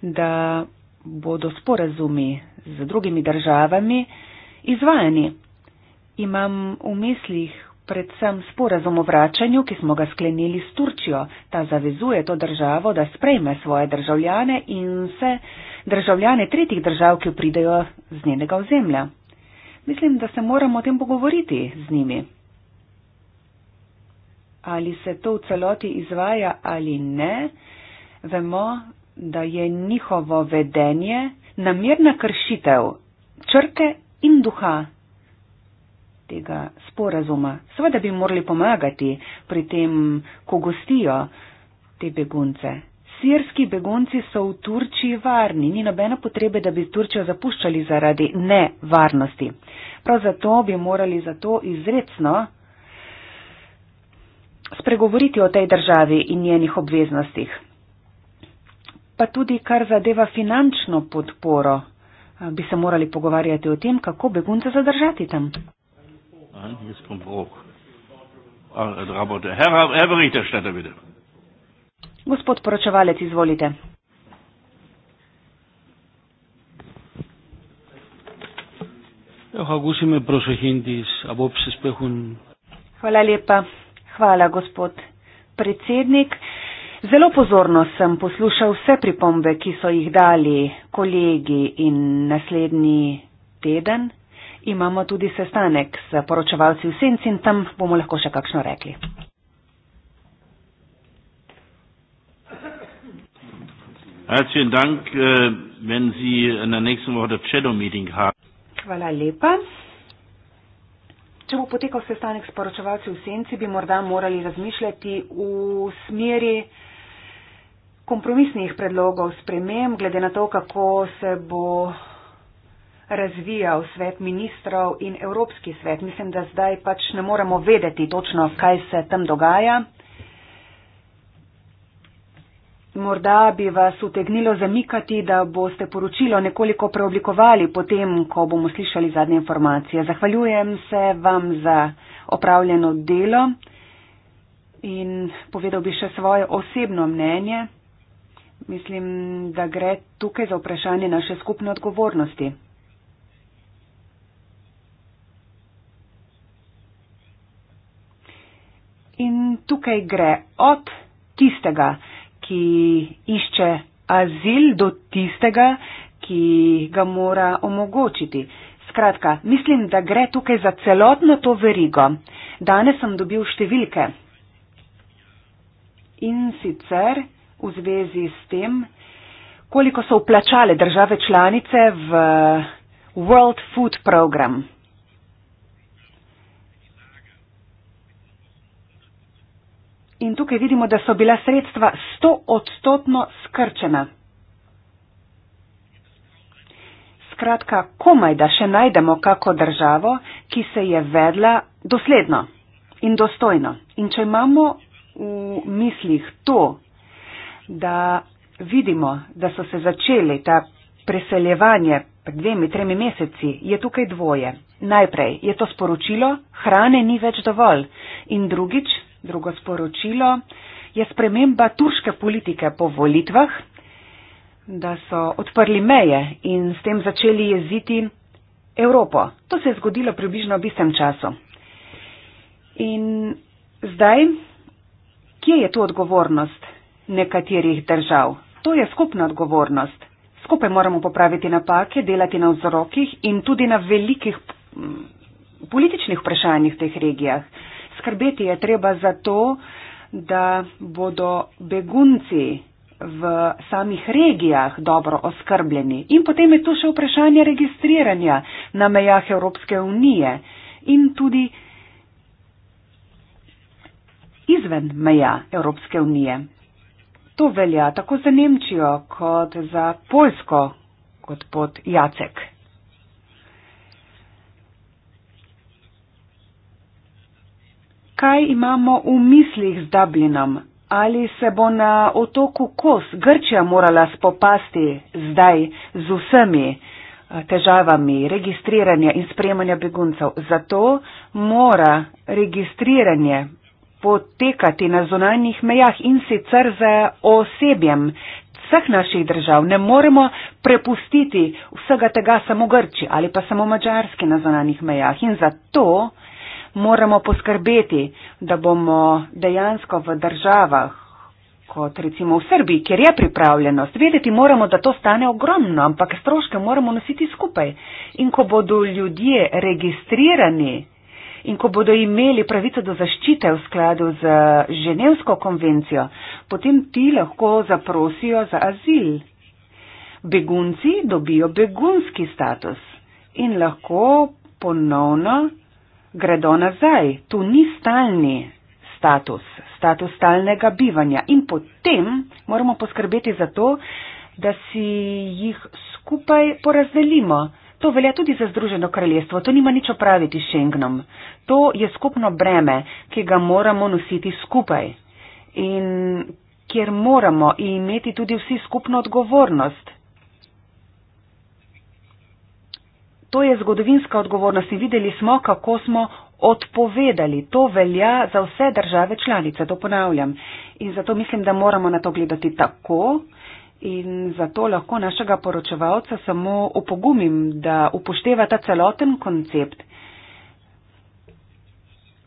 da bodo sporazumi z drugimi državami izvajani imam v mislih predvsem sporazum o vračanju, ki smo ga sklenili s Turčijo. Ta zavezuje to državo, da sprejme svoje državljane in vse državljane tretjih držav, ki pridejo z njenega ozemlja. Mislim, da se moramo o tem pogovoriti z njimi. Ali se to v celoti izvaja ali ne, vemo, da je njihovo vedenje namirna kršitev črke in duha tega sporazuma. Seveda bi morali pomagati pri tem, ko gostijo te begunce. Sirski begunci so v Turčiji varni. Ni nobene potrebe, da bi Turčijo zapuščali zaradi nevarnosti. Prav zato bi morali zato izredno spregovoriti o tej državi in njenih obveznostih. Pa tudi, kar zadeva finančno podporo, eh, bi se morali pogovarjati o tem, kako begunce zadržati tam. Nein, hier ist vom Bruch. Ah, Herr, Herr Berichterstatter, bitte. Gospod Poročevalec, izvolite. Hvala lepa. Hvala, gospod predsednik. Zelo pozorno sem poslušal vse pripombe, ki so jih dali kolegi in naslednji teden imamo tudi sestanek s poročevalci v Senci in tam bomo lahko še kakšno rekli. Äh, Hvala lepa. Če bo potekal sestanek s poročevalci v Senci, bi morda morali razmišljati v smeri kompromisnih predlogov sprememb, glede na to, kako se bo razvijal svet ministrov in Evropski svet. Mislim, da zdaj pač ne moremo vedeti točno, kaj se tam dogaja. Morda bi vas utegnilo zamikati, da boste poročilo nekoliko preoblikovali potem, ko bomo slišali zadnje informacije. Zahvaljujem se vam za opravljeno delo in povedal bi še svoje osebno mnenje. Mislim, da gre tukaj za vprašanje naše skupne odgovornosti. in tukaj gre od tistega, ki išče azil, do tistega, ki ga mora omogočiti. Skratka, mislim, da gre tukaj za celotno to verigo. Danes sem dobil številke. In sicer v zvezi s tem, koliko so vplačale države članice v World Food Program. In tukaj vidimo, da so bila sredstva 100 odstotno skrčena. Skratka, komaj da še najdemo kako državo, ki se je vedla dosledno in dostojno. In če imamo v mislih to, da vidimo, da so se začeli ta preseljevanje pred dvemi, tremi meseci, je tukaj dvoje. Najprej je to sporočilo, hrane ni več dovolj. In drugič, Drugo sporočilo je sprememba turške politike po volitvah, da so odprli meje in s tem začeli jeziti Evropo. To se je zgodilo približno v istem času. In zdaj, kje je tu odgovornost nekaterih držav? To je skupna odgovornost. Skupaj moramo popraviti napake, delati na vzrokih in tudi na velikih političnih vprašanjih v teh regijah skrbeti je treba za to, da bodo begunci v samih regijah dobro oskrbljeni. In potem je tu še vprašanje registriranja na mejah Evropske unije in tudi izven meja Evropske unije. To velja tako za Nemčijo kot za Poljsko kot pod Jacek. kaj imamo v mislih z Dublinom? Ali se bo na otoku Kos Grčija morala spopasti zdaj z vsemi eh, težavami registriranja in spremanja beguncev? Zato mora registriranje potekati na zonanjih mejah in sicer za osebjem vseh naših držav. Ne moremo prepustiti vsega tega samo Grči ali pa samo Mačarski na zonanjih mejah. In zato moramo poskrbeti, da bomo dejansko v državah, kot recimo v Srbiji, kjer je pripravljenost, vedeti moramo, da to stane ogromno, ampak stroške moramo nositi skupaj. In ko bodo ljudje registrirani in ko bodo imeli pravico do zaščite v skladu z Ženevsko konvencijo, potem ti lahko zaprosijo za azil. Begunci dobijo begunski status in lahko ponovno gredo nazaj, tu ni stalni status, status stalnega bivanja in potem moramo poskrbeti za to, da si jih skupaj porazdelimo. To velja tudi za Združeno kraljestvo, to nima nič opraviti s Schengenom. To je skupno breme, ki ga moramo nositi skupaj in kjer moramo imeti tudi vsi skupno odgovornost. To je zgodovinska odgovornost in videli smo, kako smo odpovedali. To velja za vse države članice, to ponavljam. In zato mislim, da moramo na to gledati tako. In zato lahko našega poročevalca samo opogumim, da upošteva ta celoten koncept.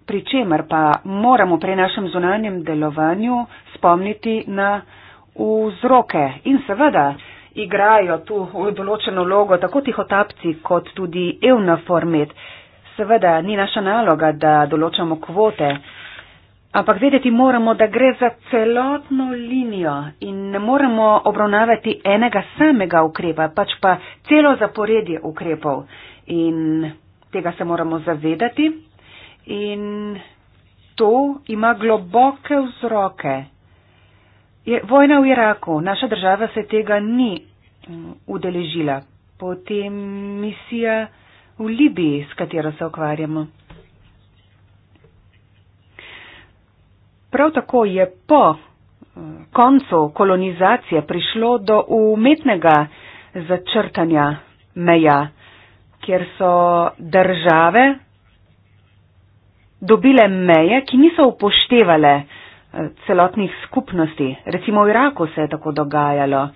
Pričemer pa moramo pri našem zunanjem delovanju spomniti na vzroke in seveda igrajo tu določeno vlogo, tako tihotapci kot tudi EUNAFORMED. Seveda ni naša naloga, da določamo kvote, ampak vedeti moramo, da gre za celotno linijo in ne moramo obravnavati enega samega ukrepa, pač pa celo zaporedje ukrepov in tega se moramo zavedati. In to ima globoke vzroke. Je vojna v Iraku, naša država se tega ni mm, udeležila. Potem misija v Libiji, s katero se ukvarjamo. Prav tako je po mm, koncu kolonizacije prišlo do umetnega začrtanja meja, kjer so države dobile meje, ki niso upoštevale celotnih skupnosti. Recimo v Iraku se je tako dogajalo.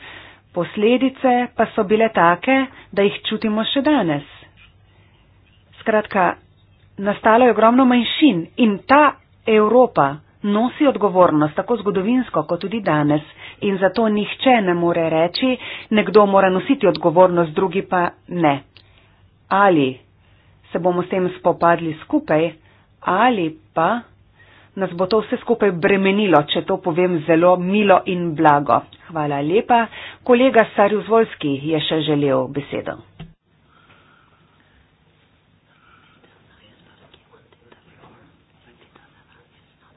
Posledice pa so bile take, da jih čutimo še danes. Skratka, nastalo je ogromno manjšin in ta Evropa nosi odgovornost tako zgodovinsko kot tudi danes in zato nihče ne more reči, nekdo mora nositi odgovornost, drugi pa ne. Ali se bomo s tem spopadli skupaj ali pa nas bo to vse skupaj bremenilo, če to povem zelo milo in blago. Hvala lepa. Kolega Sarju Zvolski je še želel besedo.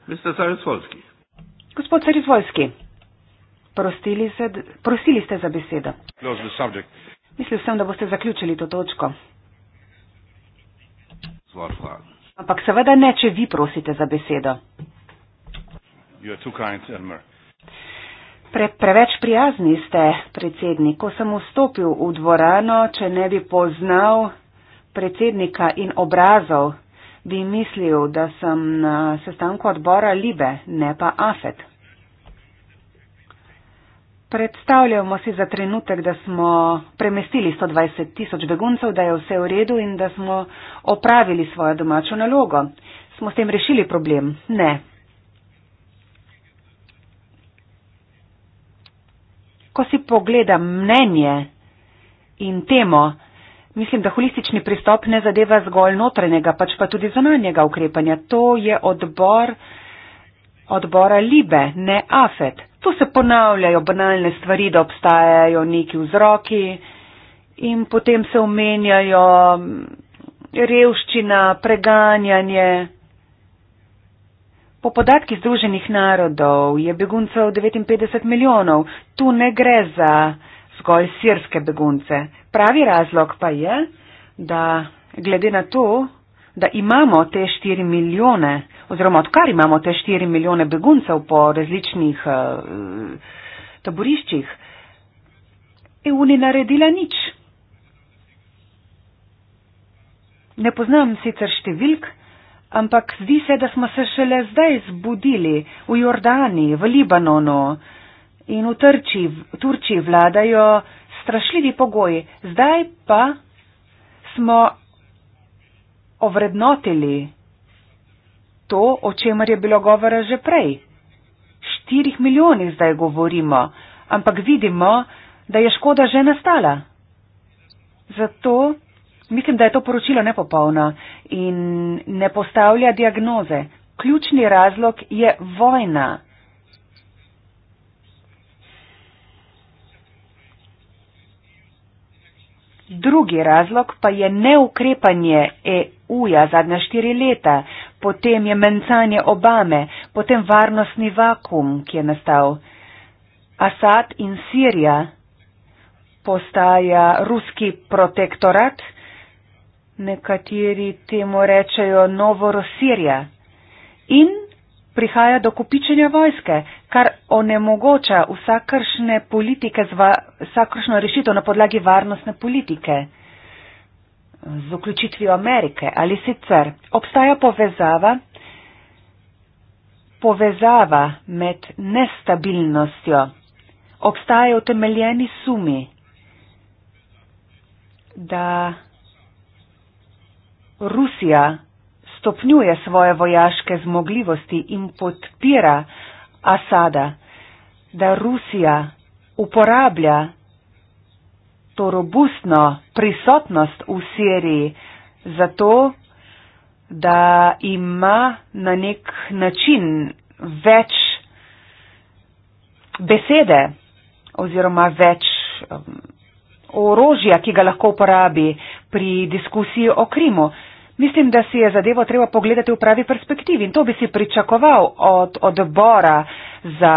Gospod Sarju Zvolski, prosili ste za besedo. Mislil sem, da boste zaključili to točko. Zvolj hvala. Ampak seveda ne, če vi prosite za besedo. Kind, Pre, preveč prijazni ste, predsednik. Ko sem vstopil v dvorano, če ne bi poznal predsednika in obrazov, bi mislil, da sem na sestanku odbora Libe, ne pa Afet. Predstavljamo si za trenutek, da smo premestili 120 tisoč beguncev, da je vse v redu in da smo opravili svojo domačo nalogo. Smo s tem rešili problem? Ne. Ko si pogledam mnenje in temo, mislim, da holistični pristop ne zadeva zgolj notranjega, pač pa tudi zunanjega ukrepanja. To je odbor, odbora Libe, ne Afet. To se ponavljajo banalne stvari, da obstajajo neki vzroki in potem se omenjajo revščina, preganjanje. Po podatki Združenih narodov je beguncev 59 milijonov. Tu ne gre za zgolj sirske begunce. Pravi razlog pa je, da glede na to, da imamo te 4 milijone oziroma odkar imamo te 4 milijone beguncev po različnih eh, taboriščih, EU ni naredila nič. Ne poznam sicer številk, ampak zdi se, da smo se šele zdaj zbudili v Jordani, v Libanonu in v Trči, v Turčiji vladajo strašljivi pogoji. Zdaj pa smo ovrednotili to, o čemer je bilo govora že prej. Štirih milijonih zdaj govorimo, ampak vidimo, da je škoda že nastala. Zato mislim, da je to poročilo nepopolno in ne postavlja diagnoze. Ključni razlog je vojna. Drugi razlog pa je neukrepanje EU-ja zadnja štiri leta potem je mencanje Obame, potem varnostni vakum, ki je nastal. Asad in Sirija postaja ruski protektorat, nekateri temu rečejo Novorosirija. In prihaja do kupičenja vojske, kar onemogoča vsakršne politike, vsakršno rešitev na podlagi varnostne politike z vključitvijo Amerike ali sicer obstaja povezava, povezava med nestabilnostjo, obstajajo utemeljeni sumi, da Rusija stopnjuje svoje vojaške zmogljivosti in podpira Asada, da Rusija uporablja to robustno prisotnost v Siriji, zato da ima na nek način več besede oziroma več um, orožja, ki ga lahko uporabi pri diskusiji o Krimu. Mislim, da si je zadevo treba pogledati v pravi perspektivi in to bi si pričakoval od odbora za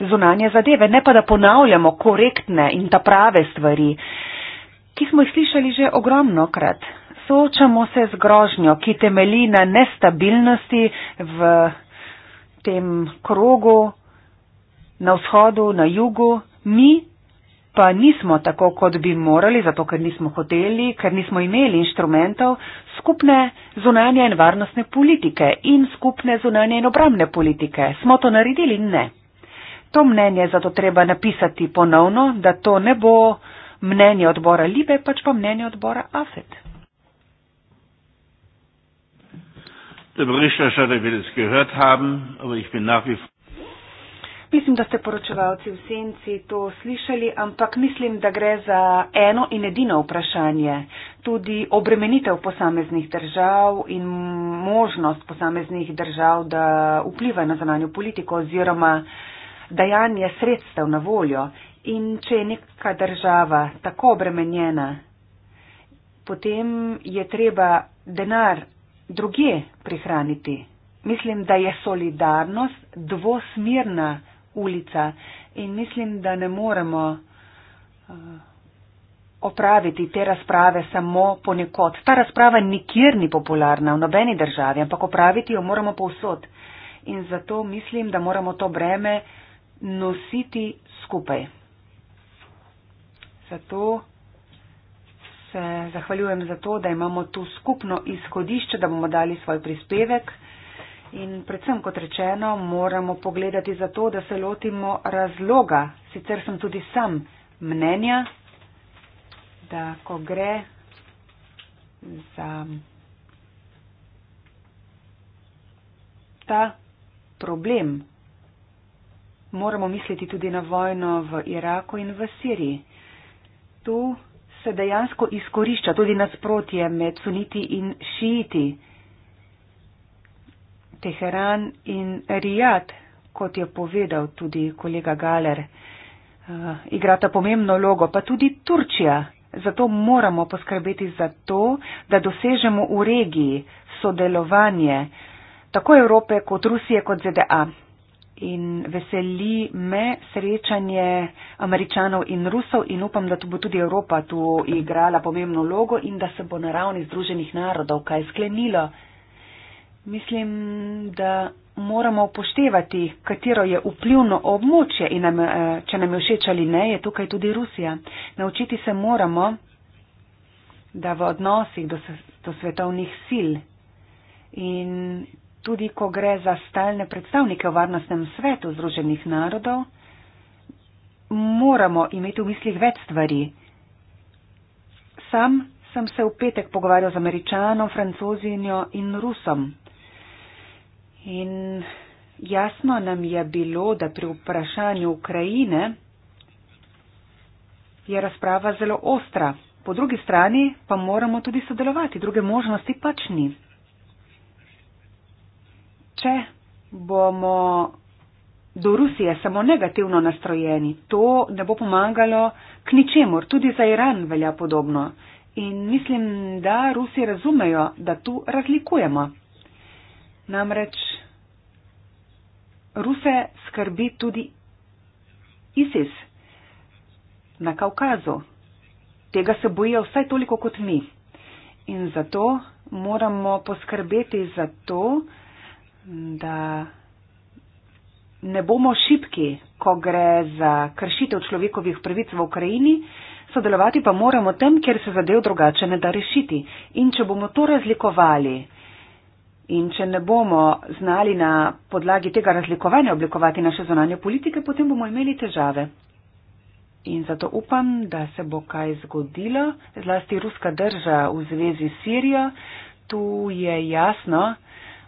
zunanje zadeve, ne pa da ponavljamo korektne in ta prave stvari, ki smo jih slišali že ogromno krat. Soočamo se z grožnjo, ki temeli na nestabilnosti v tem krogu, na vzhodu, na jugu, mi pa nismo tako, kot bi morali, zato ker nismo hoteli, ker nismo imeli inštrumentov, skupne zunanje in varnostne politike in skupne zunanje in obramne politike. Smo to naredili? Ne. To mnenje je zato treba napisati ponovno, da to ne bo mnenje odbora Libe, pač pa mnenje odbora AFED. Er mislim, da ste poročevalci v senci to slišali, ampak mislim, da gre za eno in edino vprašanje. Tudi obremenitev posameznih držav in možnost posameznih držav, da vpliva na zananjo politiko oziroma dajanje sredstev na voljo in če je neka država tako obremenjena, potem je treba denar druge prihraniti. Mislim, da je solidarnost dvosmirna ulica in mislim, da ne moremo eh, opraviti te razprave samo ponekod. Ta razprava nikjer ni popularna v nobeni državi, ampak opraviti jo moramo povsod. In zato mislim, da moramo to breme nositi skupaj. Zato se zahvaljujem za to, da imamo tu skupno izhodišče, da bomo dali svoj prispevek. In predvsem, kot rečeno, moramo pogledati za to, da se lotimo razloga. Sicer sem tudi sam mnenja, da ko gre za ta problem, moramo misliti tudi na vojno v Iraku in v Siriji. Tu se dejansko izkorišča tudi nasprotje med suniti in šiiti. Teheran in Rijad, kot je povedal tudi kolega Galer, eh, igrata pomembno logo, pa tudi Turčija. Zato moramo poskrbeti za to, da dosežemo v regiji sodelovanje tako Evrope kot Rusije kot ZDA in veseli me srečanje američanov in rusov in upam, da tu bo tudi Evropa tu igrala pomembno logo in da se bo na ravni Združenih narodov kaj sklenilo. Mislim, da moramo upoštevati, katero je vplivno območje in nam, eh, če nam je všeč ali ne, je tukaj tudi Rusija. Naučiti se moramo, da v odnosih do, do svetovnih sil in tudi ko gre za stalne predstavnike v varnostnem svetu Združenih narodov, moramo imeti v mislih več stvari. Sam sem se v petek pogovarjal z američanom, francozinjo in rusom. In jasno nam je bilo, da pri vprašanju Ukrajine je razprava zelo ostra. Po drugi strani pa moramo tudi sodelovati, druge možnosti pač ni drugače, bomo do Rusije samo negativno nastrojeni. To ne bo pomagalo k ničemur, tudi za Iran velja podobno. In mislim, da Rusi razumejo, da tu razlikujemo. Namreč Ruse skrbi tudi ISIS na Kaukazu. Tega se bojijo vsaj toliko kot mi. In zato moramo poskrbeti za to, da ne bomo šipki, ko gre za kršitev človekovih pravic v Ukrajini, sodelovati pa moramo tem, kjer se zadev drugače ne da rešiti. In če bomo to razlikovali in če ne bomo znali na podlagi tega razlikovanja oblikovati naše zonanje politike, potem bomo imeli težave. In zato upam, da se bo kaj zgodilo, zlasti ruska drža v zvezi s Sirijo. Tu je jasno,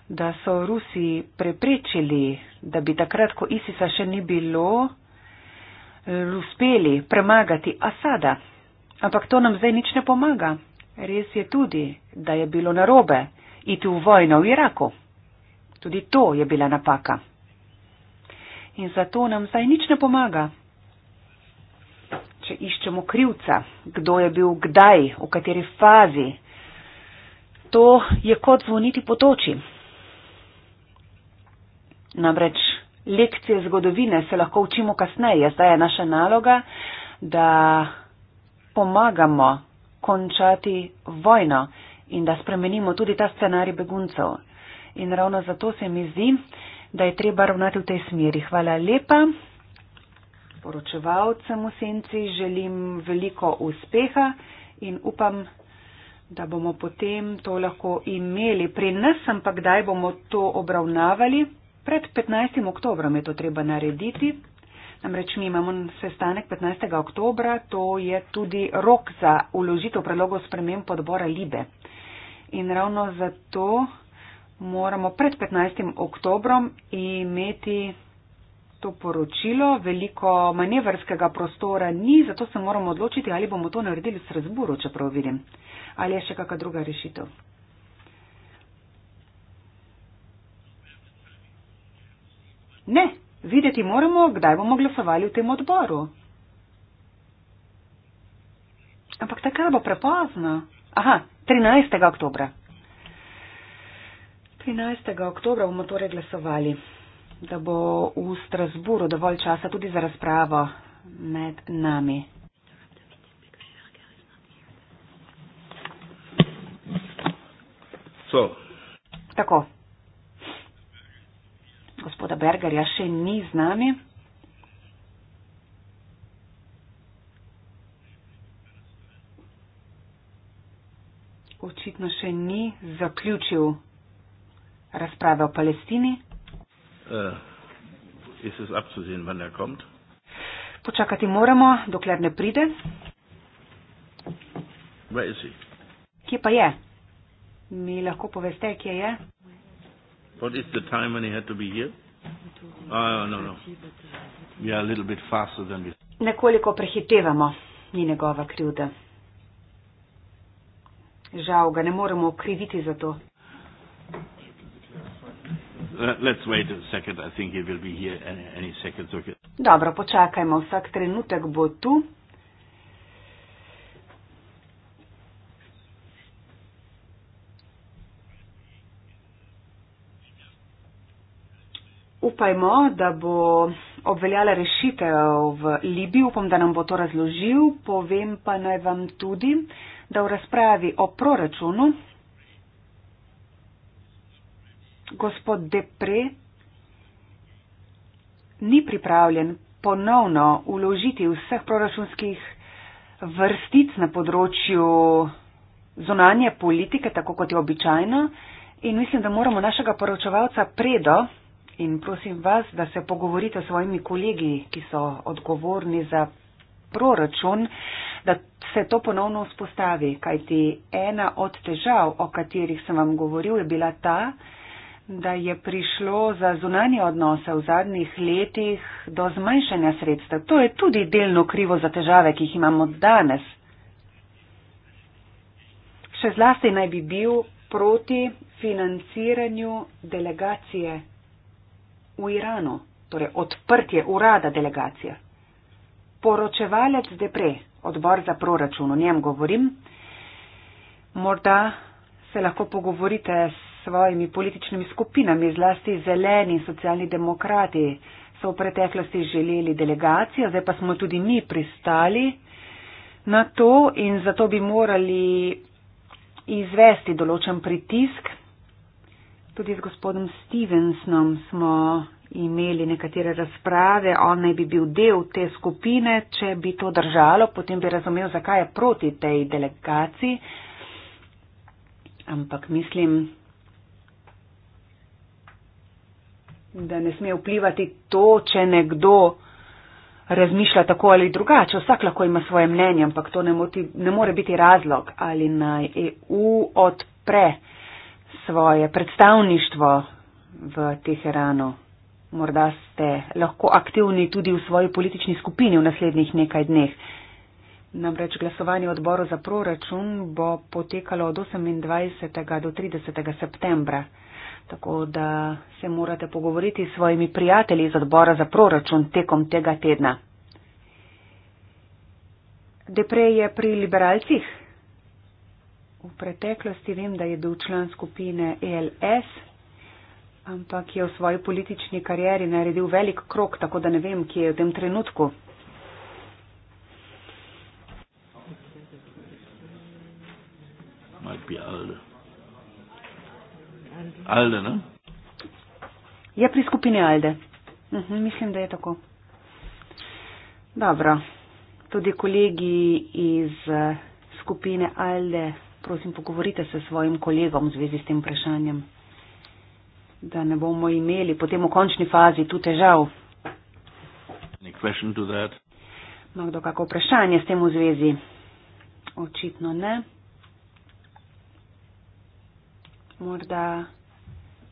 da so Rusi preprečili, da bi takrat, ko ISISA še ni bilo, eh, uspeli premagati Asada. Ampak to nam zdaj nič ne pomaga. Res je tudi, da je bilo narobe iti v vojno v Iraku. Tudi to je bila napaka. In zato nam zdaj nič ne pomaga, če iščemo krivca, kdo je bil kdaj, v kateri fazi. To je kot zvoniti po točki. Namreč lekcije zgodovine se lahko učimo kasneje. Zdaj je naša naloga, da pomagamo končati vojno in da spremenimo tudi ta scenarij beguncev. In ravno zato se mi zdi, da je treba ravnati v tej smeri. Hvala lepa. Poročevalcem v senci želim veliko uspeha in upam, da bomo potem to lahko imeli pri nas, ampak kdaj bomo to obravnavali pred 15. oktobrom je to treba narediti. Namreč mi imamo sestanek 15. oktobra, to je tudi rok za uložitev predlogov sprememb podbora Libe. In ravno zato moramo pred 15. oktobrom imeti to poročilo. Veliko manevrskega prostora ni, zato se moramo odločiti, ali bomo to naredili v Srezburu, čeprav vidim, ali je še kakšna druga rešitev. Ne, videti moramo, kdaj bomo glasovali v tem odboru. Ampak takrat bo prepozno. Aha, 13. oktobra. 13. oktobra bomo torej glasovali, da bo v Strasburu dovolj časa tudi za razpravo med nami. So. Tako gospoda Bergerja še ni z nami. Očitno še ni zaključil razprave o Palestini. Uh, Počakati moramo, dokler ne pride. Kje pa je? Mi lahko poveste, kje je? What is the time when he had to be here? Uh, no, no. We are a little bit faster than this. Nekoliko prehitevamo, ni njegova krivda. Žal ga ne moremo okriviti za to. Let's wait a second. I think he will be here any, any second. Okay. Dobro, počakajmo. Vsak trenutek bo tu. upajmo, da bo obveljala rešitev v Libiji, upam, da nam bo to razložil, povem pa naj vam tudi, da v razpravi o proračunu gospod Depre ni pripravljen ponovno uložiti vseh proračunskih vrstic na področju zunanje politike, tako kot je običajno. In mislim, da moramo našega poročevalca predo In prosim vas, da se pogovorite s svojimi kolegi, ki so odgovorni za proračun, da se to ponovno vzpostavi. Kajti ena od težav, o katerih sem vam govoril, je bila ta, da je prišlo za zunanje odnose v zadnjih letih do zmanjšanja sredstev. To je tudi delno krivo za težave, ki jih imamo danes. Še zlasti naj bi bil proti financiranju delegacije v Iranu, torej odprtje urada delegacije. Poročevalec Depre, odbor za proračun, o njem govorim. Morda se lahko pogovorite s svojimi političnimi skupinami, zlasti zeleni socialni demokrati so v preteklosti želeli delegacijo, zdaj pa smo tudi mi pristali na to in zato bi morali izvesti določen pritisk Tudi z gospodom Stevensom smo imeli nekatere razprave, on naj bi bil del te skupine, če bi to držalo, potem bi razumel, zakaj je proti tej delegaciji. Ampak mislim, da ne sme vplivati to, če nekdo razmišlja tako ali drugače. Vsak lahko ima svoje mnenje, ampak to ne, moti, ne more biti razlog, ali naj EU odpre svoje predstavništvo v Teheranu. Morda ste lahko aktivni tudi v svoji politični skupini v naslednjih nekaj dneh. Namreč glasovanje odboru za proračun bo potekalo od 28. do 30. septembra. Tako da se morate pogovoriti s svojimi prijatelji iz odbora za proračun tekom tega tedna. Deprej je pri liberalcih v preteklosti vem, da je bil član skupine ELS, ampak je v svoji politični karieri naredil velik krok, tako da ne vem, kje je v tem trenutku. Alde, ne? Je pri skupini Alde. Uh mhm, -huh, mislim, da je tako. Dobro. Tudi kolegi iz eh, skupine Alde prosim, pogovorite se s svojim kolegom v zvezi s tem vprašanjem, da ne bomo imeli potem v končni fazi tu težav. No, kdo kako vprašanje s tem v zvezi? Očitno ne. Morda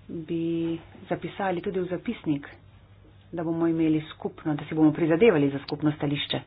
bi zapisali tudi v zapisnik, da bomo imeli skupno, da si bomo prizadevali za skupno stališče.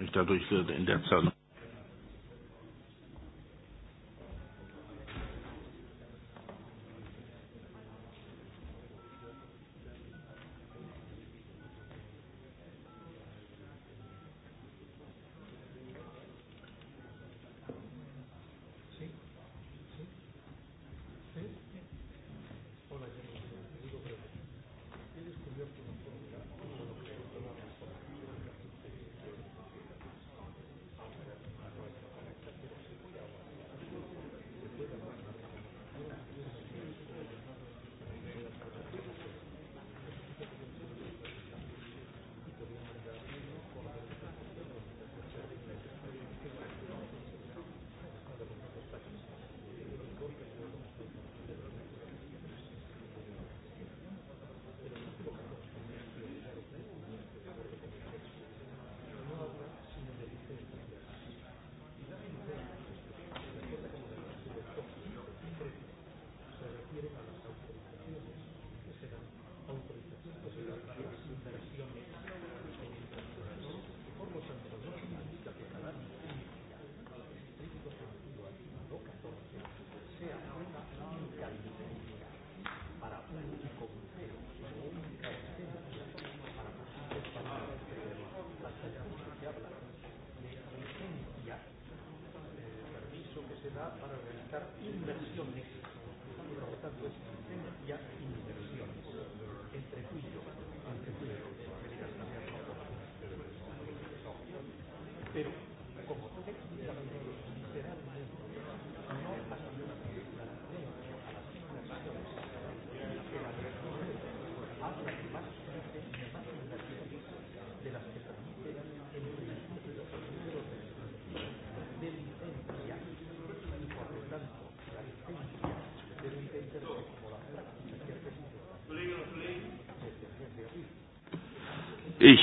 Und dadurch wird in der Zeit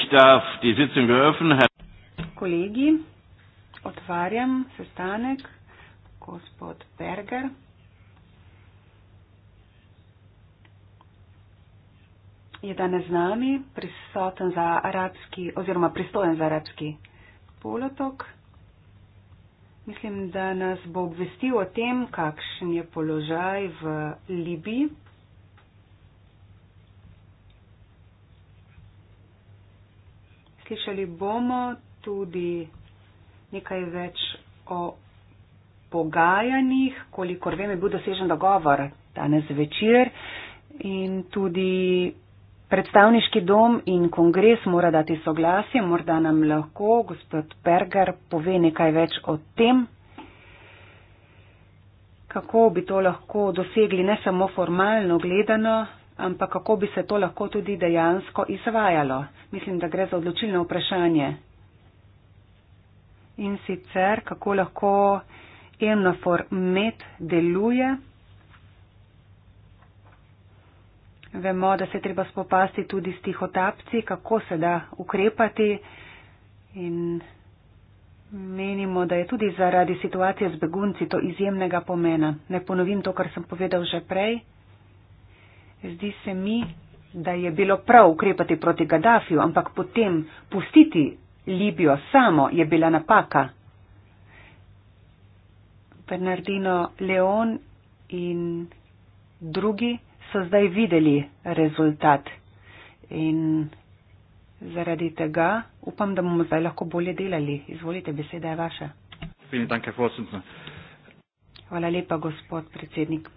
darf die Sitzung eröffnen. Herr Kollegi, otvarjam sestanek. Gospod Berger. je danes z nami prisoten za arabski oziroma pristojen za arabski polotok. Mislim, da nas bo obvestil o tem, kakšen je položaj v Libiji, Povedali bomo tudi nekaj več o pogajanjih, kolikor vem, je bil dosežen dogovor danes večer in tudi predstavniški dom in kongres mora dati soglasje. Morda nam lahko gospod Perger pove nekaj več o tem, kako bi to lahko dosegli ne samo formalno gledano, ampak kako bi se to lahko tudi dejansko izvajalo. Mislim, da gre za odločilno vprašanje. In sicer, kako lahko Emnofor Med deluje. Vemo, da se je treba spopasti tudi s tihotapci, kako se da ukrepati. In menimo, da je tudi zaradi situacije z begunci to izjemnega pomena. Ne ponovim to, kar sem povedal že prej. Zdi se mi, da je bilo prav ukrepati proti Gaddafiju, ampak potem pustiti Libijo samo je bila napaka. Bernardino Leon in drugi so zdaj videli rezultat in zaradi tega upam, da bomo zdaj lahko bolje delali. Izvolite, beseda je vaša. Hvala lepa, gospod predsednik.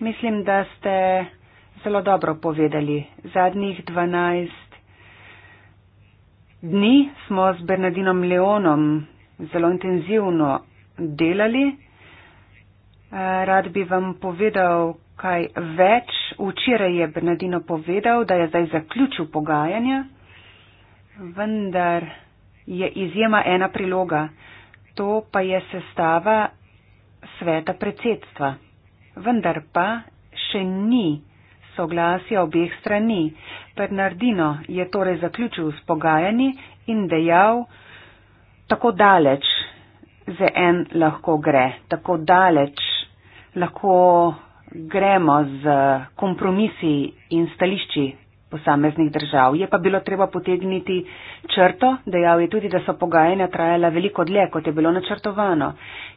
Mislim, da ste zelo dobro povedali. Zadnjih 12 dni smo z Bernardinom Leonom zelo intenzivno delali. Eh, rad bi vam povedal kaj več. Včeraj je Bernardino povedal, da je zdaj zaključil pogajanja, vendar je izjema ena priloga. To pa je sestava sveta predsedstva vendar pa še ni soglasja obeh strani. Bernardino je torej zaključil s pogajanji in dejal, tako daleč za en lahko gre, tako daleč lahko gremo z kompromisi in stališči posameznih držav. Je pa bilo treba potegniti črto, dejal je tudi, da so pogajanja trajala veliko dlje, kot je bilo načrtovano.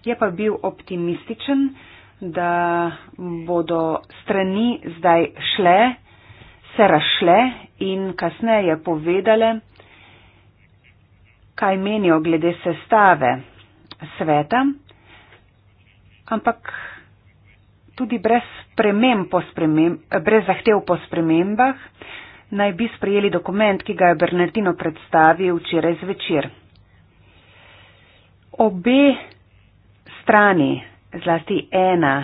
Je pa bil optimističen, da bodo strani zdaj šle, se rašle in kasneje povedale, kaj menijo glede sestave sveta, ampak tudi brez, sprememb po sprememb, brez zahtev po spremembah naj bi sprejeli dokument, ki ga je Bernardino predstavil včeraj zvečer. Obe strani zlasti ena,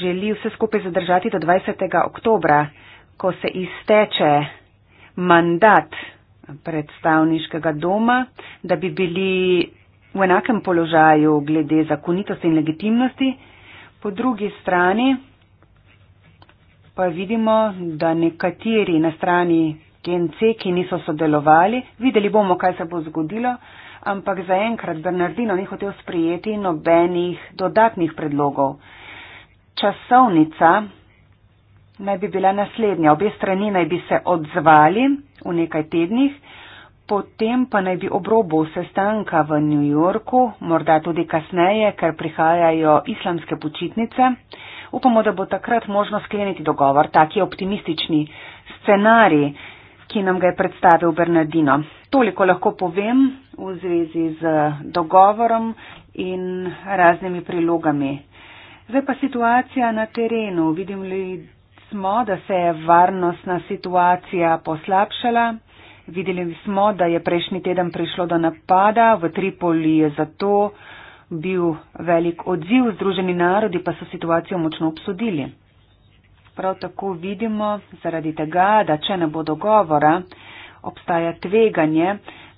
želi vse skupaj zadržati do 20. oktobra, ko se izteče mandat predstavniškega doma, da bi bili v enakem položaju glede zakonitosti in legitimnosti. Po drugi strani pa vidimo, da nekateri na strani GNC, ki niso sodelovali, videli bomo, kaj se bo zgodilo, ampak zaenkrat Bernardino ni hotel sprijeti nobenih dodatnih predlogov. Časovnica naj bi bila naslednja. Obe strani naj bi se odzvali v nekaj tednih, potem pa naj bi obrobo sestanka v New Yorku, morda tudi kasneje, ker prihajajo islamske počitnice. Upamo, da bo takrat možno skleniti dogovor, taki optimistični scenarij, ki nam ga je predstavil Bernardino. Toliko lahko povem v zvezi z dogovorom in raznimi prilogami. Zdaj pa situacija na terenu. Vidim li smo, da se je varnostna situacija poslabšala. Videli smo, da je prejšnji teden prišlo do napada v Tripoli, je zato bil velik odziv, Združeni narodi pa so situacijo močno obsodili. Prav tako vidimo zaradi tega, da če ne bo dogovora, obstaja tveganje,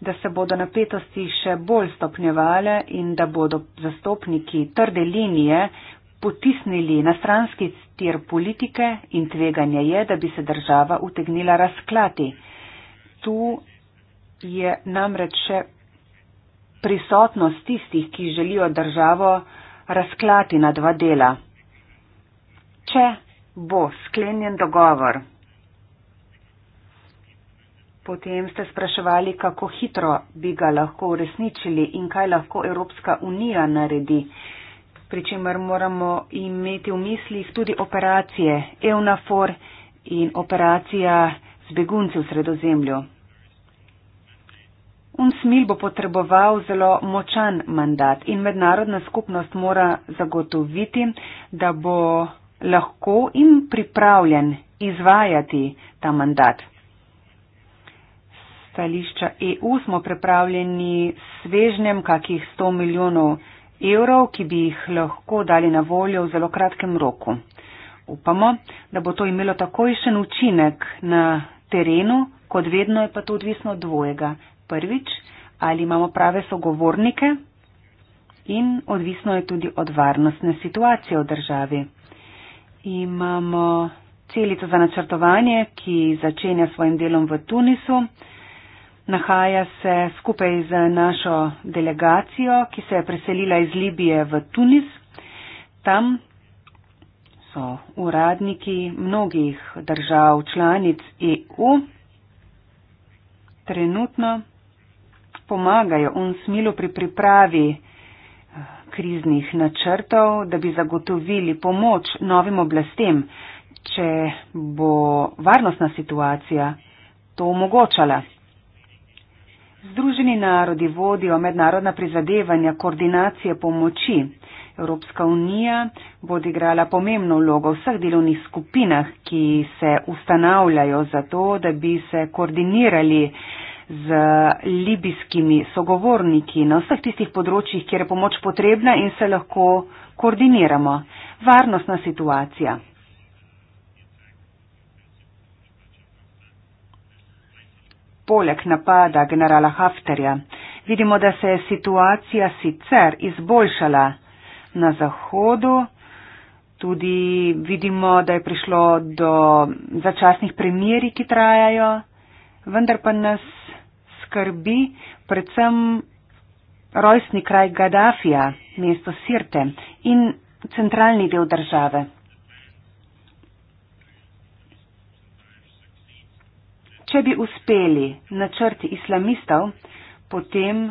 da se bodo napetosti še bolj stopnjevale in da bodo zastopniki trde linije potisnili na stranski tir politike in tveganje je, da bi se država utegnila razklati. Tu je namreč še prisotnost tistih, ki želijo državo razklati na dva dela. Če bo sklenjen dogovor. Potem ste spraševali, kako hitro bi ga lahko uresničili in kaj lahko Evropska unija naredi, pri čemer moramo imeti v mislih tudi operacije EUNAFOR in operacija z begunci v sredozemlju. UNSMIL bo potreboval zelo močan mandat in mednarodna skupnost mora zagotoviti, da bo lahko in pripravljen izvajati ta mandat. Stališča EU smo pripravljeni svežnem kakih 100 milijonov evrov, ki bi jih lahko dali na voljo v zelo kratkem roku. Upamo, da bo to imelo takojšen učinek na terenu, kot vedno je pa to odvisno od dvojega. Prvič, ali imamo prave sogovornike in odvisno je tudi od varnostne situacije v državi imamo celico za načrtovanje, ki začenja svojim delom v Tunisu. Nahaja se skupaj z našo delegacijo, ki se je preselila iz Libije v Tunis. Tam so uradniki mnogih držav članic EU. Trenutno pomagajo UNSMILU pri pripravi kriznih načrtov, da bi zagotovili pomoč novim oblastem, če bo varnostna situacija to omogočala. Združeni narodi vodijo mednarodna prizadevanja koordinacije pomoči. Evropska unija bo odigrala pomembno vlogo v vseh delovnih skupinah, ki se ustanavljajo za to, da bi se koordinirali z libijskimi sogovorniki na vseh tistih področjih, kjer je pomoč potrebna in se lahko koordiniramo. Varnostna situacija. Poleg napada generala Haftarja vidimo, da se je situacija sicer izboljšala na zahodu. Tudi vidimo, da je prišlo do začasnih premjeri, ki trajajo, vendar pa nas skrbi predvsem rojstni kraj Gaddafija, mesto Sirte in centralni del države. Če bi uspeli načrti islamistov, potem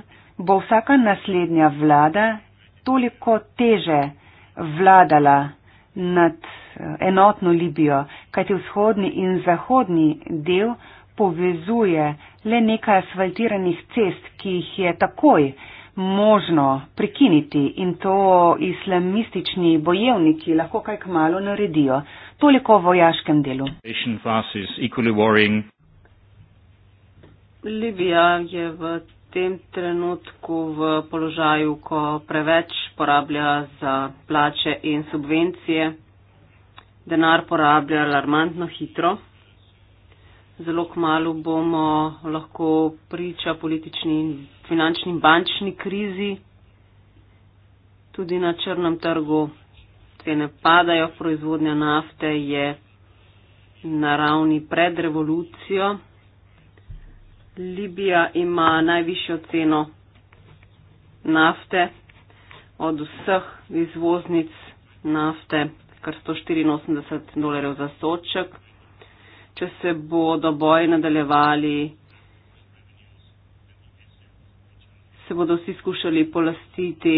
bo vsaka naslednja vlada toliko teže vladala nad eh, enotno Libijo, kajti vzhodni in zahodni del povezuje le nekaj asfaltiranih cest, ki jih je takoj možno prekiniti in to islamistični bojevniki lahko kaj k malo naredijo. Toliko o vojaškem delu. Libija je v tem trenutku v položaju, ko preveč porablja za plače in subvencije. Denar porablja alarmantno hitro zelo kmalo bomo lahko priča politični in finančni bančni krizi. Tudi na črnem trgu cene padajo, proizvodnja nafte je na ravni pred revolucijo. Libija ima najvišjo ceno nafte od vseh izvoznic nafte, kar 184 dolarjev za soček če se bodo boji nadaljevali, se bodo vsi skušali polastiti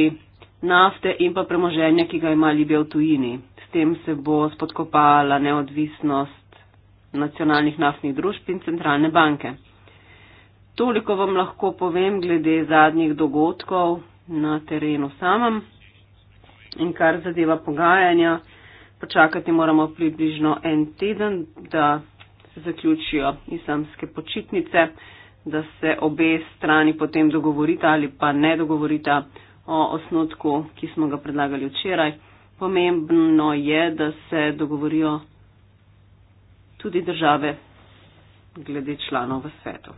nafte in pa premoženje, ki ga ima Libija v tujini. S tem se bo spodkopala neodvisnost nacionalnih naftnih družb in centralne banke. Toliko vam lahko povem glede zadnjih dogodkov na terenu samem in kar zadeva pogajanja. Počakati moramo približno en teden, da zaključijo islamske počitnice, da se obe strani potem dogovorita ali pa ne dogovorita o osnotku, ki smo ga predlagali včeraj. Pomembno je, da se dogovorijo tudi države glede članov v svetu.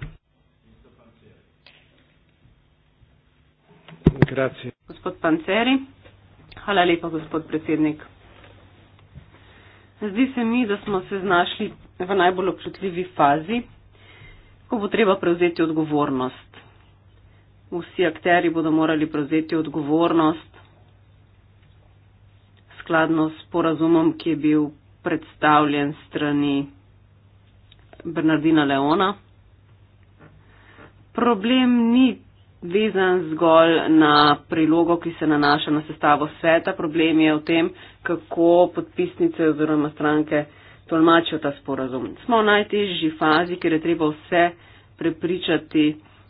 Grazie. Gospod Panceri, hvala lepa, gospod predsednik. Zdi se mi, da smo se znašli v najbolj občutljivi fazi, ko bo treba prevzeti odgovornost. Vsi akteri bodo morali prevzeti odgovornost skladno s porazumom, ki je bil predstavljen strani Bernardina Leona. Problem ni vezan zgolj na prilogo, ki se nanaša na sestavo sveta. Problem je v tem, kako podpisnice oziroma stranke tolmačijo ta sporazum. Smo v najtežji fazi, ker je treba vse prepričati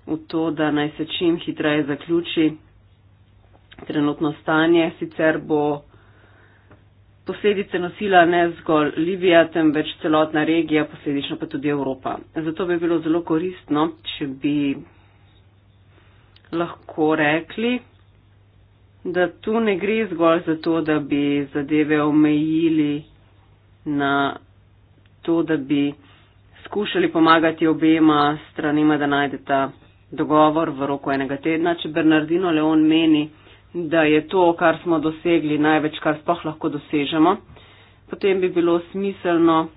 v to, da naj se čim hitreje zaključi trenutno stanje, sicer bo posledice nosila ne zgolj Libija, temveč celotna regija, posledično pa tudi Evropa. Zato bi bilo zelo koristno, če bi lahko rekli, da tu ne gre zgolj za to, da bi zadeve omejili na to, da bi skušali pomagati obema stranima, da najdeta dogovor v roku enega tedna. Če Bernardino Leon meni, da je to, kar smo dosegli, največ, kar sploh lahko dosežemo, potem bi bilo smiselno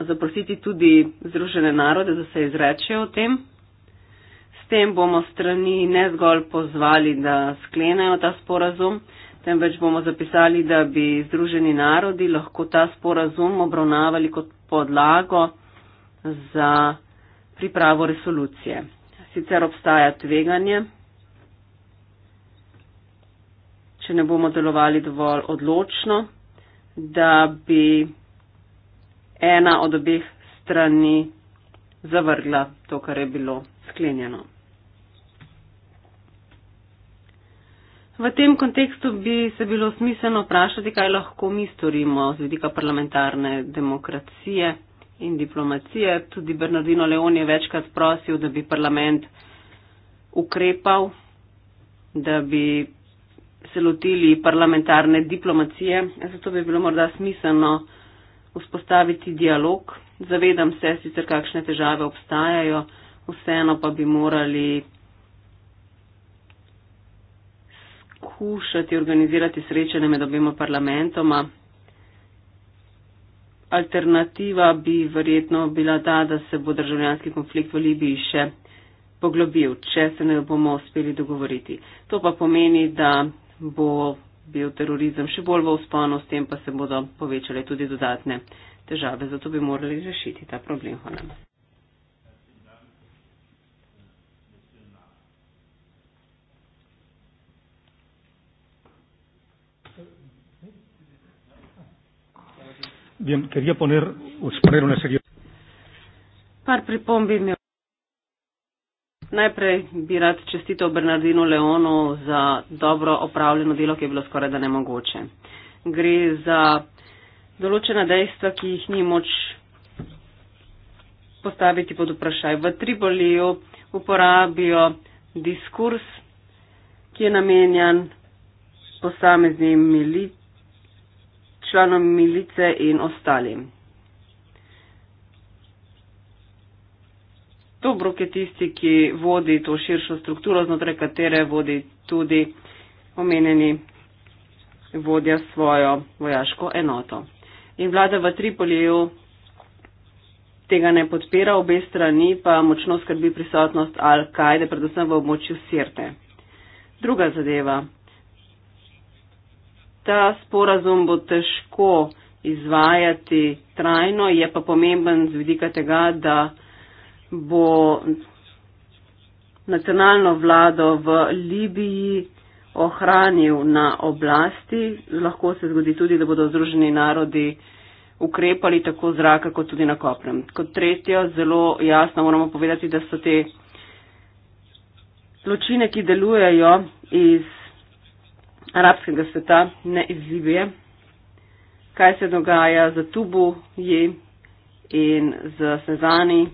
zaprositi tudi Združene narode, da se izrečejo o tem. S tem bomo strani ne zgolj pozvali, da sklenejo ta sporazum, temveč bomo zapisali, da bi Združeni narodi lahko ta sporazum obravnavali kot podlago za pripravo resolucije. Sicer obstaja tveganje, če ne bomo delovali dovolj odločno, da bi ena od obeh strani zavrgla to, kar je bilo sklenjeno. V tem kontekstu bi se bilo smiselno vprašati, kaj lahko mi storimo z vidika parlamentarne demokracije in diplomacije. Tudi Bernardino Leon je večkrat prosil, da bi parlament ukrepal, da bi se lotili parlamentarne diplomacije. Zato bi bilo morda smiselno vzpostaviti dialog. Zavedam se sicer, kakšne težave obstajajo, vseeno pa bi morali poskušati organizirati srečanje med obima parlamentoma. Alternativa bi verjetno bila ta, da se bo državljanski konflikt v Libiji še poglobil, če se ne bomo uspeli dogovoriti. To pa pomeni, da bo bil terorizem še bolj v usponu, s tem pa se bodo povečale tudi dodatne težave. Zato bi morali rešiti ta problem. Hvala. Bien, quería poner o exponer una serie. Par pripomb bi imel. Najprej bi rad čestitev Bernardino Leonu za dobro opravljeno delo, ki je bilo skoraj da nemogoče. Gre za določena dejstva, ki jih ni moč postaviti pod vprašaj. V Triboliju uporabijo diskurs, ki je namenjan posameznim milit članom milice in ostalim. Tobruk je tisti, ki vodi to širšo strukturo, znotraj katere vodi tudi omenjeni vodja svojo vojaško enoto. In vlada v Tripoliju tega ne podpira, obe strani pa močno skrbi prisotnost Al-Kaide, predvsem v območju Sirte. Druga zadeva ta sporazum bo težko izvajati trajno, je pa pomemben z vidika tega, da bo nacionalno vlado v Libiji ohranil na oblasti. Lahko se zgodi tudi, da bodo združeni narodi ukrepali tako zraka kot tudi na kopnem. Kot tretjo, zelo jasno moramo povedati, da so te zločine, ki delujejo iz arabskega sveta ne izzivije, kaj se dogaja za Tubu, Ji in za Sezani,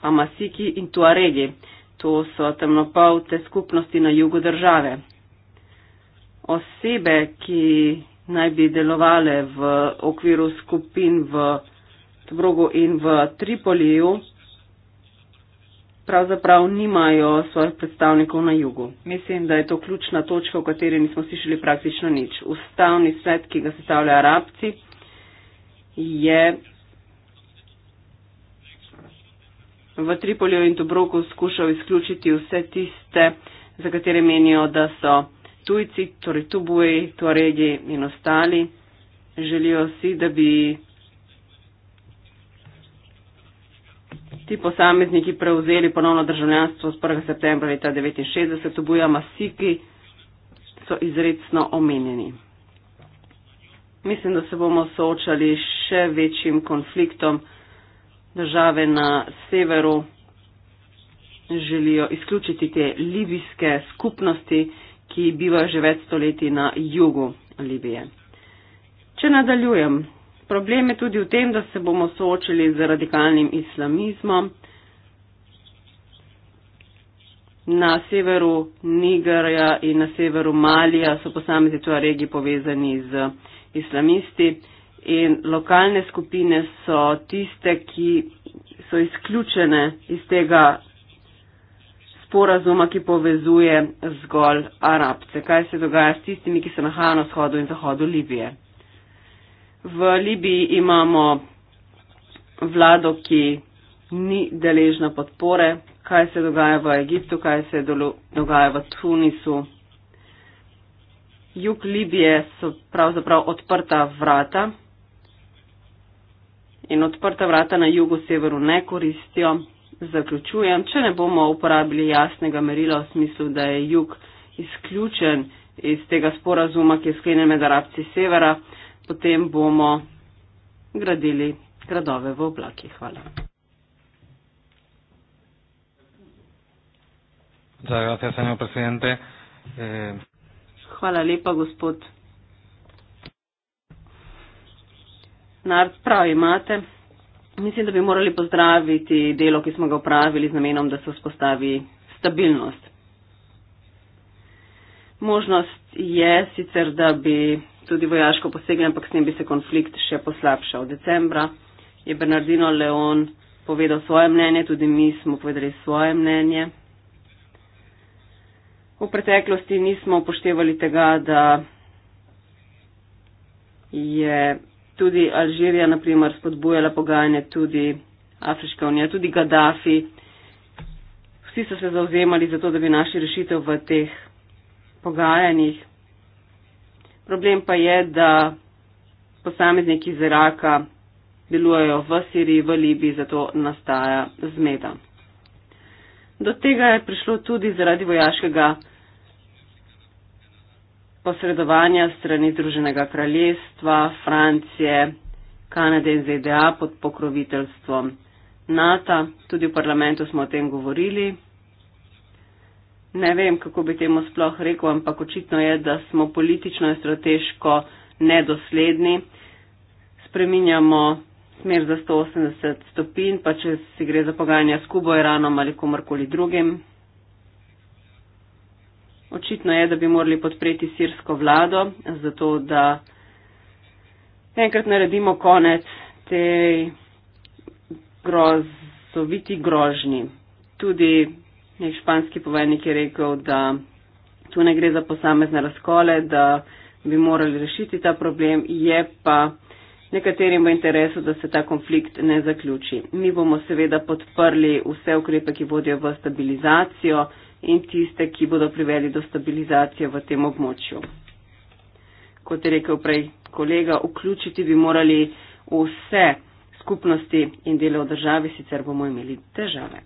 Amasiki in Tuaregi. To so temnopavte skupnosti na jugu države. Osebe, ki naj bi delovale v okviru skupin v Tobrogu in v Tripoliju, pravzaprav nimajo svojih predstavnikov na jugu. Mislim, da je to ključna točka, o kateri nismo slišali praktično nič. Ustavni svet, ki ga sestavljajo arabci, je v Tripolju in Dobroku skušal izključiti vse tiste, za katere menijo, da so tujci, torej tubuji, tuaregi in ostali. Želijo si, da bi ti posamezniki prevzeli ponovno državljanstvo z 1. septembra leta 1969, obuja masiki, so izredno omenjeni. Mislim, da se bomo soočali s še večjim konfliktom. Države na severu želijo izključiti te libijske skupnosti, ki bivajo že več stoletij na jugu Libije. Če nadaljujem, Problem je tudi v tem, da se bomo soočili z radikalnim islamizmom. Na severu Nigerja in na severu Malija so posamezni tu regiji povezani z islamisti in lokalne skupine so tiste, ki so izključene iz tega sporazuma, ki povezuje zgolj arabce. Kaj se dogaja s tistimi, ki se nahajajo na vzhodu in zahodu Libije? V Libiji imamo vlado, ki ni deležna podpore, kaj se dogaja v Egiptu, kaj se dogaja v Tunisu. Jug Libije so pravzaprav odprta vrata in odprta vrata na jugu severu ne koristijo. Zaključujem, če ne bomo uporabili jasnega merila v smislu, da je jug izključen iz tega sporazuma, ki je sklenjen med arabci severa, potem bomo gradili gradove v oblakih. Hvala. Eh, Hvala lepa, gospod. Nard, prav imate. Mislim, da bi morali pozdraviti delo, ki smo ga upravili z namenom, da se vzpostavi stabilnost. Možnost je sicer, da bi tudi vojaško posegli, ampak s tem bi se konflikt še poslabšal. Decembra je Bernardino Leon povedal svoje mnenje, tudi mi smo povedali svoje mnenje. V preteklosti nismo upoštevali tega, da je tudi Alžirija naprimer spodbujala pogajanje, tudi Afriška unija, tudi Gaddafi. Vsi so se zauzemali za to, da bi našli rešitev v teh pogajanjih. Problem pa je, da posamezniki z Iraka delujejo v Siriji, v Libiji, zato nastaja zmeda. Do tega je prišlo tudi zaradi vojaškega posredovanja strani Združenega kraljestva, Francije, Kanade in ZDA pod pokroviteljstvom NATO. Tudi v parlamentu smo o tem govorili ne vem, kako bi temu sploh rekel, ampak očitno je, da smo politično in strateško nedosledni. Spreminjamo smer za 180 stopinj, pa če si gre za pogajanja s Kubo, Iranom ali komorkoli drugim. Očitno je, da bi morali podpreti sirsko vlado, zato da enkrat naredimo konec tej grozoviti grožnji. Tudi Nek španski povednik je rekel, da tu ne gre za posamezne razkole, da bi morali rešiti ta problem, je pa nekaterim v interesu, da se ta konflikt ne zaključi. Mi bomo seveda podprli vse ukrepe, ki vodijo v stabilizacijo in tiste, ki bodo privedli do stabilizacije v tem območju. Kot je rekel prej kolega, vključiti bi morali vse skupnosti in delo v državi, sicer bomo imeli težave.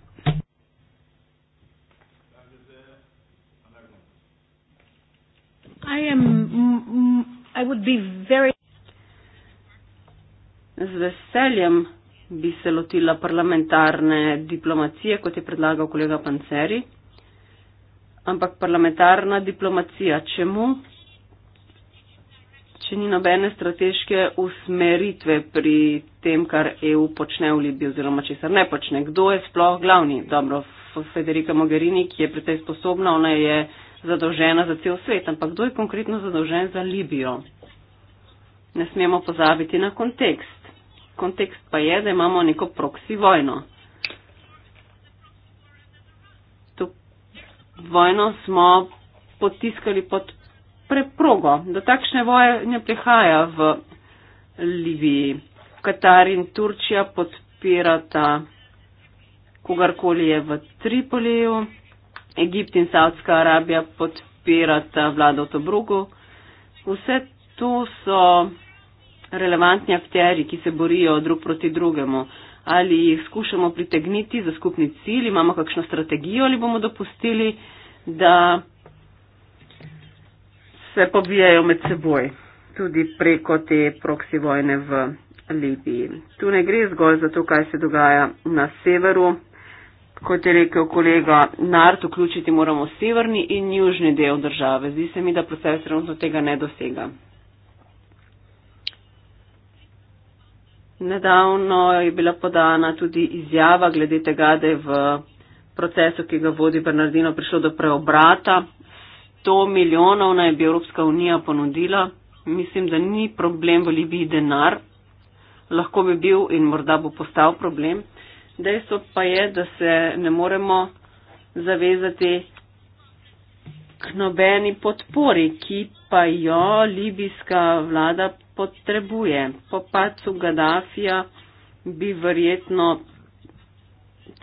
I am. Mm, I would be very. Z veseljem bi se lotila parlamentarne diplomacije, kot je predlagal kolega Panceri. Ampak parlamentarna diplomacija, čemu? Če ni nobene strateške usmeritve pri tem, kar EU počne v Libiji oziroma česar ne počne. Kdo je sploh glavni? Dobro, Federica Mogherini, ki je precej sposobna, ona je zadolžena za cel svet, ampak kdo je konkretno zadolžen za Libijo? Ne smemo pozabiti na kontekst. Kontekst pa je, da imamo neko proksi vojno. To vojno smo potiskali pod preprogo, da takšne voje ne prihaja v Libiji. Katar in Turčija podpirata kogarkoli je v Tripoliju. Egipt in Saudska Arabija podpirata vlado Tobruku. Vse to so relevantni akteri, ki se borijo drug proti drugemu. Ali jih skušamo pritegniti za skupni cilj, imamo kakšno strategijo ali bomo dopustili, da se pobijajo med seboj tudi preko te proksi vojne v Libiji. Tu ne gre zgolj za to, kaj se dogaja na severu kot je rekel kolega Nart, vključiti moramo severni in južni del države. Zdi se mi, da proces trenutno tega ne dosega. Nedavno je bila podana tudi izjava glede tega, da je v procesu, ki ga vodi Bernardino, prišlo do preobrata. 100 milijonov naj bi Evropska unija ponudila. Mislim, da ni problem v Libiji denar. Lahko bi bil in morda bo postal problem. Dejstvo pa je, da se ne moremo zavezati k nobeni podpori, ki pa jo libijska vlada potrebuje. Po pacu Gaddafija bi verjetno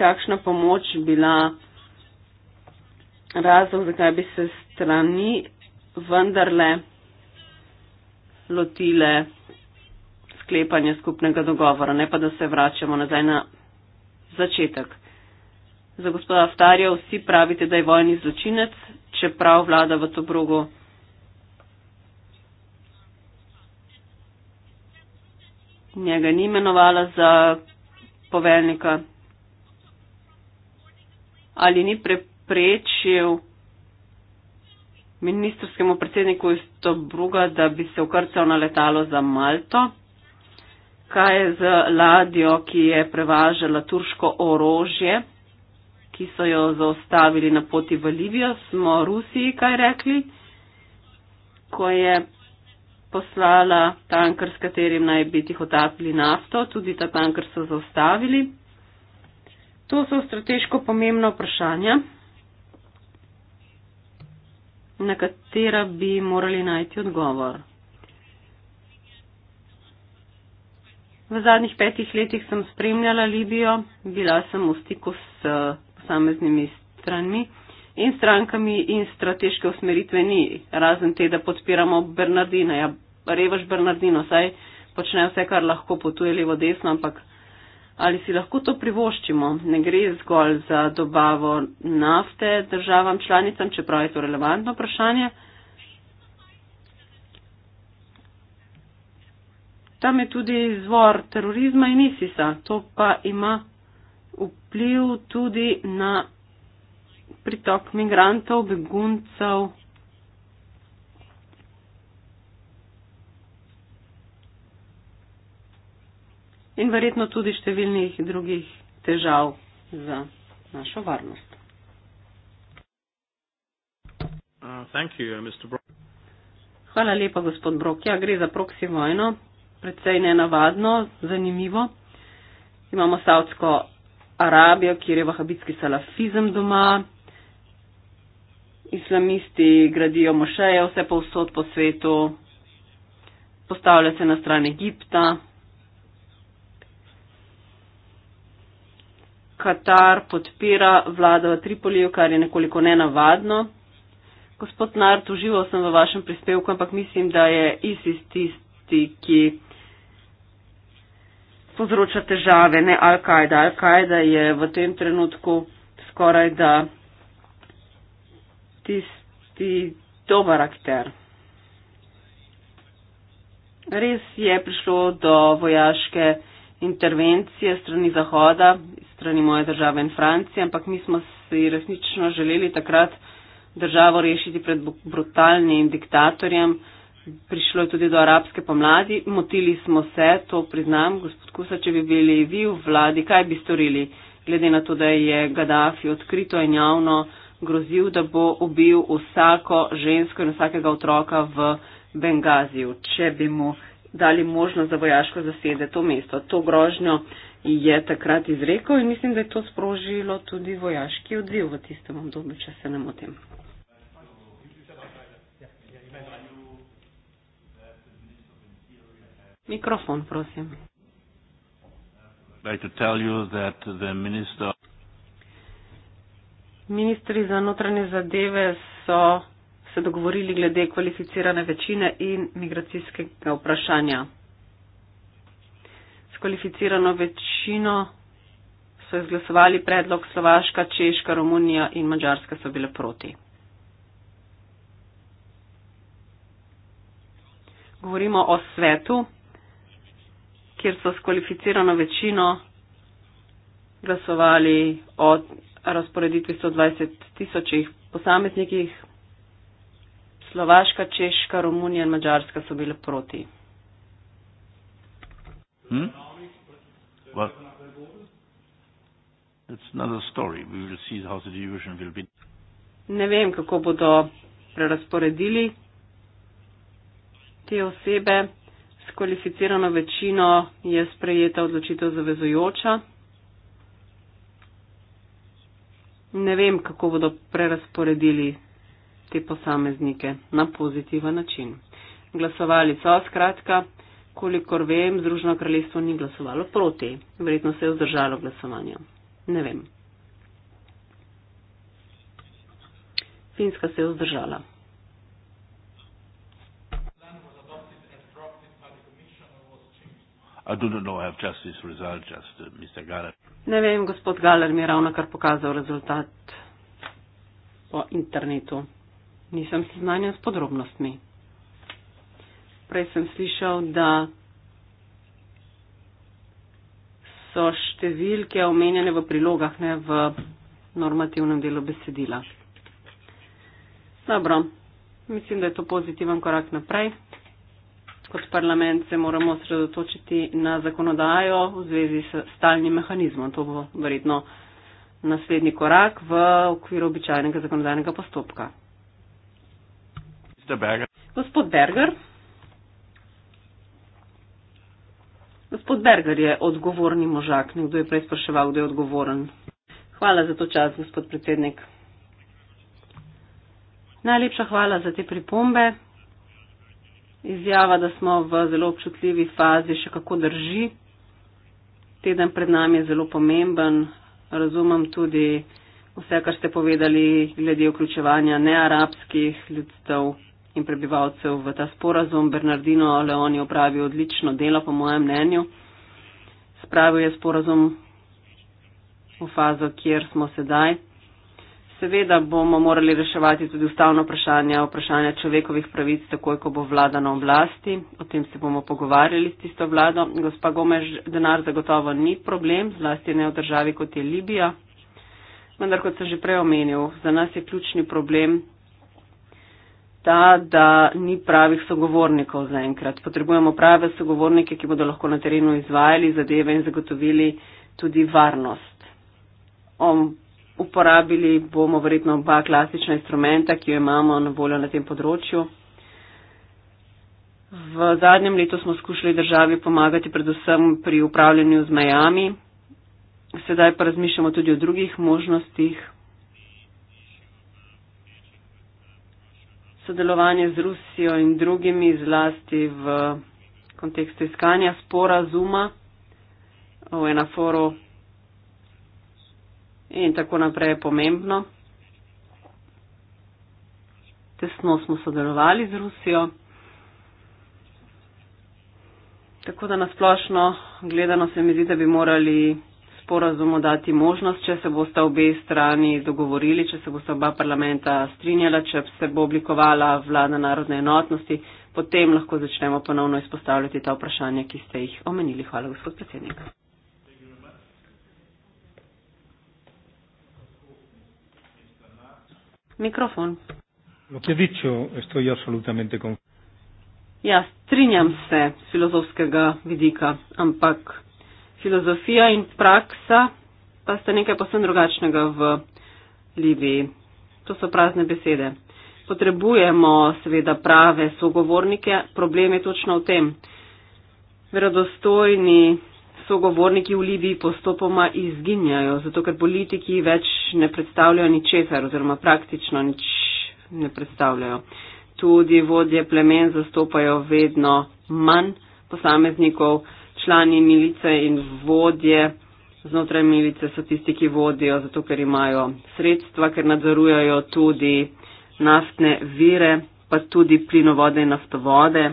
takšna pomoč bila razlog, zakaj bi se strani vendarle lotile sklepanja skupnega dogovora, ne pa da se vračamo nazaj na začetek. Za gospoda Aftarja vsi pravite, da je vojni zločinec, čeprav vlada v Tobrogu. Njega ni imenovala za poveljnika. Ali ni preprečil ministrskemu predsedniku iz Tobruga, da bi se ukrcal na letalo za Malto? kaj je z ladjo, ki je prevažala turško orožje, ki so jo zaustavili na poti v Libijo. Smo Rusiji kaj rekli, ko je poslala tanker, s katerim naj bi jih otapili nafto, tudi ta tanker so zaustavili. To so strateško pomembna vprašanja, na katera bi morali najti odgovor. V zadnjih petih letih sem spremljala Libijo, bila sem v stiku s eh, posameznimi stranmi in strankami in strateške usmeritve ni, razen te, da podpiramo Bernardina. Ja, revaš Bernardino, saj počne vse, kar lahko potuje levo desno, ampak ali si lahko to privoščimo? Ne gre zgolj za dobavo nafte državam članicam, čeprav je to relevantno vprašanje. tam je tudi izvor terorizma in ISIS-a. To pa ima vpliv tudi na pritok migrantov, beguncev. In verjetno tudi številnih drugih težav za našo varnost. Uh, you, uh, Hvala lepa, gospod Brok. Ja, gre za proksi vojno, predvsej nenavadno, zanimivo. Imamo Saudsko Arabijo, kjer je vahabitski salafizem doma. Islamisti gradijo mošeje vse povsod po svetu, postavlja se na stran Egipta. Katar podpira vlado v Tripoliju, kar je nekoliko nenavadno. Gospod Nart, užival sem v vašem prispevku, ampak mislim, da je ISIS tisti, ki povzroča težave, ne Al-Qaeda. Al-Qaeda je v tem trenutku skoraj da tisti dober akter. Res je prišlo do vojaške intervencije strani Zahoda, strani moje države in Francije, ampak mi smo si resnično želeli takrat državo rešiti pred brutalnim diktatorjem prišlo je tudi do arabske pomladi, motili smo se, to priznam, gospod Kusa, če bi bili vi v vladi, kaj bi storili, glede na to, da je Gaddafi odkrito in javno grozil, da bo ubil vsako žensko in vsakega otroka v Bengaziju, če bi mu dali možnost za vojaško zasede to mesto. To grožnjo je takrat izrekel in mislim, da je to sprožilo tudi vojaški odziv v tistem obdobju, če se ne motim. Mikrofon, prosim. Ministri za notranje zadeve so se dogovorili glede kvalificirane večine in migracijskega vprašanja. S kvalificirano večino so izglasovali predlog Slovaška, Češka, Romunija in Mačarska so bile proti. Govorimo o svetu kjer so s kvalificirano večino glasovali o razporeditvi 120 tisočih posameznikih. Slovaška, Češka, Romunija in Mačarska so bile proti. Hmm? Well, ne vem, kako bodo prerasporedili te osebe kvalificirano večino je sprejeta odločitev zavezujoča. Ne vem, kako bodo prerasporedili te posameznike na pozitiven način. Glasovali so, skratka, kolikor vem, Združeno kraljestvo ni glasovalo proti. Verjetno se je vzdržalo glasovanja. Ne vem. Finska se je vzdržala. I do not know, I have just this result, just uh, Mr. Galler. Ne vem, gospod Galler mi je ravno kar pokazal rezultat po internetu. Nisem seznanjen s podrobnostmi. Prej sem slišal, da so številke omenjene v prilogah, ne v normativnem delu besedila. Dobro, mislim, da je to pozitiven korak naprej kot parlament se moramo sredotočiti na zakonodajo v zvezi s stalnim mehanizmom. To bo verjetno naslednji korak v okviru običajnega zakonodajnega postopka. Berger. Gospod Berger. Gospod Berger je odgovorni možak. Nekdo je prej spraševal, kdo je odgovoren. Hvala za to čas, gospod predsednik. Najlepša hvala za te pripombe. Izjava, da smo v zelo občutljivi fazi, še kako drži. Teden pred nami je zelo pomemben. Razumem tudi vse, kar ste povedali glede vključevanja nearabskih ljudstev in prebivalcev v ta sporazum. Bernardino Leoni opravi odlično delo, po mojem mnenju. Spravil je sporazum v fazo, kjer smo sedaj. Seveda bomo morali reševati tudi ustavno vprašanje, vprašanje človekovih pravic, takoj ko bo vlada na oblasti. O tem se bomo pogovarjali s tisto vlado. Gospa Gomež, denar zagotovo ni problem, zlasti ne v državi kot je Libija. Vendar, kot sem že prej omenil, za nas je ključni problem ta, da ni pravih sogovornikov zaenkrat. Potrebujemo prave sogovornike, ki bodo lahko na terenu izvajali zadeve in zagotovili tudi varnost. Om uporabili bomo verjetno oba klasična instrumenta, ki jo imamo na voljo na tem področju. V zadnjem letu smo skušali državi pomagati predvsem pri upravljanju z mejami, sedaj pa razmišljamo tudi o drugih možnostih. Sodelovanje z Rusijo in drugimi zlasti v kontekstu iskanja sporazuma o enaforu in tako naprej je pomembno. Tesno smo sodelovali z Rusijo. Tako da nasplošno gledano se mi zdi, da bi morali sporazumu dati možnost, če se boste obe strani dogovorili, če se boste oba parlamenta strinjala, če se bo oblikovala vlada narodne enotnosti, potem lahko začnemo ponovno izpostavljati ta vprašanja, ki ste jih omenili. Hvala, gospod predsednik. Mikrofon. Lo che ha detto, sto io assolutamente con. Ja, strinjam se z filozofskega vidika, ampak filozofija in praksa pa sta nekaj posebno drugačnega v Libiji. To so prazne besede. Potrebujemo seveda prave sogovornike, problem je točno v tem. Verodostojni sogovorniki v Libiji postopoma izginjajo, zato ker politiki več ne predstavljajo ničesar oziroma praktično nič ne predstavljajo. Tudi vodje plemen zastopajo vedno manj posameznikov, člani milice in vodje znotraj milice so tisti, ki vodijo, zato ker imajo sredstva, ker nadzorujajo tudi naftne vire, pa tudi plinovode in naftovode.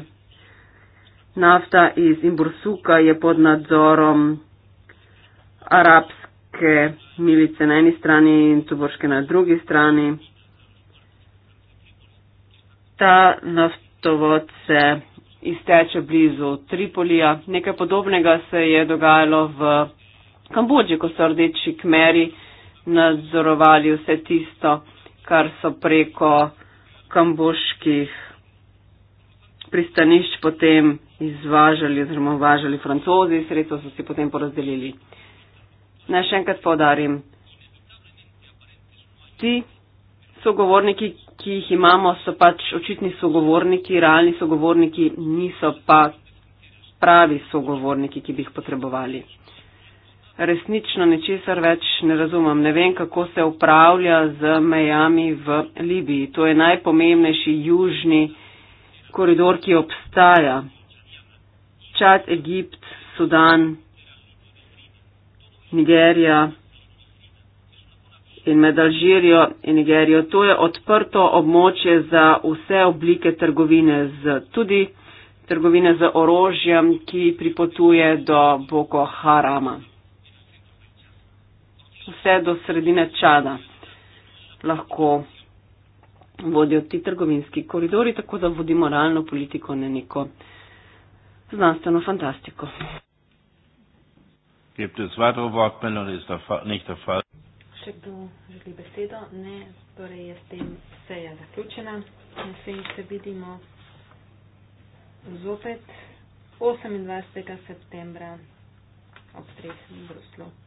Nafta iz Imbursuka je pod nadzorom arapske milice na eni strani in tuborške na drugi strani. Ta naftovod se izteče blizu Tripolija. Nekaj podobnega se je dogajalo v Kambodži, ko so rdeči kmeri nadzorovali vse tisto, kar so preko kambuških pristanišč potem izvažali oziroma uvažali francozi, sredstva so si potem porazdelili. Naj še enkrat povdarim, ti sogovorniki, ki jih imamo, so pač očitni sogovorniki, realni sogovorniki, niso pa pravi sogovorniki, ki bi jih potrebovali. Resnično ničesar več ne razumem. Ne vem, kako se upravlja z mejami v Libiji. To je najpomembnejši južni koridor, ki obstaja. Čad, Egipt, Sudan, Nigerija in med Alžirijo in Nigerijo. To je odprto območje za vse oblike trgovine, z, tudi trgovine z orožjem, ki pripotuje do Boko Harama. Vse do sredine Čada lahko vodijo ti trgovinski koridori, tako da vodimo realno politiko na ne neko znanstveno fantastiko. Gibt es weitere Wortmeldungen? Ist der Fall, nicht der Fall? Še kdo želi besedo? Ne, torej je s tem seja zaključena. Naslednjič se vidimo zopet 28. septembra ob 3. Bruslu.